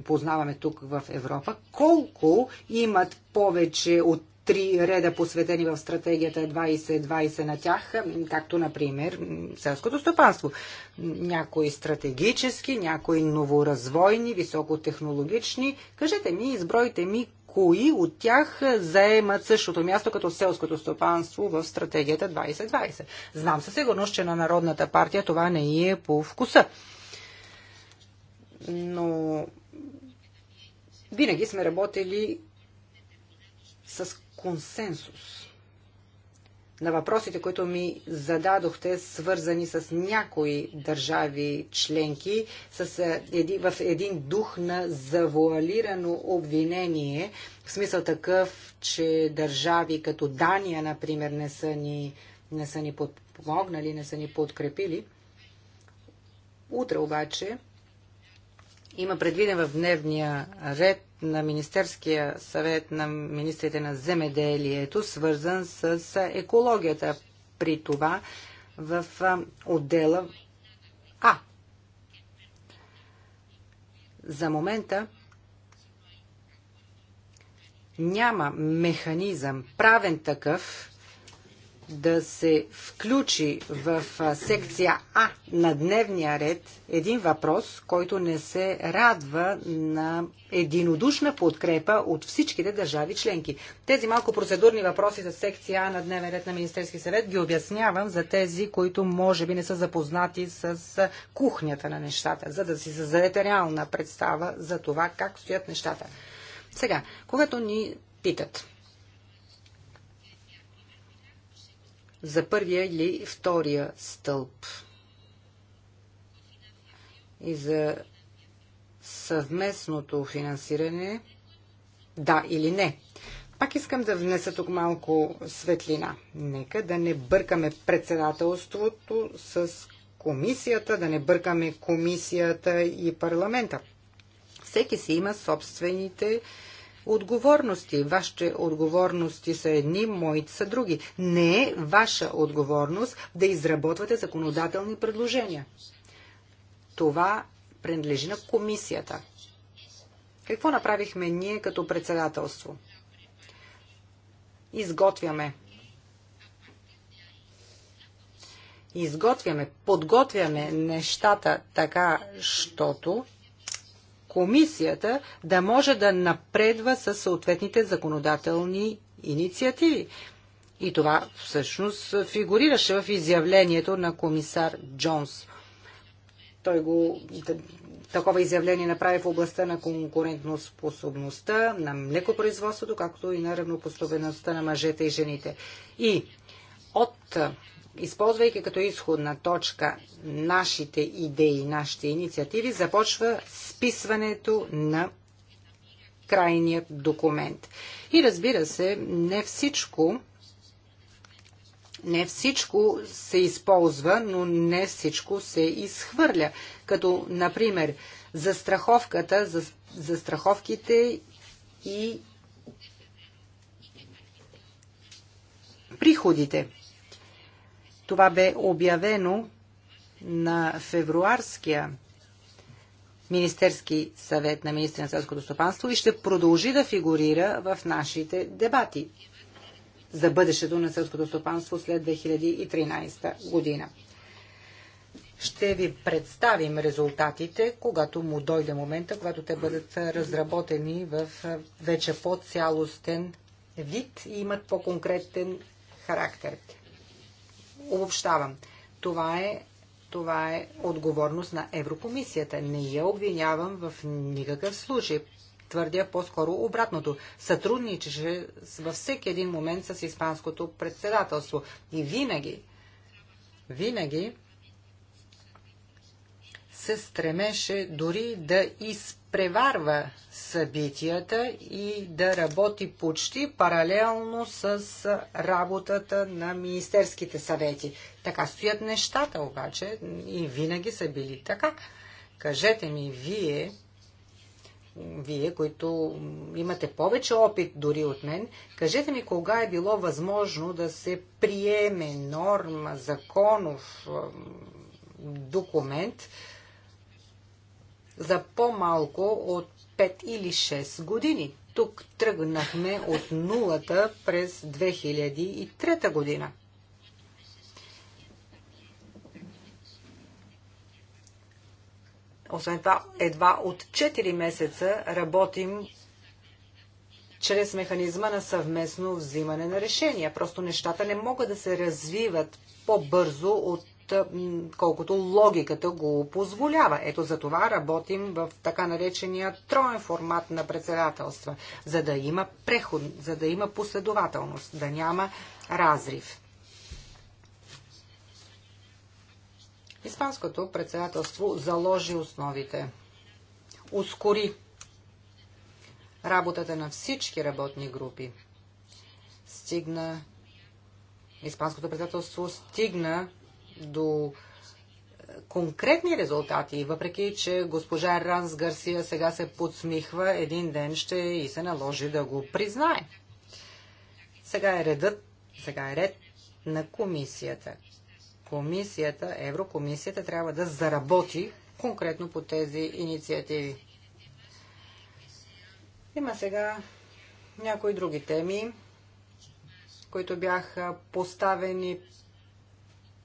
познаваме тук в Европа, колко имат повече от три реда посветени в стратегията 2020 на тях, както например селското стопанство. Някои стратегически, някои новоразвойни, високотехнологични. Кажете ми, избройте ми кои от тях заемат същото място като селското стопанство в стратегията 2020. Знам със сигурност, че на Народната партия това не е по вкуса. Но винаги сме работили с консенсус на въпросите, които ми зададохте, свързани с някои държави членки, с е, еди, в един дух на завуалирано обвинение, в смисъл такъв, че държави като Дания, например, не са ни, не са ни подпомогнали, не са ни подкрепили. Утре обаче има предвиден в дневния ред на Министерския съвет на министрите на земеделието, свързан с екологията. При това в отдела А. За момента няма механизъм, правен такъв, да се включи в секция А на дневния ред един въпрос, който не се радва на единодушна подкрепа от всичките държави членки. Тези малко процедурни въпроси за секция А на дневния ред на Министерски съвет ги обяснявам за тези, които може би не са запознати с кухнята на нещата, за да си създадете реална представа за това как стоят нещата. Сега, когато ни питат – за първия или втория стълб и за съвместното финансиране, да или не. Пак искам да внеса тук малко светлина. Нека да не бъркаме председателството с комисията, да не бъркаме комисията и парламента. Всеки си има собствените отговорности. Вашите отговорности са едни, моите са други. Не е ваша отговорност да изработвате законодателни предложения. Това принадлежи на комисията. Какво направихме ние като председателство? Изготвяме. Изготвяме, подготвяме нещата така, щото комисията да може да напредва с съответните законодателни инициативи. И това всъщност фигурираше в изявлението на комисар Джонс. Той го такова изявление направи в областта на конкурентноспособността, на млекопроизводството, както и на равнопоставеността на мъжете и жените. И от използвайки като изходна точка нашите идеи, нашите инициативи, започва списването на крайният документ. И разбира се, не всичко не всичко се използва, но не всичко се изхвърля. Като, например, застраховката, за, застраховките и приходите. Това бе обявено на февруарския Министерски съвет на министри на селското стопанство и ще продължи да фигурира в нашите дебати за бъдещето на селското стопанство след 2013 година. Ще ви представим резултатите, когато му дойде момента, когато те бъдат разработени в вече по-цялостен вид и имат по-конкретен характер обобщавам. Това е, това е отговорност на Еврокомисията. Не я обвинявам в никакъв случай. Твърдя по-скоро обратното. Сътрудничеше във всеки един момент с Испанското председателство. И винаги, винаги се стремеше дори да изпълнява Преварва събитията и да работи почти паралелно с работата на министерските съвети. Така стоят нещата обаче и винаги са били така. Кажете ми, вие, вие, които имате повече опит дори от мен, кажете ми кога е било възможно да се приеме норма, законов документ, за по-малко от 5 или 6 години. Тук тръгнахме от нулата през 2003 година. Освен това, едва от 4 месеца работим чрез механизма на съвместно взимане на решения. Просто нещата не могат да се развиват по-бързо от колкото логиката го позволява. Ето за това работим в така наречения троен формат на председателства, за да има преход, за да има последователност, да няма разрив. Испанското председателство заложи основите, ускори работата на всички работни групи. Стигна Испанското председателство стигна до конкретни резултати, въпреки че госпожа Ранс Гарсия сега се подсмихва, един ден ще и се наложи да го признае. Сега е редът, сега е ред на комисията. Комисията, Еврокомисията трябва да заработи конкретно по тези инициативи. Има сега някои други теми, които бяха поставени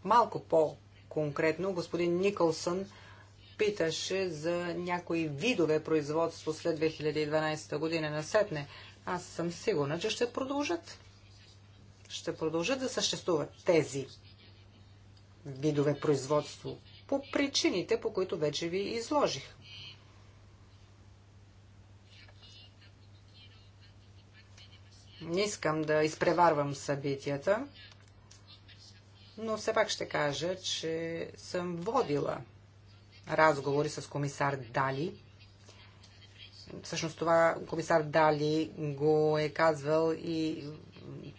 Малко по-конкретно господин Николсън питаше за някои видове производство след 2012 година насетне. Аз съм сигурна, че ще продължат. Ще продължат да съществуват тези видове производство по причините, по които вече ви изложих. Не искам да изпреварвам събитията но все пак ще кажа, че съм водила разговори с комисар Дали. Всъщност това комисар Дали го е казвал и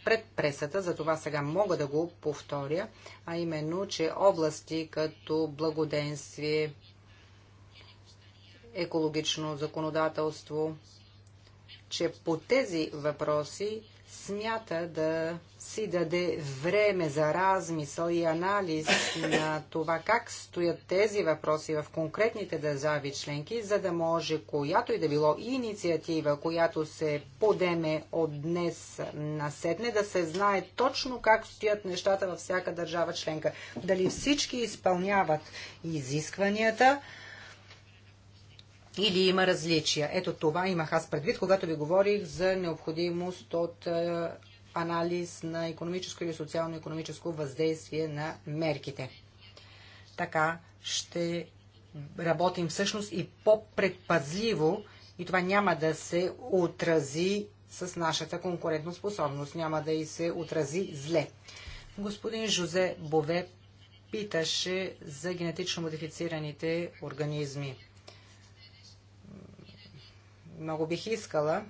пред пресата, за това сега мога да го повторя, а именно, че области като благоденствие, екологично законодателство, че по тези въпроси смята да си даде време за размисъл и анализ на това как стоят тези въпроси в конкретните държави членки, за да може която и да било инициатива, която се подеме от днес на седне, да се знае точно как стоят нещата във всяка държава членка. Дали всички изпълняват изискванията, или има различия. Ето това имах аз предвид, когато ви говорих за необходимост от е, анализ на економическо или социално-економическо въздействие на мерките. Така ще работим всъщност и по-предпазливо и това няма да се отрази с нашата конкурентоспособност, няма да и се отрази зле. Господин Жозе Бове питаше за генетично модифицираните организми много бих искала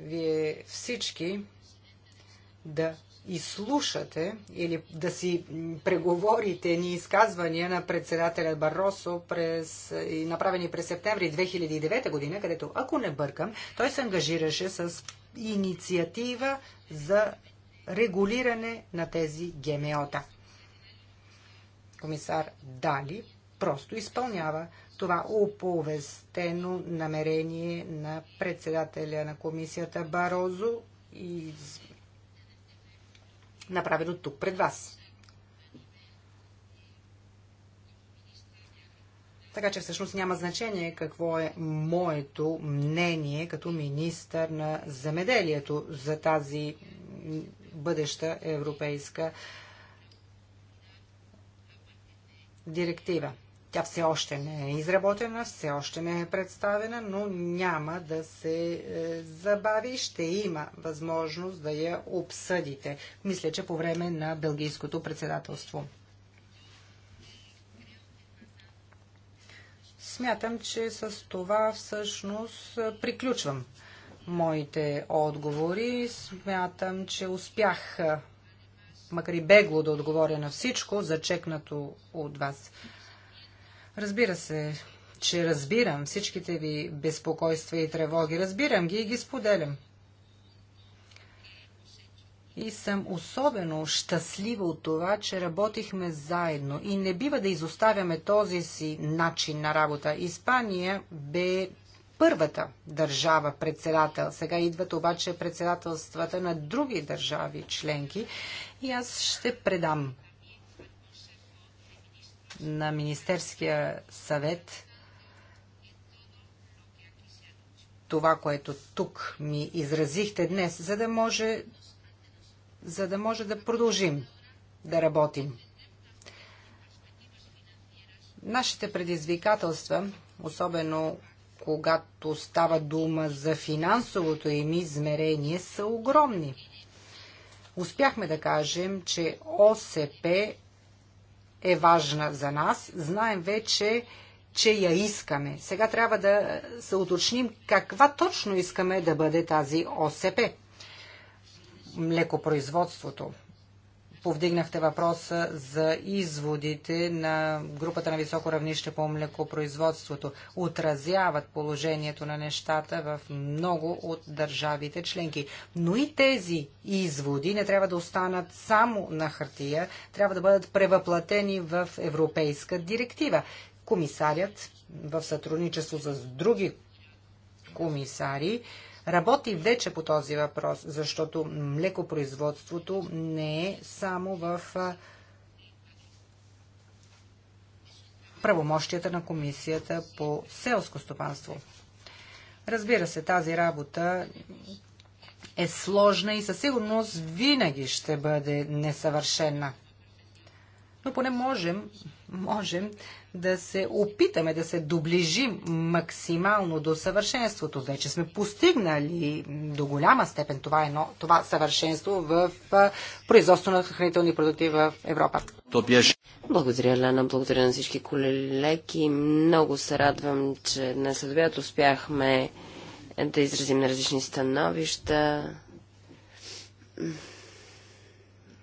вие всички да изслушате или да си преговорите ни изказвания на председателя Барросо през, направени през септември 2009 година, където, ако не бъркам, той се ангажираше с инициатива за регулиране на тези ГМО-та. Комисар Дали просто изпълнява това оповестено намерение на председателя на комисията Барозо и направено тук пред вас. Така че всъщност няма значение какво е моето мнение като министър на земеделието за тази бъдеща европейска директива. Тя все още не е изработена, все още не е представена, но няма да се е, забави. Ще има възможност да я обсъдите. Мисля, че по време на Белгийското председателство. Смятам, че с това всъщност приключвам моите отговори. Смятам, че успях, макар и бегло да отговоря на всичко, зачекнато от вас. Разбира се, че разбирам всичките ви безпокойства и тревоги. Разбирам ги и ги споделям. И съм особено щастлива от това, че работихме заедно и не бива да изоставяме този си начин на работа. Испания бе първата държава председател. Сега идват обаче председателствата на други държави членки и аз ще предам на Министерския съвет това, което тук ми изразихте днес, за да може, за да, може да продължим да работим. Нашите предизвикателства, особено когато става дума за финансовото им измерение, са огромни. Успяхме да кажем, че ОСП е важна за нас. Знаем вече, че я искаме. Сега трябва да се уточним каква точно искаме да бъде тази ОСП. Млекопроизводството повдигнахте въпроса за изводите на групата на високо равнище по млекопроизводството. Отразяват положението на нещата в много от държавите членки. Но и тези изводи не трябва да останат само на хартия, трябва да бъдат превъплатени в европейска директива. Комисарят в сътрудничество с други комисари работи вече по този въпрос, защото млекопроизводството не е само в правомощията на Комисията по селско стопанство. Разбира се, тази работа е сложна и със сигурност винаги ще бъде несъвършена но поне можем, можем да се опитаме да се доближим максимално до съвършенството. Вече сме постигнали до голяма степен това, едно, това съвършенство в производство на хранителни продукти в Европа. Благодаря, Лена. Благодаря на всички колеги. Много се радвам, че днес обяд успяхме да изразим на различни становища.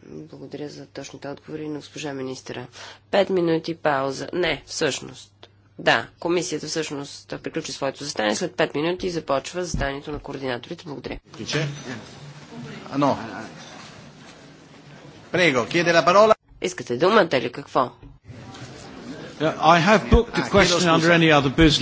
Благодаря за точните отговори на госпожа министра. Пет минути пауза. Не, всъщност. Да, комисията всъщност приключи своето застане. След пет минути започва застанието на координаторите. Благодаря. Прего, киде Искате думата или какво? I have booked a question under any other business.